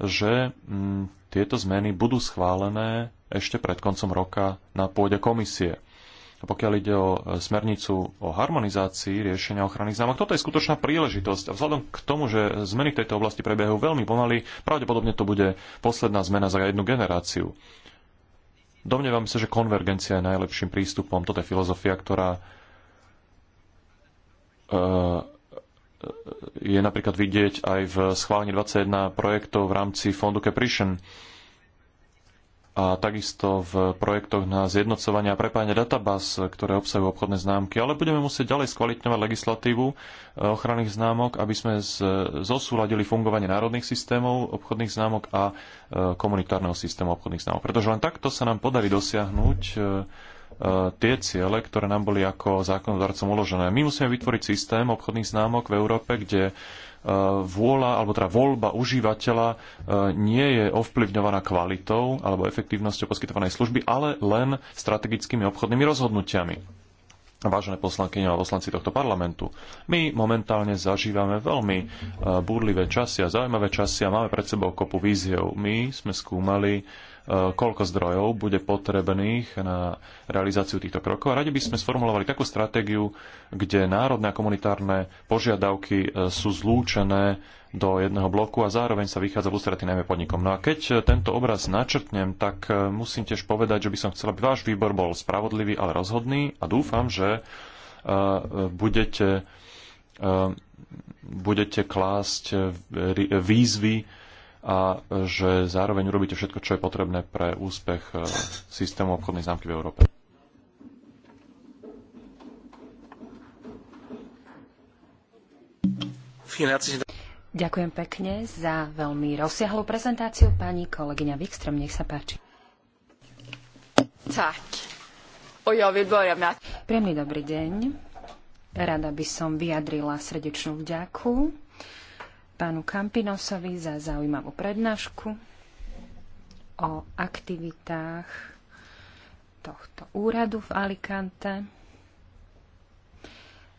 že tieto zmeny budú schválené ešte pred koncom roka na pôde komisie. A pokiaľ ide o e, smernicu o harmonizácii riešenia ochrany známok, toto je skutočná príležitosť. A vzhľadom k tomu, že zmeny v tejto oblasti prebiehajú veľmi pomaly, pravdepodobne to bude posledná zmena za jednu generáciu. Domnievam sa, že konvergencia je najlepším prístupom. Toto je filozofia, ktorá e, e, je napríklad vidieť aj v schválení 21 projektov v rámci fondu Caprition a takisto v projektoch na zjednocovanie a prepájanie databáz, ktoré obsahujú obchodné známky, ale budeme musieť ďalej skvalitňovať legislatívu eh, ochranných známok, aby sme zosúladili fungovanie národných systémov obchodných známok a eh, komunitárneho systému obchodných známok. Pretože len takto sa nám podarí dosiahnuť eh, tie ciele, ktoré nám boli ako zákonodarcom uložené. My musíme vytvoriť systém obchodných známok v Európe, kde Eh, vôľa alebo teda voľba užívateľa eh, nie je ovplyvňovaná kvalitou alebo efektívnosťou poskytovanej služby, ale len strategickými obchodnými rozhodnutiami. Vážené poslankyne a poslanci tohto parlamentu, my momentálne zažívame veľmi eh, búrlivé časy a zaujímavé časy a máme pred sebou kopu víziev. My sme skúmali Eh, koľko zdrojov bude potrebných na realizáciu týchto krokov. A radi by sme sformulovali takú stratégiu, kde národné a komunitárne požiadavky eh, sú zlúčené do jedného bloku a zároveň sa vychádza v ústretí najmä podnikom. No a keď eh, tento obraz načrtnem, tak musím tiež povedať, že by som chcel, aby váš výbor bol spravodlivý, ale rozhodný a dúfam, že budete, budete klásť výzvy a že zároveň urobíte všetko, čo je potrebné pre úspech e, systému obchodnej známky v Európe. Ďakujem pekne za veľmi rozsiahlu prezentáciu. Pani kolegyňa Wikström, nech sa páči. Tak. Príjemný dobrý deň. Rada by som vyjadrila srdečnú vďaku pánu Kampinosovi za zaujímavú prednášku o aktivitách tohto úradu v Alicante.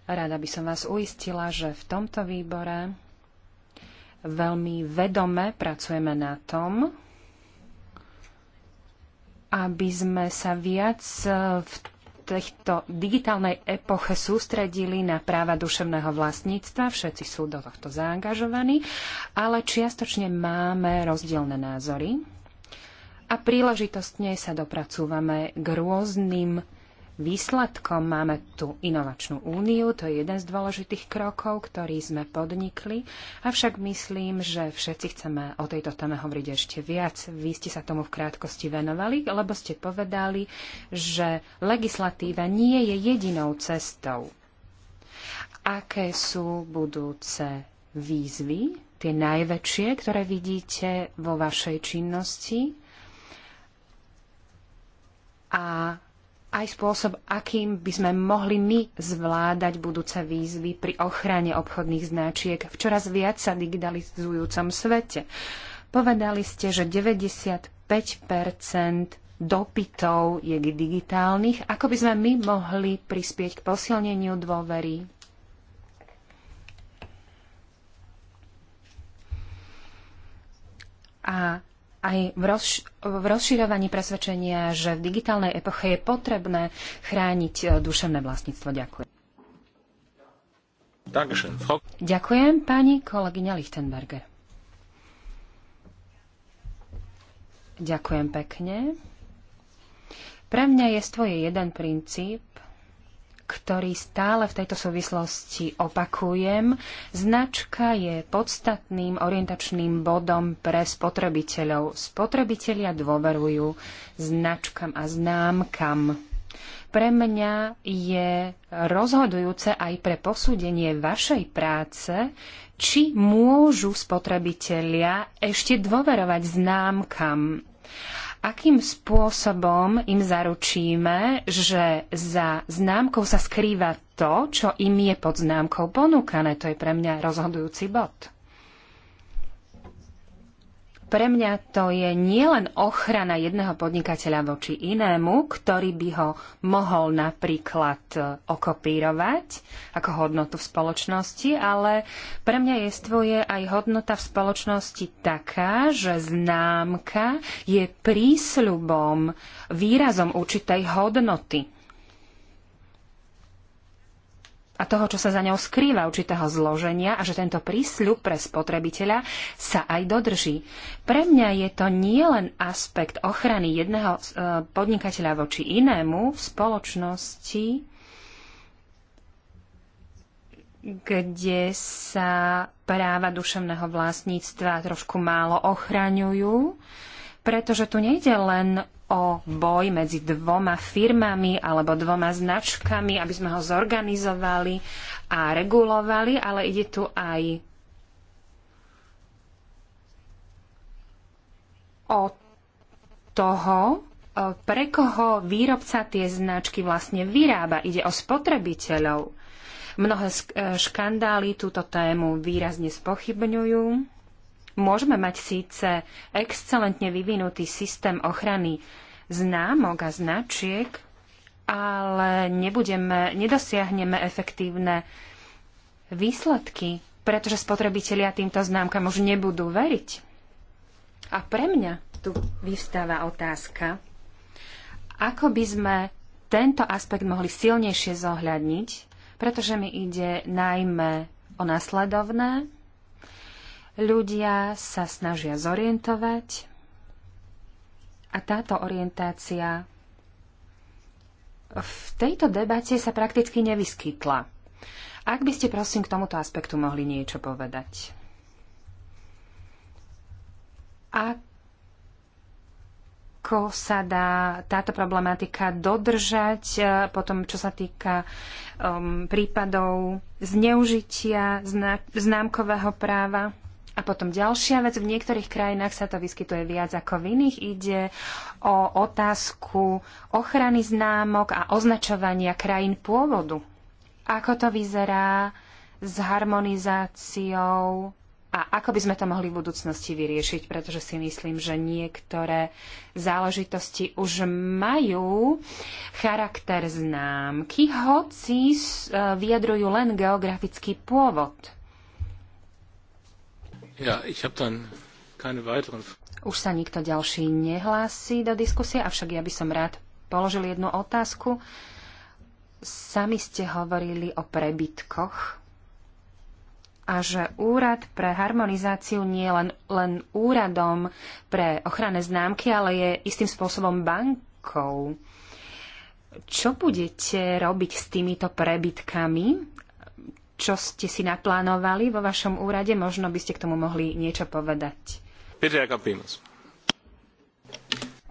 Rada by som vás uistila, že v tomto výbore veľmi vedome pracujeme na tom, aby sme sa viac v tejto digitálnej epoche sústredili na práva duševného vlastníctva. Všetci sú do tohto zaangažovaní, ale čiastočne máme rozdielne názory a príležitostne sa dopracúvame k rôznym výsledkom. Máme tu inovačnú úniu, to je jeden z dôležitých krokov, ktorý sme podnikli. Avšak myslím, že všetci chceme o tejto téme hovoriť ešte viac. Vy ste sa tomu v krátkosti venovali, lebo ste povedali, že legislatíva nie je jedinou cestou. Aké sú budúce výzvy, tie najväčšie, ktoré vidíte vo vašej činnosti? a aj spôsob, akým by sme mohli my zvládať budúce výzvy pri ochrane obchodných značiek v čoraz viac sa digitalizujúcom svete. Povedali ste, že 95 dopytov je digitálnych. Ako by sme my mohli prispieť k posilneniu dôvery? A aj v, rozš- v rozširovaní presvedčenia, že v digitálnej epoche je potrebné chrániť e, duševné vlastníctvo. Ďakujem. Ďakujem, pani kolegyňa Lichtenberger. Ďakujem pekne. Pre mňa je stvoje jeden princíp, ktorý stále v tejto súvislosti opakujem. Značka je podstatným orientačným bodom pre spotrebiteľov. Spotrebitelia dôverujú značkam a známkam. Pre mňa je rozhodujúce aj pre posúdenie vašej práce, či môžu spotrebitelia ešte dôverovať známkam akým spôsobom im zaručíme, že za známkou sa skrýva to, čo im je pod známkou ponúkané. To je pre mňa rozhodujúci bod. Pre mňa to je nielen ochrana jedného podnikateľa voči inému, ktorý by ho mohol napríklad e, okopírovať ako hodnotu v spoločnosti, ale pre mňa je tvoje aj hodnota v spoločnosti taká, že známka je prísľubom, výrazom určitej hodnoty a toho, čo sa za ňou skrýva určitého zloženia a že tento prísľub pre spotrebiteľa sa aj dodrží. Pre mňa je to nielen aspekt ochrany jedného e, podnikateľa voči inému v spoločnosti, kde sa práva duševného vlastníctva trošku málo ochraňujú, pretože tu nejde len o boj medzi dvoma firmami alebo dvoma značkami, aby sme ho zorganizovali a regulovali, ale ide tu aj o toho, e, pre koho výrobca tie značky vlastne vyrába. Ide o spotrebiteľov. Mnohé e, škandály túto tému výrazne spochybňujú. Môžeme mať síce excelentne vyvinutý systém ochrany známok a značiek, ale nebudeme, nedosiahneme efektívne výsledky, pretože spotrebitelia týmto známkam už nebudú veriť. A pre mňa tu vyvstáva otázka, ako by sme tento aspekt mohli silnejšie zohľadniť, pretože mi ide najmä o následovné. Ľudia sa snažia zorientovať a táto orientácia v tejto debate sa prakticky nevyskytla. Ak by ste prosím k tomuto aspektu mohli niečo povedať. Ako sa dá táto problematika dodržať e, potom, čo sa týka um, prípadov zneužitia zna- známkového práva? A potom ďalšia vec, v niektorých krajinách sa to vyskytuje viac ako v iných. Ide o otázku ochrany známok a označovania krajín pôvodu. Ako to vyzerá s harmonizáciou a ako by sme to mohli v budúcnosti vyriešiť, pretože si myslím, že niektoré záležitosti už majú charakter známky, hoci eh, vyjadrujú len geografický pôvod ja, ich habe dann keine weiteren... Už sa nikto ďalší nehlási do diskusie, avšak ja by som rád položil jednu otázku. Sami ste hovorili o prebytkoch a že úrad pre harmonizáciu nie je len, len úradom pre ochranné známky, ale je istým spôsobom bankou. Čo budete robiť s týmito prebytkami čo ste si naplánovali vo vašom úrade. Možno by ste k tomu mohli niečo povedať. Peter Campinos.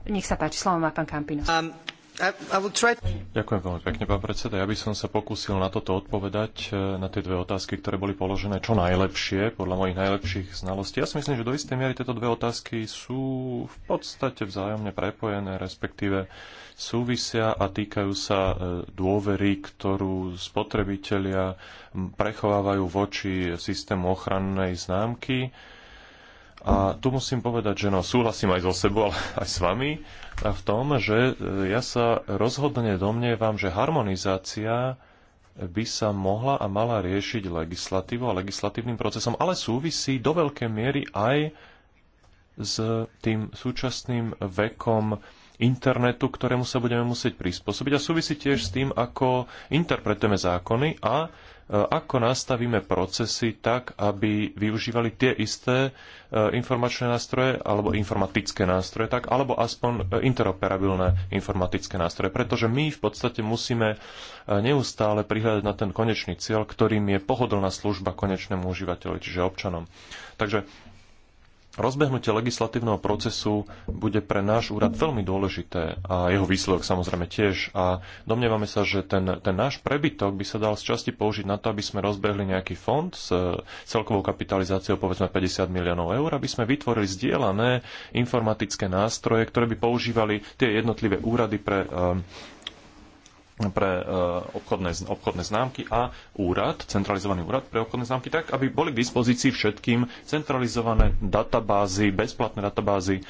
Nech sa páči, slovo má pán Campinos. Um... Ďakujem veľmi pekne, pán predseda. Ja by som sa pokúsil na toto odpovedať, e, na tie dve otázky, ktoré boli položené čo najlepšie, podľa mojich najlepších znalostí. Ja si myslím, že do istej miery tieto dve otázky sú v podstate vzájomne prepojené, respektíve súvisia a týkajú sa e, dôvery, ktorú spotrebitelia prechovávajú voči systému ochrannej známky a tu musím povedať, že no, súhlasím aj so sebou, ale aj s vami v tom, že e, ja sa rozhodne domnievam, že harmonizácia by sa mohla a mala riešiť legislatívou a legislatívnym procesom, ale súvisí do veľkej miery aj s tým súčasným vekom internetu, ktorému sa budeme musieť prispôsobiť a súvisí tiež s tým, ako interpretujeme zákony a E, ako nastavíme procesy tak, aby využívali tie isté e, informačné nástroje alebo informatické nástroje, tak, alebo aspoň e, interoperabilné informatické nástroje. Pretože my v podstate musíme neustále prihľadať na ten konečný cieľ, ktorým je pohodlná služba konečnému užívateľovi, čiže občanom. Takže Rozbehnutie legislatívneho procesu bude pre náš úrad veľmi dôležité a jeho výsledok samozrejme tiež. A domnievame sa, že ten, ten náš prebytok by sa dal z časti použiť na to, aby sme rozbehli nejaký fond s e, celkovou kapitalizáciou povedzme 50 miliónov eur, aby sme vytvorili zdieľané informatické nástroje, ktoré by používali tie jednotlivé úrady pre um, pre e, obchodné, obchodné známky a úrad, centralizovaný úrad pre obchodné známky, tak aby boli k dispozícii všetkým centralizované databázy, bezplatné databázy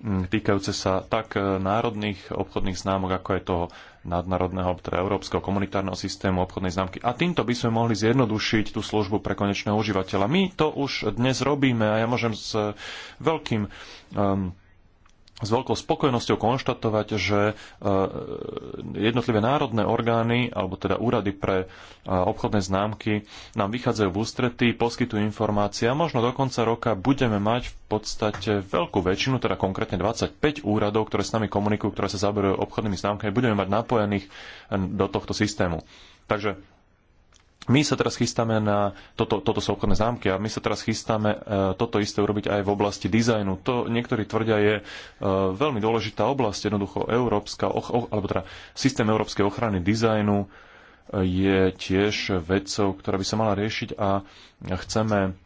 týkajúce sa tak e, národných obchodných známok, ako aj toho nadnárodného, teda európskeho komunitárneho systému obchodnej známky. A týmto by sme mohli zjednodušiť tú službu pre konečného užívateľa. My to už dnes robíme a ja môžem s veľkým um, s veľkou spokojnosťou konštatovať, že e, jednotlivé národné orgány, alebo teda úrady pre e, obchodné známky, nám vychádzajú v ústretí, poskytujú informácie a možno do konca roka budeme mať v podstate veľkú väčšinu, teda konkrétne 25 úradov, ktoré s nami komunikujú, ktoré sa zaberajú obchodnými známkami, budeme mať napojených e, do tohto systému. Takže my sa teraz chystáme na, toto, toto sú obchodné známky, a my sa teraz chystáme e, toto isté urobiť aj v oblasti dizajnu. To niektorí tvrdia je e, veľmi dôležitá oblasť, jednoducho európska, alebo teda systém európskej ochrany dizajnu e, je tiež vecou, ktorá by sa mala riešiť a chceme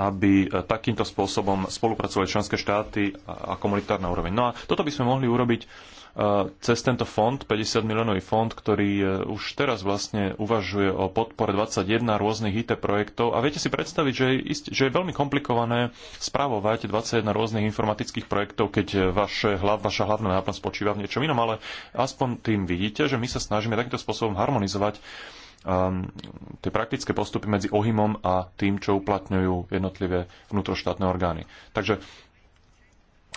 aby takýmto spôsobom spolupracovali členské štáty a komunitárna úroveň. No a toto by sme mohli urobiť cez tento fond, 50 miliónový fond, ktorý e, už teraz vlastne uvažuje o podpore 21 rôznych IT projektov. A viete si predstaviť, že je, ist, že je veľmi komplikované spravovať 21 rôznych informatických projektov, keď e, vaše hlav, vaša hlavná náplň spočíva v niečom inom, ale aspoň tým vidíte, že my sa snažíme takýmto spôsobom harmonizovať um, tie praktické postupy medzi OHIMom a tým, čo uplatňujú jednotlivé vnútroštátne orgány. Takže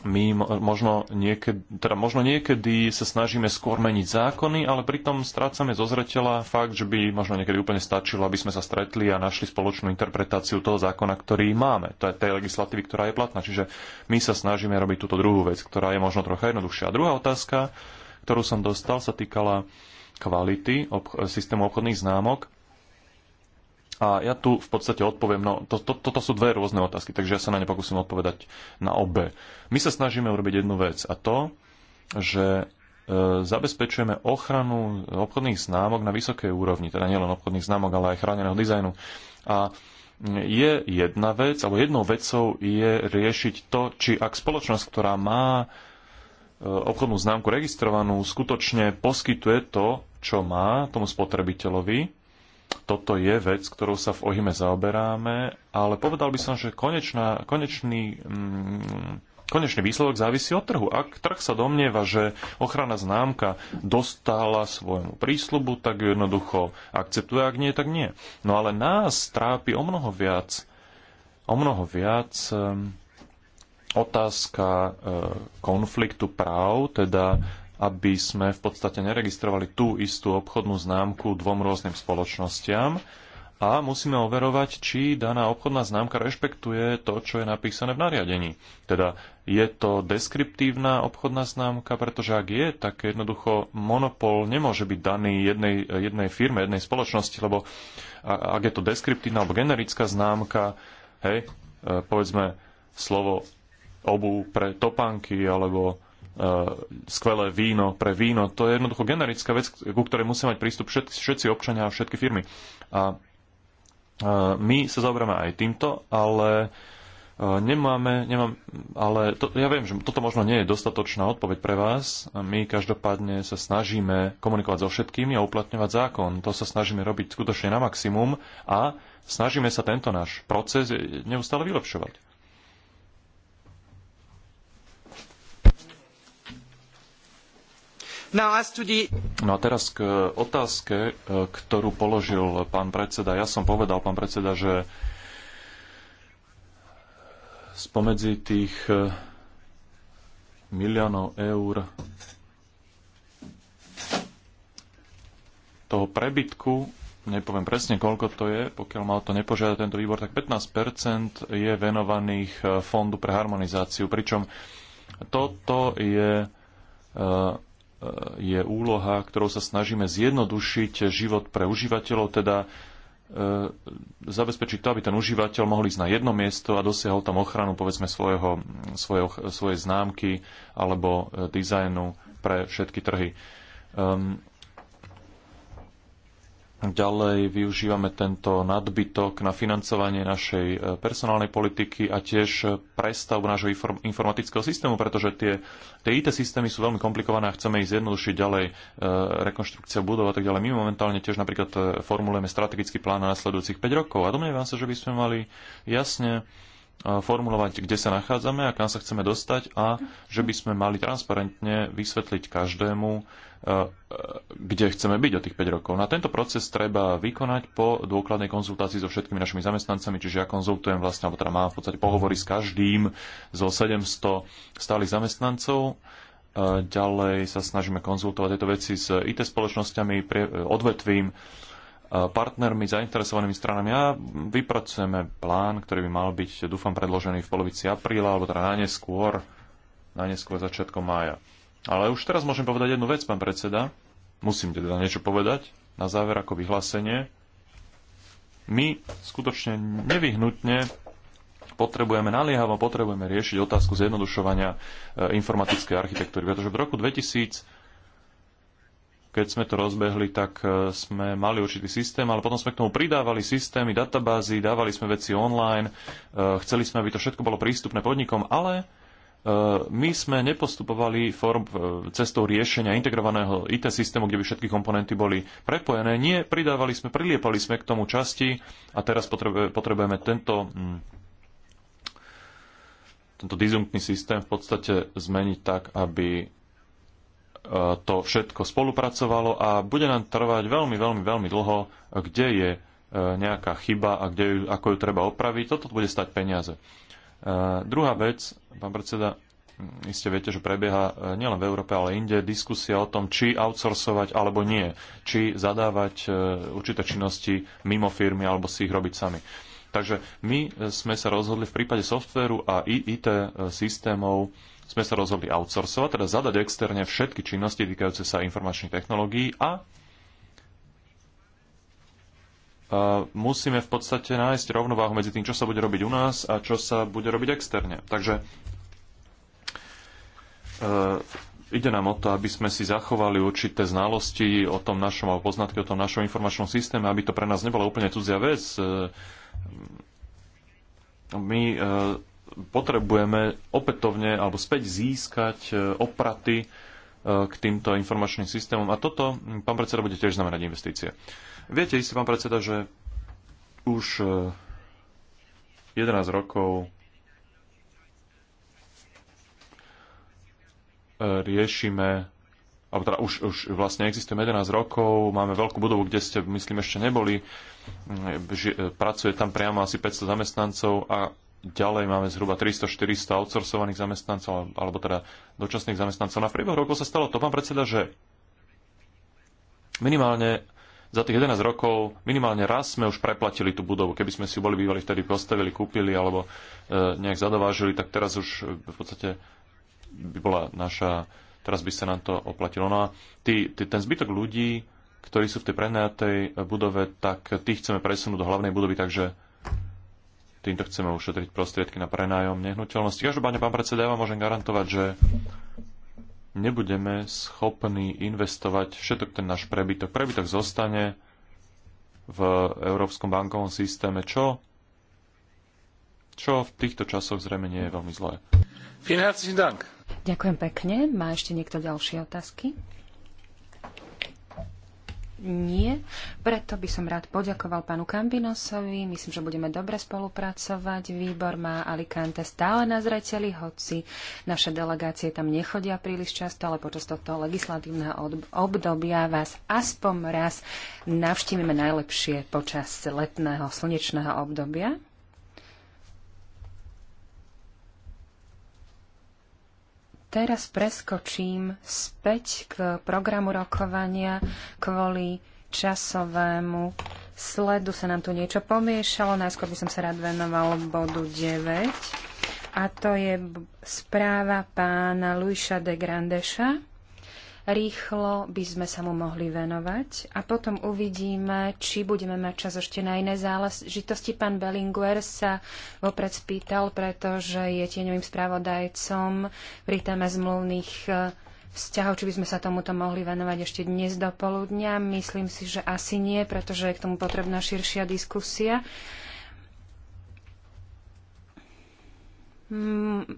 my možno niekedy, teda možno niekedy sa snažíme skôr meniť zákony, ale pritom strácame zo zretela fakt, že by možno niekedy úplne stačilo, aby sme sa stretli a našli spoločnú interpretáciu toho zákona, ktorý máme, to je tej legislatívy, ktorá je platná. Čiže my sa snažíme robiť túto druhú vec, ktorá je možno trocha jednoduchšia. A druhá otázka, ktorú som dostal, sa týkala kvality ob- systému obchodných známok. A ja tu v podstate odpoviem, no to, to, toto sú dve rôzne otázky, takže ja sa na ne pokúsim odpovedať na obe. My sa snažíme urobiť jednu vec a to, že e, zabezpečujeme ochranu obchodných známok na vysokej úrovni, teda nielen obchodných známok, ale aj chráneného dizajnu. A je jedna vec, alebo jednou vecou je riešiť to, či ak spoločnosť, ktorá má e, obchodnú známku registrovanú, skutočne poskytuje to, čo má tomu spotrebiteľovi, toto je vec, ktorou sa v Ohime zaoberáme, ale povedal by som, že konečná, konečný, mm, konečný výsledok závisí od trhu. Ak trh sa domnieva, že ochrana známka dostala svojmu prísľubu, tak ju jednoducho akceptuje, ak nie, tak nie. No ale nás trápi o mnoho viac, o mnoho viac otázka e, konfliktu práv, teda aby sme v podstate neregistrovali tú istú obchodnú známku dvom rôznym spoločnostiam a musíme overovať, či daná obchodná známka rešpektuje to, čo je napísané v nariadení. Teda je to deskriptívna obchodná známka, pretože ak je, tak jednoducho monopol nemôže byť daný jednej, jednej firme, jednej spoločnosti, lebo ak je to deskriptívna alebo generická známka, hej, e, povedzme slovo obu pre topánky alebo E, skvelé víno pre víno. To je jednoducho generická vec, ku ktorej musia mať prístup všetci občania a všetky firmy. A e, my sa zaoberáme aj týmto, ale e, nemáme, nemám, ale to, ja viem, že toto možno nie je dostatočná odpoveď pre vás. My každopádne sa snažíme komunikovať so všetkými a uplatňovať zákon. To sa snažíme robiť skutočne na maximum a snažíme sa tento náš proces neustále vylepšovať. No a teraz k otázke, e, ktorú položil pán predseda. Ja som povedal, pán predseda, že spomedzi tých e, miliónov eur toho prebytku, nepoviem presne, koľko to je, pokiaľ ma o to nepožiada tento výbor, tak 15% je venovaných e, Fondu pre harmonizáciu, pričom toto je E, je úloha, ktorou sa snažíme zjednodušiť život pre užívateľov, teda e, zabezpečiť to, aby ten užívateľ mohol ísť na jedno miesto a dosiahol tam ochranu, povedzme, svojho, svojho, svojej známky alebo e, dizajnu pre všetky trhy. Ehm, Ďalej využívame tento nadbytok na financovanie našej e, personálnej politiky a tiež e, prestavbu nášho informatického systému, pretože tie, tie IT systémy sú veľmi komplikované a chceme ich zjednodušiť ďalej, e, rekonštrukcia budov a tak ďalej. My momentálne tiež napríklad e, formulujeme strategický plán na nasledujúcich 5 rokov a domnievam sa, že by sme mali jasne formulovať, kde sa nachádzame a kam sa chceme dostať a že by sme mali transparentne vysvetliť každému, E, e, kde chceme byť o tých 5 rokov. Na no tento proces treba vykonať po dôkladnej konzultácii so všetkými našimi zamestnancami, čiže ja konzultujem vlastne, alebo teda mám v podstate pohovory s každým zo 700 stálych zamestnancov. E, ďalej sa snažíme konzultovať tieto veci s IT spoločnosťami, odvetvím, partnermi, zainteresovanými stranami a vypracujeme plán, ktorý by mal byť, dúfam, predložený v polovici apríla, alebo teda najneskôr, najneskôr začiatkom mája. Ale už teraz môžem povedať jednu vec, pán predseda. Musím teda niečo povedať na záver ako vyhlásenie. My skutočne nevyhnutne potrebujeme, naliehavo potrebujeme riešiť otázku zjednodušovania e, informatickej architektúry, pretože v roku 2000 keď sme to rozbehli, tak e, sme mali určitý systém, ale potom sme k tomu pridávali systémy, databázy, dávali sme veci online, e, chceli sme, aby to všetko bolo prístupné podnikom, ale Eh, my sme nepostupovali form, eh, cestou riešenia integrovaného IT systému, kde by všetky komponenty boli prepojené. Nie, pridávali sme, priliepali sme k tomu časti a teraz potrebujeme tento, hm, tento disjunktný systém v podstate zmeniť tak, aby eh, to všetko spolupracovalo a bude nám trvať veľmi, veľmi, veľmi dlho, kde je nejaká chyba a kde ju, ako ju treba opraviť. Toto bude stať peniaze. Druhá vec, Pán predseda, hm, iste viete, že prebieha e, nielen v Európe, ale inde diskusia o tom, či outsourcovať alebo nie, či zadávať e, určité činnosti mimo firmy alebo si ich robiť sami. Takže my e, sme sa rozhodli v prípade softvéru a IT systémov sme sa rozhodli outsourcovať, teda zadať externe všetky činnosti týkajúce sa informačných technológií a musíme v podstate nájsť rovnováhu medzi tým, čo sa bude robiť u nás a čo sa bude robiť externe. Takže e, ide nám o to, aby sme si zachovali určité znalosti o tom našom, alebo poznatky o tom našom informačnom systéme, aby to pre nás nebola úplne cudzia vec. E, my e, potrebujeme opätovne alebo späť získať opraty k týmto informačným systémom a toto, pán predseda, bude tiež znamenať investície. Viete isté, pán predseda, že už 11 e, rokov e, riešime, alebo teda už, už vlastne existujeme 11 rokov, máme veľkú budovu, kde ste, myslím, ešte neboli, mm, e, pracuje tam priamo asi 500 zamestnancov a ďalej máme zhruba 300-400 outsourcovaných zamestnancov, alebo teda dočasných zamestnancov. Na priebehu rokov sa stalo to, pán predseda, že minimálne za tých 11 rokov minimálne raz sme už preplatili tú budovu. Keby sme si ju boli bývali vtedy postavili, kúpili alebo e, nejak zadovážili, tak teraz už e, v podstate by bola naša, teraz by sa nám to oplatilo. No a tý, tý, ten zbytok ľudí, ktorí sú v tej prenajatej budove, tak tých chceme presunúť do hlavnej budovy, takže týmto chceme ušetriť prostriedky na prenájom nehnuteľnosti. Každopádne, pán predseda, ja vám môžem garantovať, že nebudeme schopní investovať všetok ten náš prebytok. Prebytok zostane v európskom bankovom systéme, čo, čo v týchto časoch zrejme nie je veľmi zlé. Ďakujem pekne. Má ešte niekto ďalšie otázky? nie. Preto by som rád poďakoval pánu Kambinosovi. Myslím, že budeme dobre spolupracovať. Výbor má Alicante stále na zreteli, hoci naše delegácie tam nechodia príliš často, ale počas tohto legislatívneho obdobia vás aspoň raz navštívime najlepšie počas letného slnečného obdobia. teraz preskočím späť k programu rokovania kvôli časovému sledu sa nám tu niečo pomiešalo. Najskôr by som sa rád venoval bodu 9 a to je správa pána Luisa de Grandeša Rýchlo by sme sa mu mohli venovať a potom uvidíme, či budeme mať čas ešte na iné záležitosti. Pán Bellinguer sa vopred spýtal, pretože je tieňovým správodajcom pri téme zmluvných e, vzťahov, či by sme sa tomuto mohli venovať ešte dnes do poludnia. Myslím si, že asi nie, pretože je k tomu potrebná širšia diskusia.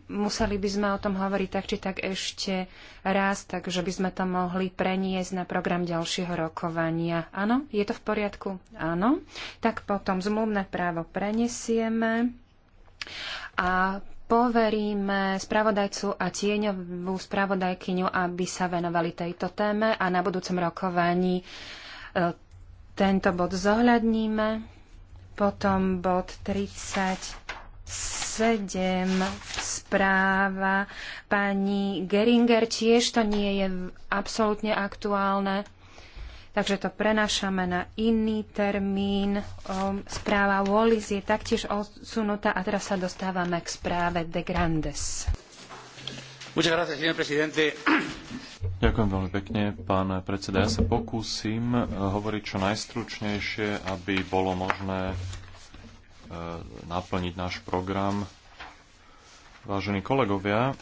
museli by sme o tom hovoriť tak či tak ešte raz, takže by sme to mohli preniesť na program ďalšieho rokovania. Áno, je to v poriadku? Áno. Tak potom zmluvné právo prenesieme a poveríme spravodajcu a tieňovú spravodajkyňu, aby sa venovali tejto téme a na budúcom rokovaní e, tento bod zohľadníme. Potom bod 30 7 správa pani Geringer tiež to nie je absolútne aktuálne. Takže to prenašame na iný termín. Správa Wallis je taktiež odsunutá a teraz sa dostávame k správe de Grandes. Ďakujem veľmi pekne, pán predseda. Ja sa pokúsim hovoriť čo najstručnejšie, aby bolo možné E, naplniť náš program. Vážení kolegovia,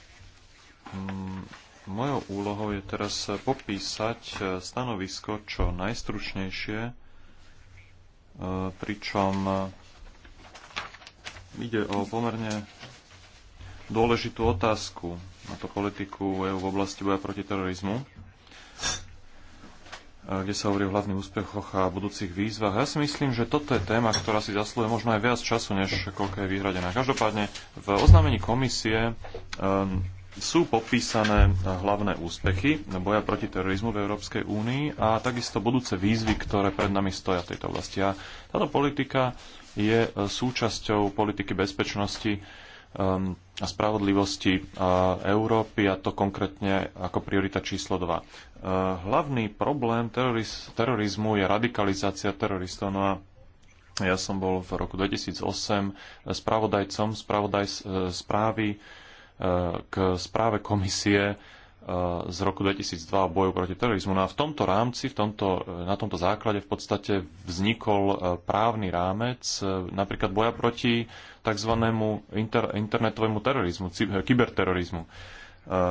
mojou úlohou je teraz popísať e, stanovisko čo najstručnejšie, e, pričom ide o pomerne dôležitú otázku na to politiku EU v oblasti boja proti terorizmu kde sa hovorí o hlavných úspechoch a budúcich výzvach. Ja si myslím, že toto je téma, ktorá si zaslúhuje možno aj viac času, než koľko je vyhradená. Každopádne v oznámení komisie um, sú popísané hlavné úspechy boja proti terorizmu v Európskej únii a takisto budúce výzvy, ktoré pred nami stoja v tejto oblasti. A táto politika je súčasťou politiky bezpečnosti Um, a spravodlivosti uh, Európy a to konkrétne ako priorita číslo 2. Uh, hlavný problém teroriz- terorizmu je radikalizácia teroristov. No a ja som bol v roku 2008 spravodajcom spravodaj- e, správy e, k správe komisie e, z roku 2002 o boju proti terorizmu. No a v tomto rámci, v tomto, na tomto základe v podstate vznikol právny rámec napríklad boja proti tzv. Inter, internetovému terorizmu, eh, kyberterorizmu. Eh,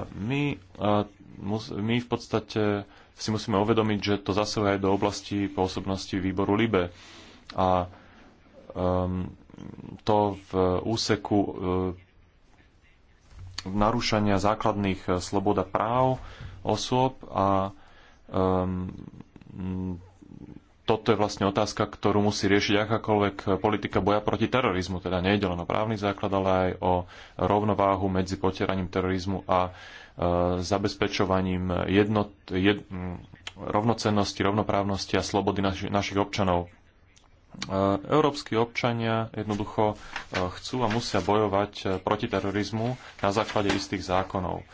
my, eh, my v podstate si musíme uvedomiť, že to zasahuje aj do oblasti pôsobnosti výboru LIBE. A um, to v úseku um, narúšania základných slobod a práv osôb a um, toto je vlastne otázka, ktorú musí riešiť akákoľvek politika boja proti terorizmu. Teda nejde len o právny základ, ale aj o rovnováhu medzi potieraním terorizmu a e, zabezpečovaním jednot, jed, mm, rovnocennosti, rovnoprávnosti a slobody naši, našich občanov. E, európsky občania jednoducho e, chcú a musia bojovať e, proti terorizmu na základe istých zákonov.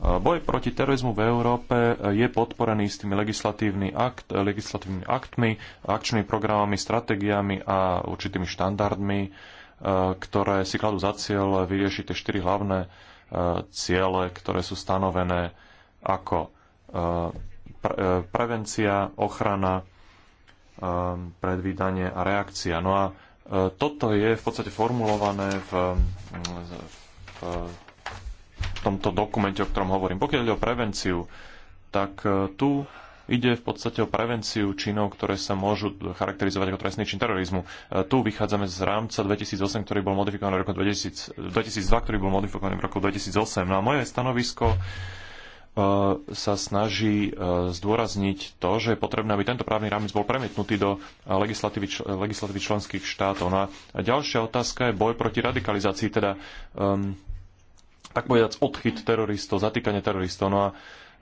Boj proti terorizmu v Európe je podporený s tými legislatívny akt, legislatívnymi aktmi, akčnými programami, stratégiami a určitými štandardmi, e, ktoré si kladú za cieľ vyriešiť tie štyri hlavné e, ciele, ktoré sú stanovené ako e, prevencia, ochrana, predvídanie a reakcia. No a toto je v podstate formulované v, v tomto dokumente, o ktorom hovorím. Pokiaľ ide o prevenciu, tak e, tu ide v podstate o prevenciu činov, ktoré sa môžu charakterizovať ako trestný čin terorizmu. E, tu vychádzame z rámca 2008, ktorý bol modifikovaný v roku 2000, 2002, ktorý bol modifikovaný v roku 2008. No a moje stanovisko e, sa snaží zdôrazniť to, že je potrebné, aby tento právny rámec bol premietnutý do legislatívy, legislatívy členských štátov. No a ďalšia otázka je boj proti radikalizácii, teda um, tak povedať, odchyt teroristov, zatýkanie teroristov. No a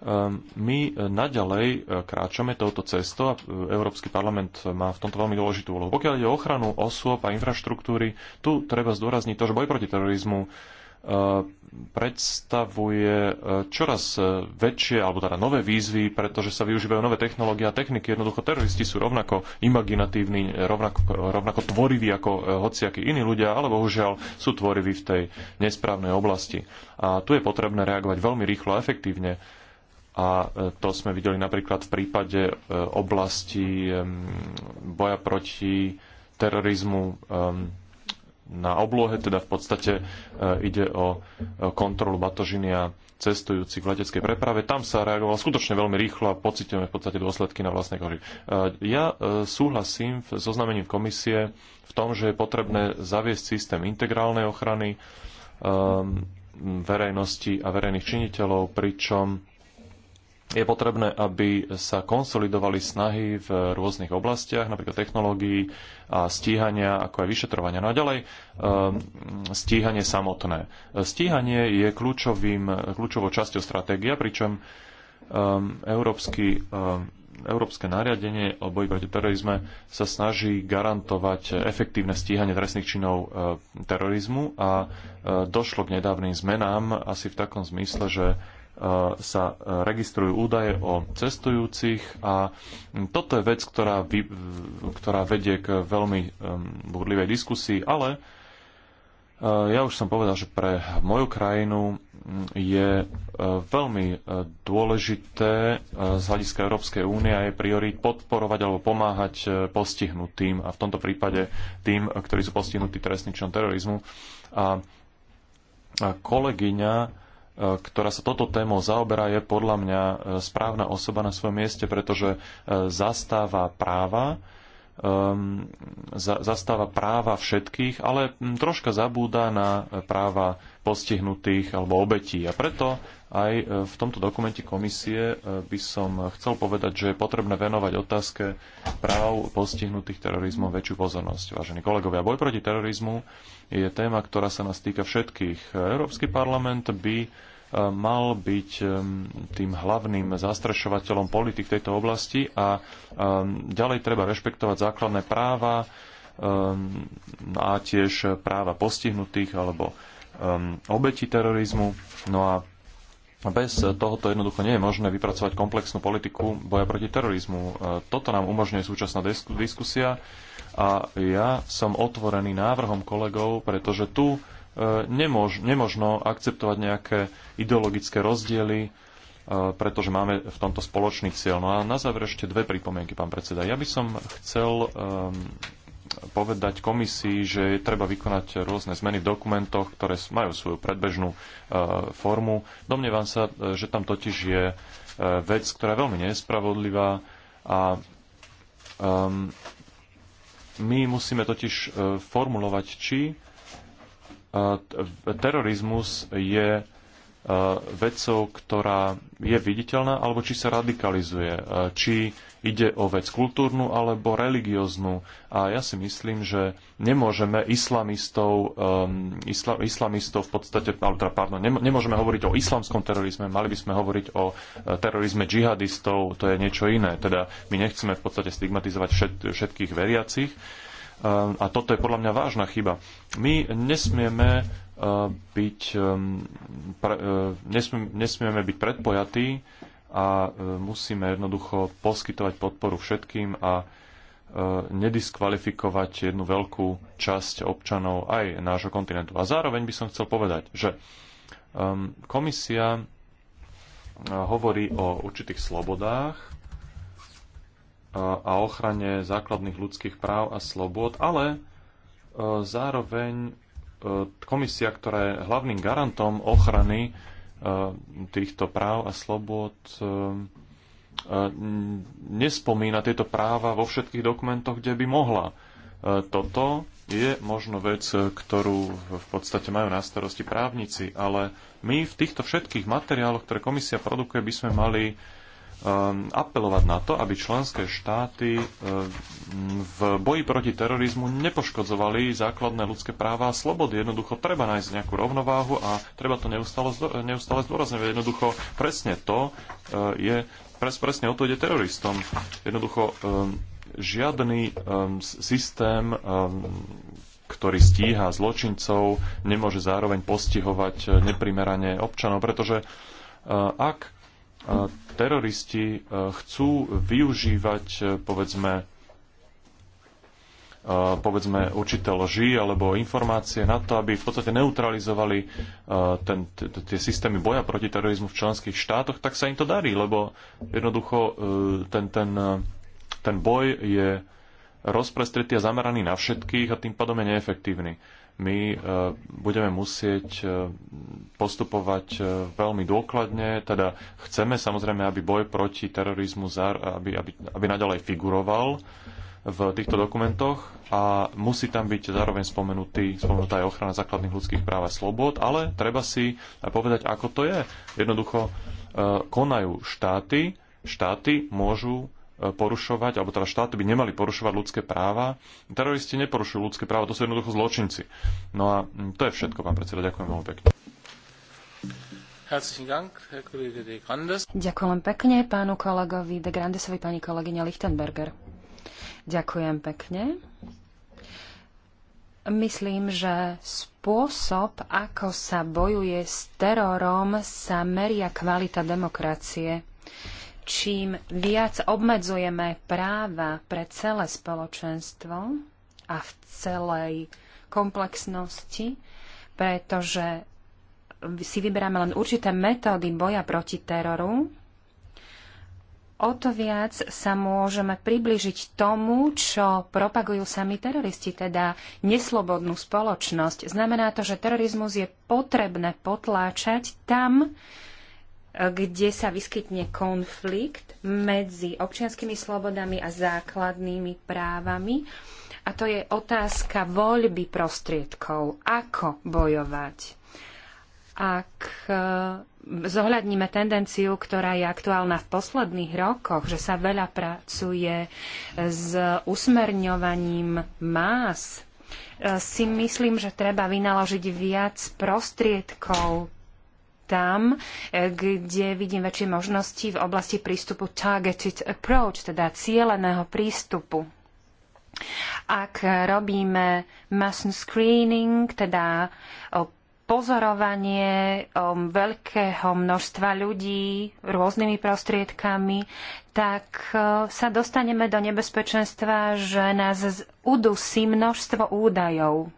ehm, my naďalej e, kráčame touto cestou a e, Európsky parlament má v tomto veľmi dôležitú úlohu. Pokiaľ ide o ochranu osôb a infraštruktúry, tu treba zdôrazniť to, že boj proti terorizmu Eh, predstavuje eh, čoraz eh, väčšie, alebo teda nové výzvy, pretože sa využívajú nové technológie a techniky. Jednoducho teroristi sú rovnako imaginatívni, rovnako, rovnako tvoriví ako hociakí iní ľudia, ale bohužiaľ sú tvoriví v tej nesprávnej oblasti. A tu je potrebné reagovať veľmi rýchlo a efektívne. A to sme videli napríklad v prípade oblasti boja proti terorizmu na oblohe, teda v podstate e, ide o e, kontrolu batožiny a cestujúcich v leteckej preprave. Tam sa reagovalo skutočne veľmi rýchlo a pocitujeme v podstate dôsledky na vlastnej koži. E, ja súhlasím s zoznamením komisie v tom, že je potrebné zaviesť systém integrálnej ochrany verejnosti a verejných činiteľov, pričom je potrebné, aby sa konsolidovali snahy v rôznych oblastiach, napríklad technológií a stíhania, ako aj vyšetrovania. No a ďalej ehm, stíhanie samotné. Stíhanie je kľúčovým, kľúčovou časťou stratégia, pričom ehm, európsky, ehm, európske nariadenie o boji proti terorizme sa snaží garantovať efektívne stíhanie trestných činov terorizmu a došlo k nedávnym zmenám asi v takom zmysle, že sa registrujú údaje o cestujúcich a toto je vec, ktorá, vy, ktorá vedie k veľmi um, burlivej diskusii, ale uh, ja už som povedal, že pre moju krajinu mm, je uh, veľmi uh, dôležité z hľadiska Európskej únie a je priorit podporovať alebo pomáhať postihnutým a v tomto prípade tým, ktorí sú postihnutí trestným činom terorizmu. A kolegyňa E, ktorá sa toto témou zaoberá, je podľa mňa e, správna osoba na svojom mieste, pretože e, zastáva práva, um, za, zastáva práva všetkých, ale troška zabúda na práva postihnutých alebo obetí. A preto aj v tomto dokumente komisie by som chcel povedať, že je potrebné venovať otázke práv postihnutých terorizmom väčšiu pozornosť. Vážení kolegovia, boj proti terorizmu je téma, ktorá sa nás týka všetkých. Európsky parlament by mal byť tým hlavným zastrešovateľom politik v tejto oblasti a ďalej treba rešpektovať základné práva no a tiež práva postihnutých alebo obeti terorizmu. No a bez tohoto jednoducho nie je možné vypracovať komplexnú politiku boja proti terorizmu. E, toto nám umožňuje súčasná diskusia a ja som otvorený návrhom kolegov, pretože tu E, nemož, nemožno akceptovať nejaké ideologické rozdiely, e, pretože máme v tomto spoločný cieľ. No a na záver ešte dve pripomienky, pán predseda. Ja by som chcel ehm, povedať komisii, že je treba vykonať rôzne zmeny v dokumentoch, ktoré majú svoju predbežnú e, formu. Domnievam sa, že tam totiž je vec, ktorá je veľmi nespravodlivá a ehm, my musíme totiž formulovať, či terorizmus je e, vecou, ktorá je viditeľná, alebo či sa radikalizuje, e, či ide o vec kultúrnu alebo religióznu. A ja si myslím, že nemôžeme islamistov, um, isla, islamistov v podstate, teda, pardon, nemôžeme hovoriť o islamskom terorizme, mali by sme hovoriť o e, terorizme džihadistov, to je niečo iné. Teda my nechceme v podstate stigmatizovať všet, všetkých veriacich, Ehm, a toto je podľa mňa vážna chyba. My nesmieme ehm, byť, ehm, nesmieme byť predpojatí a musíme jednoducho poskytovať podporu všetkým a nediskvalifikovať jednu veľkú časť občanov aj nášho kontinentu. A zároveň by som chcel povedať, že komisia hovorí o určitých slobodách a ochrane základných ľudských práv a slobôd, ale e, zároveň e, komisia, ktorá je hlavným garantom ochrany e, týchto práv a slobôd, nespomína tieto práva vo všetkých dokumentoch, kde by mohla. Toto je možno vec, ktorú v podstate majú na starosti právnici, ale my v týchto všetkých materiáloch, ktoré komisia produkuje, by sme mali Um, apelovať na to, aby členské štáty um, v boji proti terorizmu nepoškodzovali základné ľudské práva a slobody. Jednoducho treba nájsť nejakú rovnováhu a treba to neustále, neustále zdôrazňovať. Jednoducho presne to uh, je, pres, presne o to ide teroristom. Jednoducho um, žiadny systém ktorý stíha zločincov, nemôže zároveň postihovať uh, neprimerane občanov, pretože uh, ak teroristi e, chcú využívať, e, povedzme, e, povedzme určité loži alebo informácie na to, aby v podstate neutralizovali ten, tie systémy boja proti terorizmu v členských štátoch, tak sa im to darí, lebo jednoducho ten, ten, ten boj je rozprestretý a zameraný na všetkých a tým pádom je neefektívny my e, budeme musieť e, postupovať e, veľmi dôkladne, teda chceme samozrejme, aby boj proti terorizmu aby, aby, aby naďalej figuroval v týchto dokumentoch a musí tam byť zároveň spomenutý, spomenutá aj ochrana základných ľudských práv a slobod, ale treba si povedať, ako to je. Jednoducho konajú štáty, štáty môžu porušovať, alebo teda štáty by nemali porušovať ľudské práva. Teroristi neporušujú ľudské práva, to sú jednoducho zločinci. No a mm, to je všetko, pán predseda. Ďakujem veľmi pekne. Ďakujem pekne pánu kolegovi De Grandesovi, pani kolegyňa Lichtenberger. Ďakujem pekne. Myslím, že spôsob, ako sa bojuje s terorom, sa meria kvalita demokracie čím viac obmedzujeme práva pre celé spoločenstvo a v celej komplexnosti, pretože si vyberáme len určité metódy boja proti teroru, o to viac sa môžeme približiť tomu, čo propagujú sami teroristi, teda neslobodnú spoločnosť. Znamená to, že terorizmus je potrebné potláčať tam, kde sa vyskytne konflikt medzi občianskými slobodami a základnými právami. A to je otázka voľby prostriedkov, ako bojovať. Ak eh, zohľadníme tendenciu, ktorá je aktuálna v posledných rokoch, že sa veľa pracuje s usmerňovaním más, eh, si myslím, že treba vynaložiť viac prostriedkov tam, e, kde vidím väčšie možnosti v oblasti prístupu targeted approach, teda cieleného prístupu. Ak robíme mass screening, teda pozorovanie veľkého množstva ľudí rôznymi prostriedkami, tak e, sa dostaneme do nebezpečenstva, že nás udusí množstvo údajov.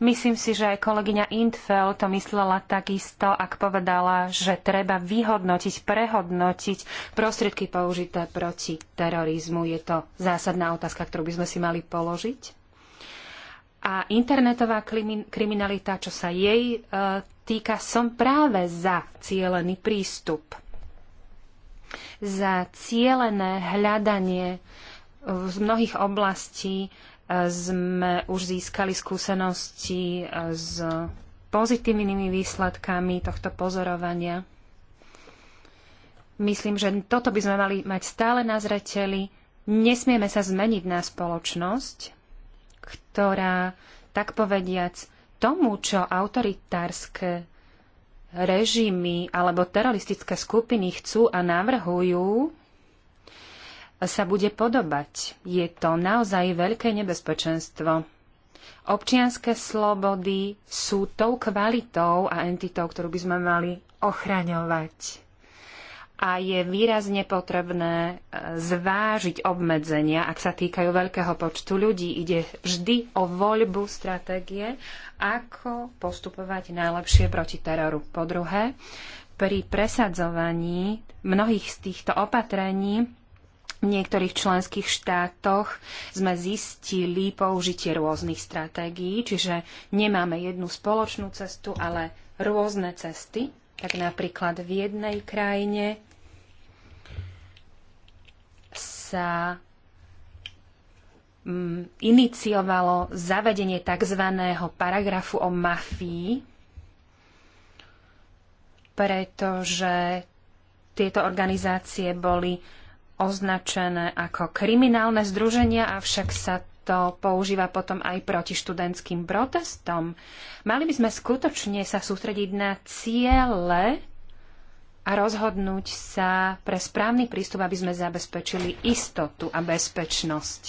Myslím si, že aj kolegyňa Intfel to myslela takisto, ak povedala, že treba vyhodnotiť, prehodnotiť prostriedky použité proti terorizmu. Je to zásadná otázka, ktorú by sme si mali položiť. A internetová kriminalita, čo sa jej e, týka, som práve za cielený prístup. Za cielené hľadanie z mnohých oblastí sme už získali skúsenosti eh, s pozitívnymi výsledkami tohto pozorovania. Myslím, že toto by sme mali mať stále na zreteli. Nesmieme sa zmeniť na spoločnosť, ktorá, tak povediac, tomu, čo autoritárske režimy alebo teroristické skupiny chcú a navrhujú, sa bude podobať. Je to naozaj veľké nebezpečenstvo. Občianské slobody sú tou kvalitou a entitou, ktorú by sme mali ochraňovať. A je výrazne potrebné e, zvážiť obmedzenia, ak sa týkajú veľkého počtu ľudí. Ide vždy o voľbu stratégie, ako postupovať najlepšie proti teroru. Po druhé, pri presadzovaní mnohých z týchto opatrení v niektorých členských štátoch sme zistili použitie rôznych stratégií, čiže nemáme jednu spoločnú cestu, ale rôzne cesty. Tak napríklad v jednej krajine sa mm, iniciovalo zavedenie tzv. paragrafu o mafii, pretože tieto organizácie boli označené ako kriminálne združenia, avšak sa to používa potom aj proti študentským protestom. Mali by sme skutočne sa sústrediť na ciele a rozhodnúť sa pre správny prístup, aby sme zabezpečili istotu a bezpečnosť.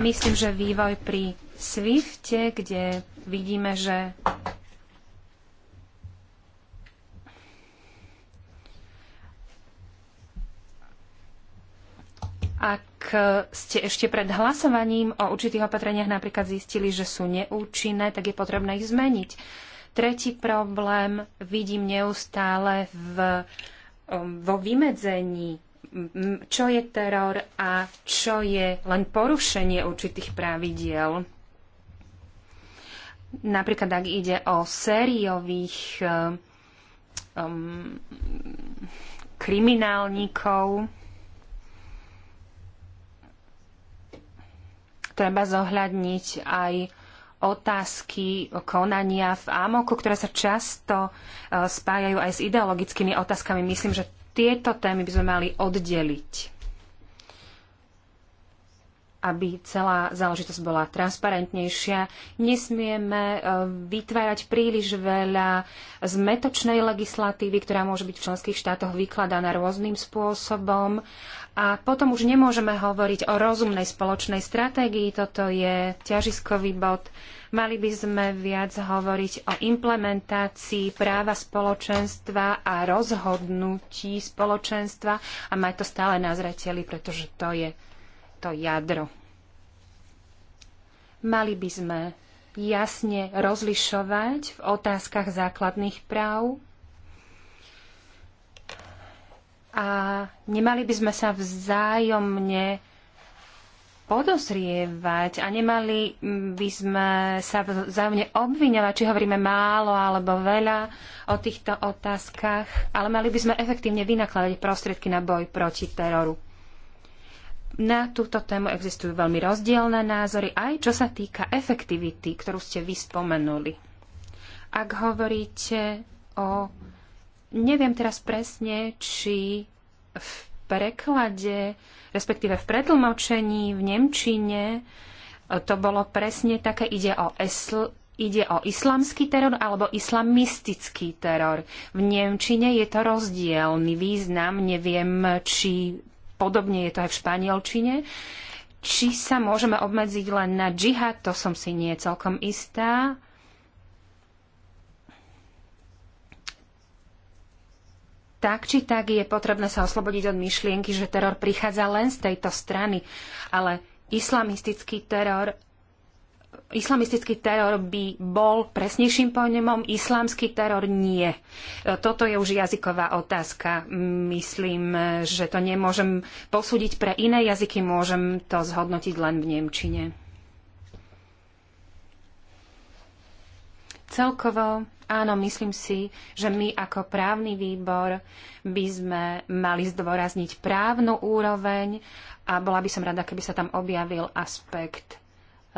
Myslím, že vývoj pri Swifte, kde vidíme, že ak ste ešte pred hlasovaním o určitých opatreniach napríklad zistili, že sú neúčinné, tak je potrebné ich zmeniť. Tretí problém vidím neustále v, um, vo vymedzení, čo je teror a čo je len porušenie určitých pravidiel. Napríklad, ak ide o sériových um, um kriminálnikov, treba zohľadniť aj otázky konania v Amoku, ktoré sa často e, spájajú aj s ideologickými otázkami. Myslím, že tieto témy by sme mali oddeliť aby celá záležitosť bola transparentnejšia. Nesmieme e, vytvárať príliš veľa zmetočnej legislatívy, ktorá môže byť v členských štátoch vykladaná rôznym spôsobom. A potom už nemôžeme hovoriť o rozumnej spoločnej stratégii. Toto je ťažiskový bod. Mali by sme viac hovoriť o implementácii práva spoločenstva a rozhodnutí spoločenstva a mať to stále na zreteli, pretože to je to jadro. Mali by sme jasne rozlišovať v otázkach základných práv a nemali by sme sa vzájomne podozrievať a nemali by sme sa vzájomne obviňovať, či hovoríme málo alebo veľa o týchto otázkach, ale mali by sme efektívne vynakladať prostriedky na boj proti teroru. Na túto tému existujú veľmi rozdielne názory, aj čo sa týka efektivity, ktorú ste vy spomenuli. Ak hovoríte o... Neviem teraz presne, či v preklade, respektíve v pretlmočení v Nemčine to bolo presne také, ide o esl, ide o islamský teror alebo islamistický teror. V Nemčine je to rozdielny význam, neviem, či podobne je to aj v španielčine. Či sa môžeme obmedziť len na džihad, to som si nie celkom istá. Tak či tak je potrebné sa oslobodiť od myšlienky, že teror prichádza len z tejto strany, ale islamistický teror islamistický teror by bol presnejším pojmom, islamský teror nie. E, Toto je už jazyková otázka. Myslím, že to nemôžem posúdiť pre iné jazyky, môžem to zhodnotiť len v Nemčine. Celkovo áno, myslím si, že my ako právny výbor by sme mali zdôrazniť právnu úroveň a bola by som rada, keby sa tam objavil aspekt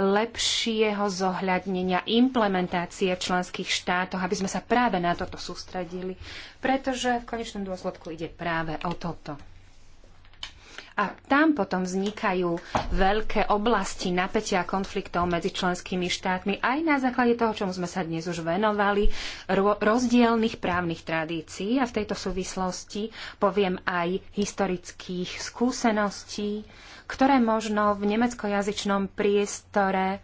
lepšieho zohľadnenia implementácie v členských štátoch, aby sme sa práve na toto sústredili, pretože v konečnom dôsledku ide práve o toto. A tam potom vznikajú veľké oblasti napätia konfliktov medzi členskými štátmi aj na základe toho, čomu sme sa dnes už venovali, rozdielnych právnych tradícií a v tejto súvislosti poviem aj historických skúseností, ktoré možno v nemeckojazyčnom priestore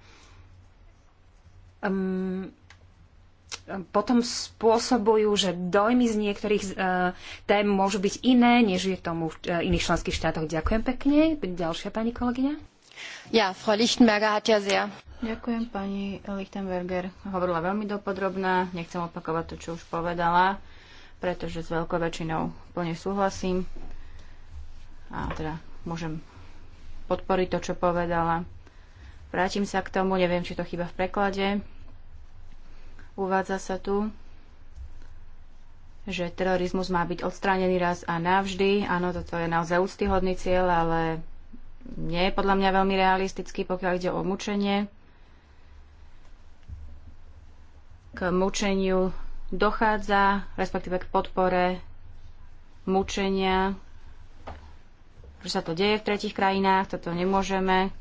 um, potom spôsobujú, že dojmy z niektorých uh, tém môžu byť iné, než je tomu v uh, iných členských štátoch. Ďakujem pekne. Ďalšia pani kolegyňa. Ja, Frau Lichtenberger hat ja sehr. Ďakujem, pani Lichtenberger. Hovorila veľmi dopodrobná. Nechcem opakovať to, čo už povedala, pretože s veľkou väčšinou plne súhlasím. A teda môžem podporiť to, čo povedala. Vrátim sa k tomu, neviem, či to chyba v preklade. Uvádza sa tu, že terorizmus má byť odstránený raz a navždy. Áno, toto je naozaj úctyhodný cieľ, ale nie je podľa mňa veľmi realistický, pokiaľ ide o mučenie. K mučeniu dochádza, respektíve k podpore mučenia že sa to deje v tretich krajinách, toto nemôžeme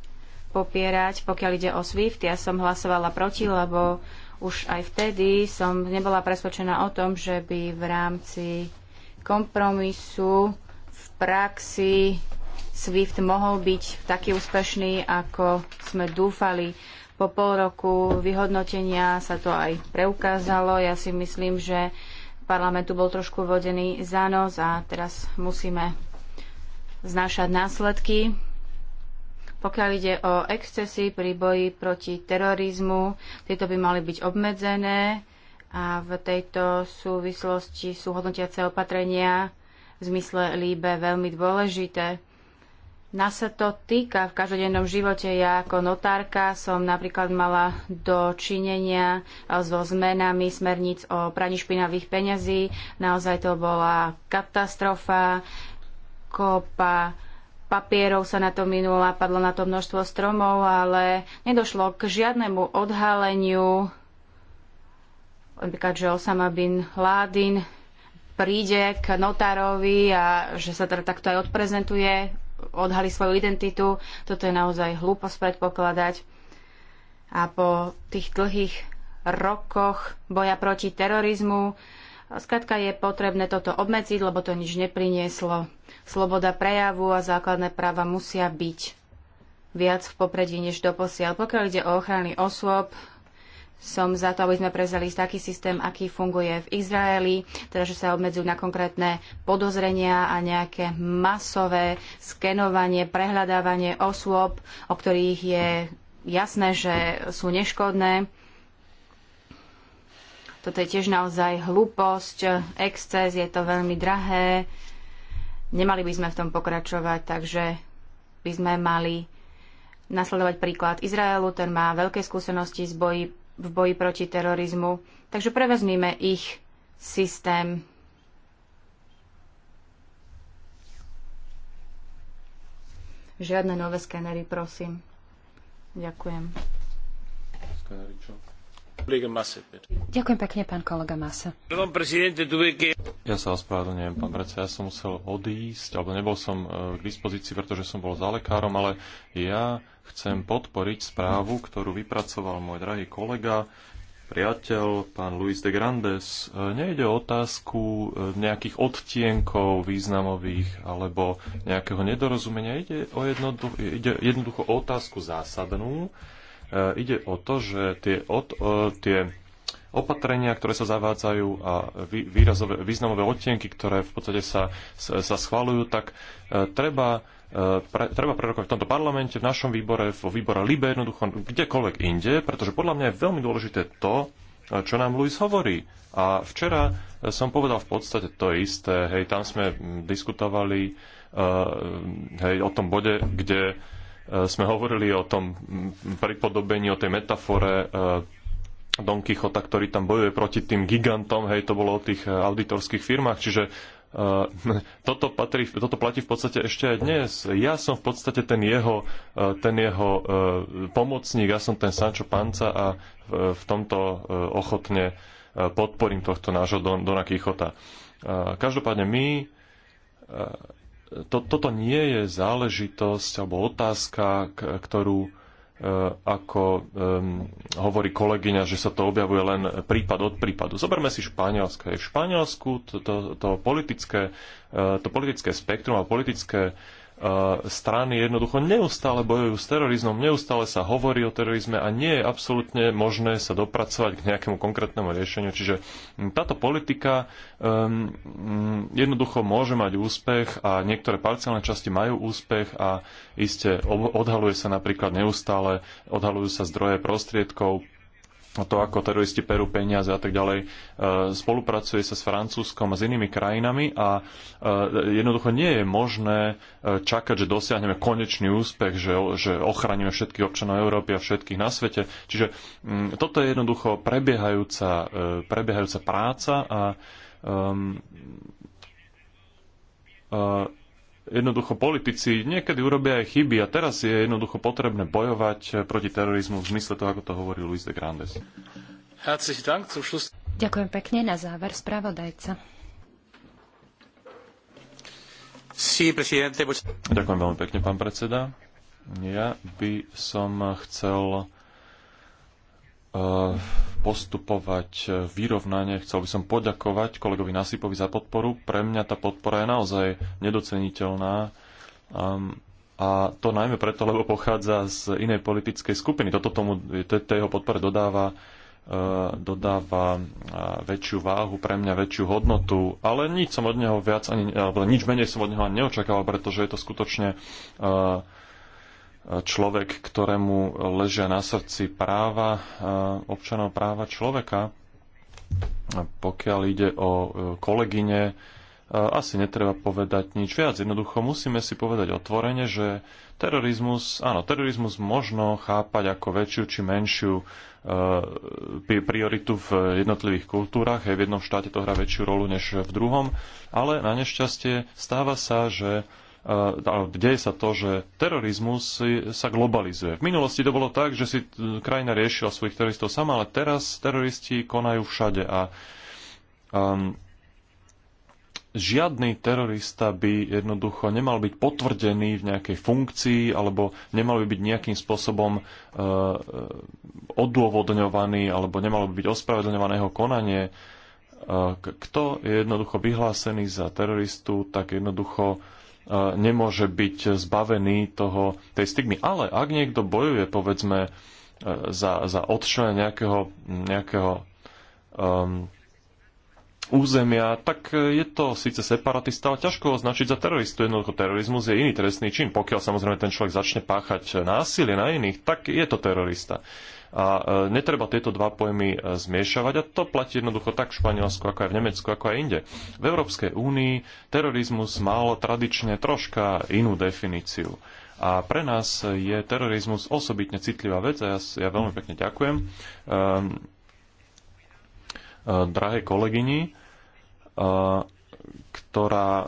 popierať. Pokiaľ ide o SWIFT, ja som hlasovala proti, lebo už aj vtedy som nebola presvedčená o tom, že by v rámci kompromisu v praxi SWIFT mohol byť taký úspešný, ako sme dúfali. Po pol roku vyhodnotenia sa to aj preukázalo. Ja si myslím, že parlamentu bol trošku vodený za nos a teraz musíme znášať následky. Pokiaľ ide o excesy pri boji proti terorizmu, tieto by mali byť obmedzené a v tejto súvislosti sú hodnotiace opatrenia v zmysle líbe veľmi dôležité. Na sa to týka v každodennom živote. Ja ako notárka som napríklad mala dočinenia so zmenami smerníc o praní špinavých peňazí. Naozaj to bola katastrofa kopa papierov sa na to minula, padlo na to množstvo stromov, ale nedošlo k žiadnemu odhaleniu. Napríklad, že Osama bin Laden príde k notárovi a že sa teda takto aj odprezentuje, odhalí svoju identitu. Toto je naozaj hlúposť predpokladať. A po tých dlhých rokoch boja proti terorizmu Skratka je potrebné toto obmedziť, lebo to nič neprinieslo. Sloboda prejavu a základné práva musia byť viac v popredí než doposiaľ. Pokiaľ ide o ochrany osôb, som za to, aby sme prezali taký systém, aký funguje v Izraeli, teda že sa obmedzujú na konkrétne podozrenia a nejaké masové skenovanie, prehľadávanie osôb, o ktorých je jasné, že sú neškodné toto je tiež naozaj hlúposť, exces, je to veľmi drahé. Nemali by sme v tom pokračovať, takže by sme mali nasledovať príklad Izraelu, ten má veľké skúsenosti z boji, v boji proti terorizmu. Takže prevezmime ich systém. Žiadne nové skenery, prosím. Ďakujem. Skenery čo? Ďakujem pekne, pán kolega Masa. Ja sa ospravedlňujem, pán predseda, ja som musel odísť, alebo nebol som e, k dispozícii, pretože som bol za lekárom, ale ja chcem podporiť správu, ktorú vypracoval môj drahý kolega, priateľ, pán Luis de Grandes. E, nejde o otázku e, nejakých odtienkov významových alebo nejakého nedorozumenia. Ide, o jednoducho, ide jednoducho o otázku zásadnú, E, ide o to, že tie, od, e, tie opatrenia, ktoré sa zavádzajú a výrazové, významové odtienky, ktoré v podstate sa, sa schvalujú, tak e, treba, pre, treba prerokovať v tomto parlamente, v našom výbore, vo výbore LIBE, jednoducho kdekoľvek inde, pretože podľa mňa je veľmi dôležité to, čo nám Luis hovorí. A včera som povedal v podstate to isté. Hej, tam sme diskutovali uh, hej, o tom bode, kde Eh, sme hovorili o tom pripodobení, o tej metafore eh, Don Quixota, ktorý tam bojuje proti tým gigantom, hej, to bolo o tých eh, auditorských firmách, čiže uh, toto, patrí, toto platí v podstate ešte aj dnes. Ja som v podstate ten jeho, uh, ten jeho uh, pomocník, ja som ten Sancho Panca a v tomto ochotne podporím tohto nášho Dona Quixota. Každopádne my to, toto nie je záležitosť alebo otázka, ktorú e, ako um, hovorí kolegyňa, že sa to objavuje len prípad od prípadu. Zoberme si Španielsko. V Španielsku to, to, to, politické, e, to politické spektrum a politické E, strany jednoducho neustále bojujú s terorizmom, neustále sa hovorí o terorizme a nie je absolútne možné sa dopracovať k nejakému konkrétnemu riešeniu. Čiže táto politika um, jednoducho môže mať úspech a niektoré parciálne časti majú úspech a iste odhaluje sa napríklad neustále, odhalujú sa zdroje prostriedkov to, ako teroristi perú peniaze a tak ďalej. E, spolupracuje sa s Francúzskom a s inými krajinami a e, jednoducho nie je možné e, čakať, že dosiahneme konečný úspech, že, že ochránime všetkých občanov Európy a všetkých na svete. Čiže mm, toto je jednoducho prebiehajúca, prebiehajúca práca a um, uh, jednoducho politici niekedy urobia aj chyby a teraz je jednoducho potrebné bojovať proti terorizmu v zmysle toho, ako to hovorí Luis de Grandes. Ďakujem pekne. Na záver spravodajca. Ďakujem veľmi pekne, pán predseda. Ja by som chcel Eh, postupovať eh, vyrovnane. Chcel by som poďakovať kolegovi Nasipovi za podporu. Pre mňa tá podpora je naozaj nedoceniteľná. Um, a to najmä preto, lebo pochádza z inej politickej skupiny. Toto tomu, jeho podpore dodáva, uh, dodáva väčšiu váhu, pre mňa väčšiu hodnotu, ale nič som od neho viac, ani, alebo nič menej som od neho ani neočakával, pretože je to skutočne uh, človek, ktorému ležia na srdci práva občanov, práva človeka. Pokiaľ ide o e, kolegyne, e, asi netreba povedať nič viac. Jednoducho musíme si povedať otvorene, že terorizmus, áno, terorizmus možno chápať ako väčšiu či menšiu e, prioritu v jednotlivých kultúrach. Hej, v jednom štáte to hrá väčšiu rolu než v druhom, ale na nešťastie stáva sa, že deje sa to, že terorizmus sa globalizuje. V minulosti to bolo tak, že si e, krajina riešila svojich teroristov sama, ale teraz teroristi konajú všade a um, žiadny terorista by jednoducho nemal byť potvrdený v nejakej funkcii alebo nemal by byť nejakým spôsobom uh, odôvodňovaný alebo nemalo by byť ospravedlňovaného konanie. Uh, kto je jednoducho vyhlásený za teroristu, tak jednoducho nemôže byť zbavený toho, tej stigmy. Ale ak niekto bojuje, povedzme, e, za, za odčlen nejakého, nejakého um, územia, tak je to síce separatista, ale ťažko ho označiť za teroristu. Jednoducho terorizmus je iný trestný čin. Pokiaľ samozrejme ten človek začne páchať násilie na iných, tak je to terorista. A e, netreba tieto dva pojmy e, zmiešavať a to platí jednoducho tak v Španielsku, ako aj v Nemecku, ako aj inde. V Európskej únii terorizmus mal tradične troška inú definíciu. A pre nás je terorizmus osobitne citlivá vec a ja, ja veľmi pekne ďakujem um, uh, drahej kolegyni. Uh, ktorá e,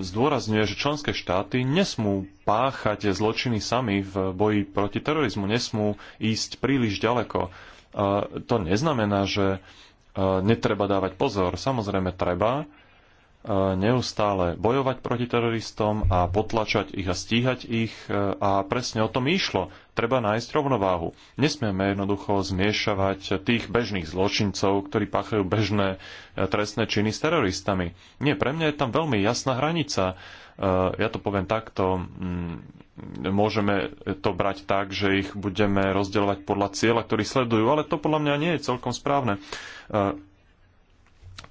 zdôrazňuje, že členské štáty nesmú páchať zločiny sami v boji proti terorizmu, nesmú ísť príliš ďaleko. E, to neznamená, že e, netreba dávať pozor. Samozrejme, treba neustále bojovať proti teroristom a potlačať ich a stíhať ich a presne o tom išlo treba nájsť rovnováhu. Nesmieme jednoducho zmiešavať tých bežných zločincov, ktorí páchajú bežné e, trestné činy s teroristami. Nie, pre mňa je tam veľmi jasná hranica. E, ja to poviem takto, mm, môžeme to brať tak, že ich budeme rozdielovať podľa cieľa, ktorý sledujú, ale to podľa mňa nie je celkom správne. E,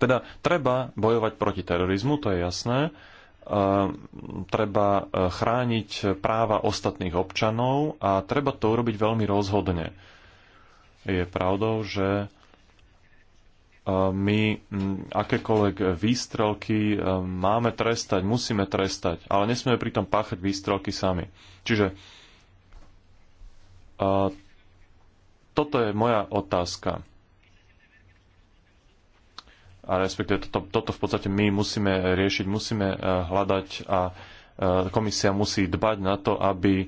teda treba bojovať proti terorizmu, to je jasné, Ehm, treba e, chrániť práva ostatných občanov a treba to urobiť veľmi rozhodne. Je pravdou, že e, my akékoľvek výstrelky e, máme trestať, musíme trestať, ale nesmieme pritom páchať výstrelky sami. Čiže toto je moja otázka a respektíve toto, toto v podstate my musíme riešiť, musíme e, hľadať a e, komisia musí dbať na to, aby e,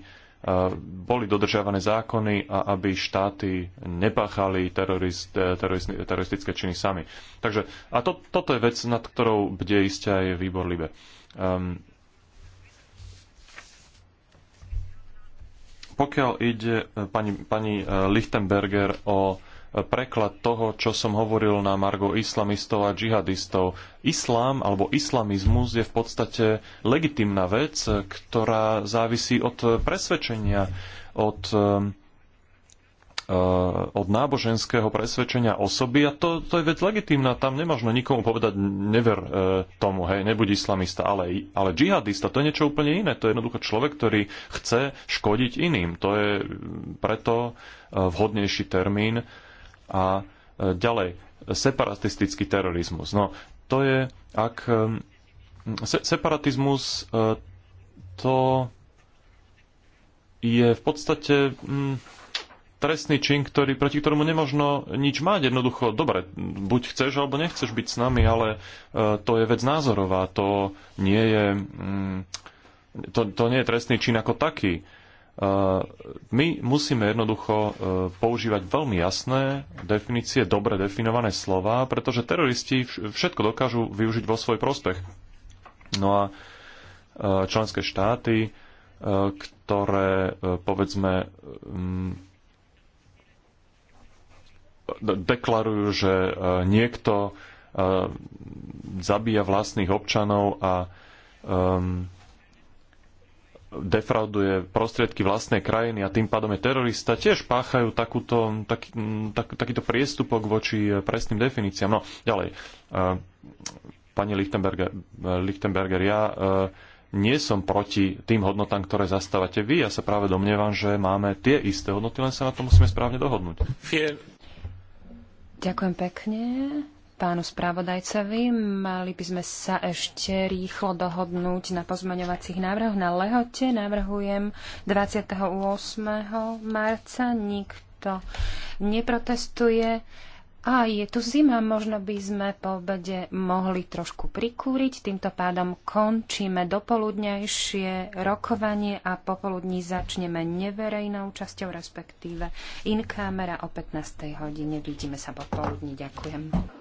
boli dodržiavané zákony a aby štáty nepáchali terorist, terorist, teroristické činy sami. Takže, a to, toto je vec, nad ktorou bude ísť aj výbor Libe. Um, pokiaľ ide pani, pani Lichtenberger o preklad toho, čo som hovoril na margo islamistov a džihadistov. Islám alebo islamizmus je v podstate legitimná vec, ktorá závisí od presvedčenia, od, eh, od náboženského presvedčenia osoby a to, to je vec legitimná. Tam nemožno nikomu povedať never eh, tomu, hej, nebuď islamista, ale, ale džihadista, to je niečo úplne iné. To je jednoducho človek, ktorý chce škodiť iným. To je preto eh, vhodnejší termín a e, ďalej separatistický terorizmus. No to je, ak e, se, separatizmus e, to je v podstate mm, trestný čin, ktorý, proti ktorému nemožno nič mať. Jednoducho, dobre, buď chceš alebo nechceš byť s nami, ale e, to je vec názorová, to nie je, mm, to, to nie je trestný čin ako taký. Eh, my musíme jednoducho eh, používať veľmi jasné definície, dobre definované slova, pretože teroristi všetko dokážu využiť vo svoj prospech. No a eh, členské štáty, ktoré povedzme mm, deklarujú, že niekto zabíja vlastných občanov a ehm, defrauduje prostriedky vlastnej krajiny a tým pádom je terorista, tiež páchajú takúto, tak, mm, tak, takýto priestupok voči e, presným definíciám. No, ďalej. E, pani Lichtenberger, e, Lichtenberger ja nie som proti tým hodnotám, ktoré zastávate vy. Ja sa práve domnievam, že máme tie isté hodnoty, len sa na to musíme správne dohodnúť. Ďakujem pekne pánu spravodajcovi. Mali by sme sa ešte rýchlo dohodnúť na pozmaňovacích návrhoch. Na lehote navrhujem 28. marca. Nikto neprotestuje. A je tu zima, možno by sme po obede mohli trošku prikúriť. Týmto pádom končíme dopoludnejšie rokovanie a popoludní začneme neverejnou časťou, respektíve in kamera o 15. hodine. Vidíme sa popoludní. Ďakujem.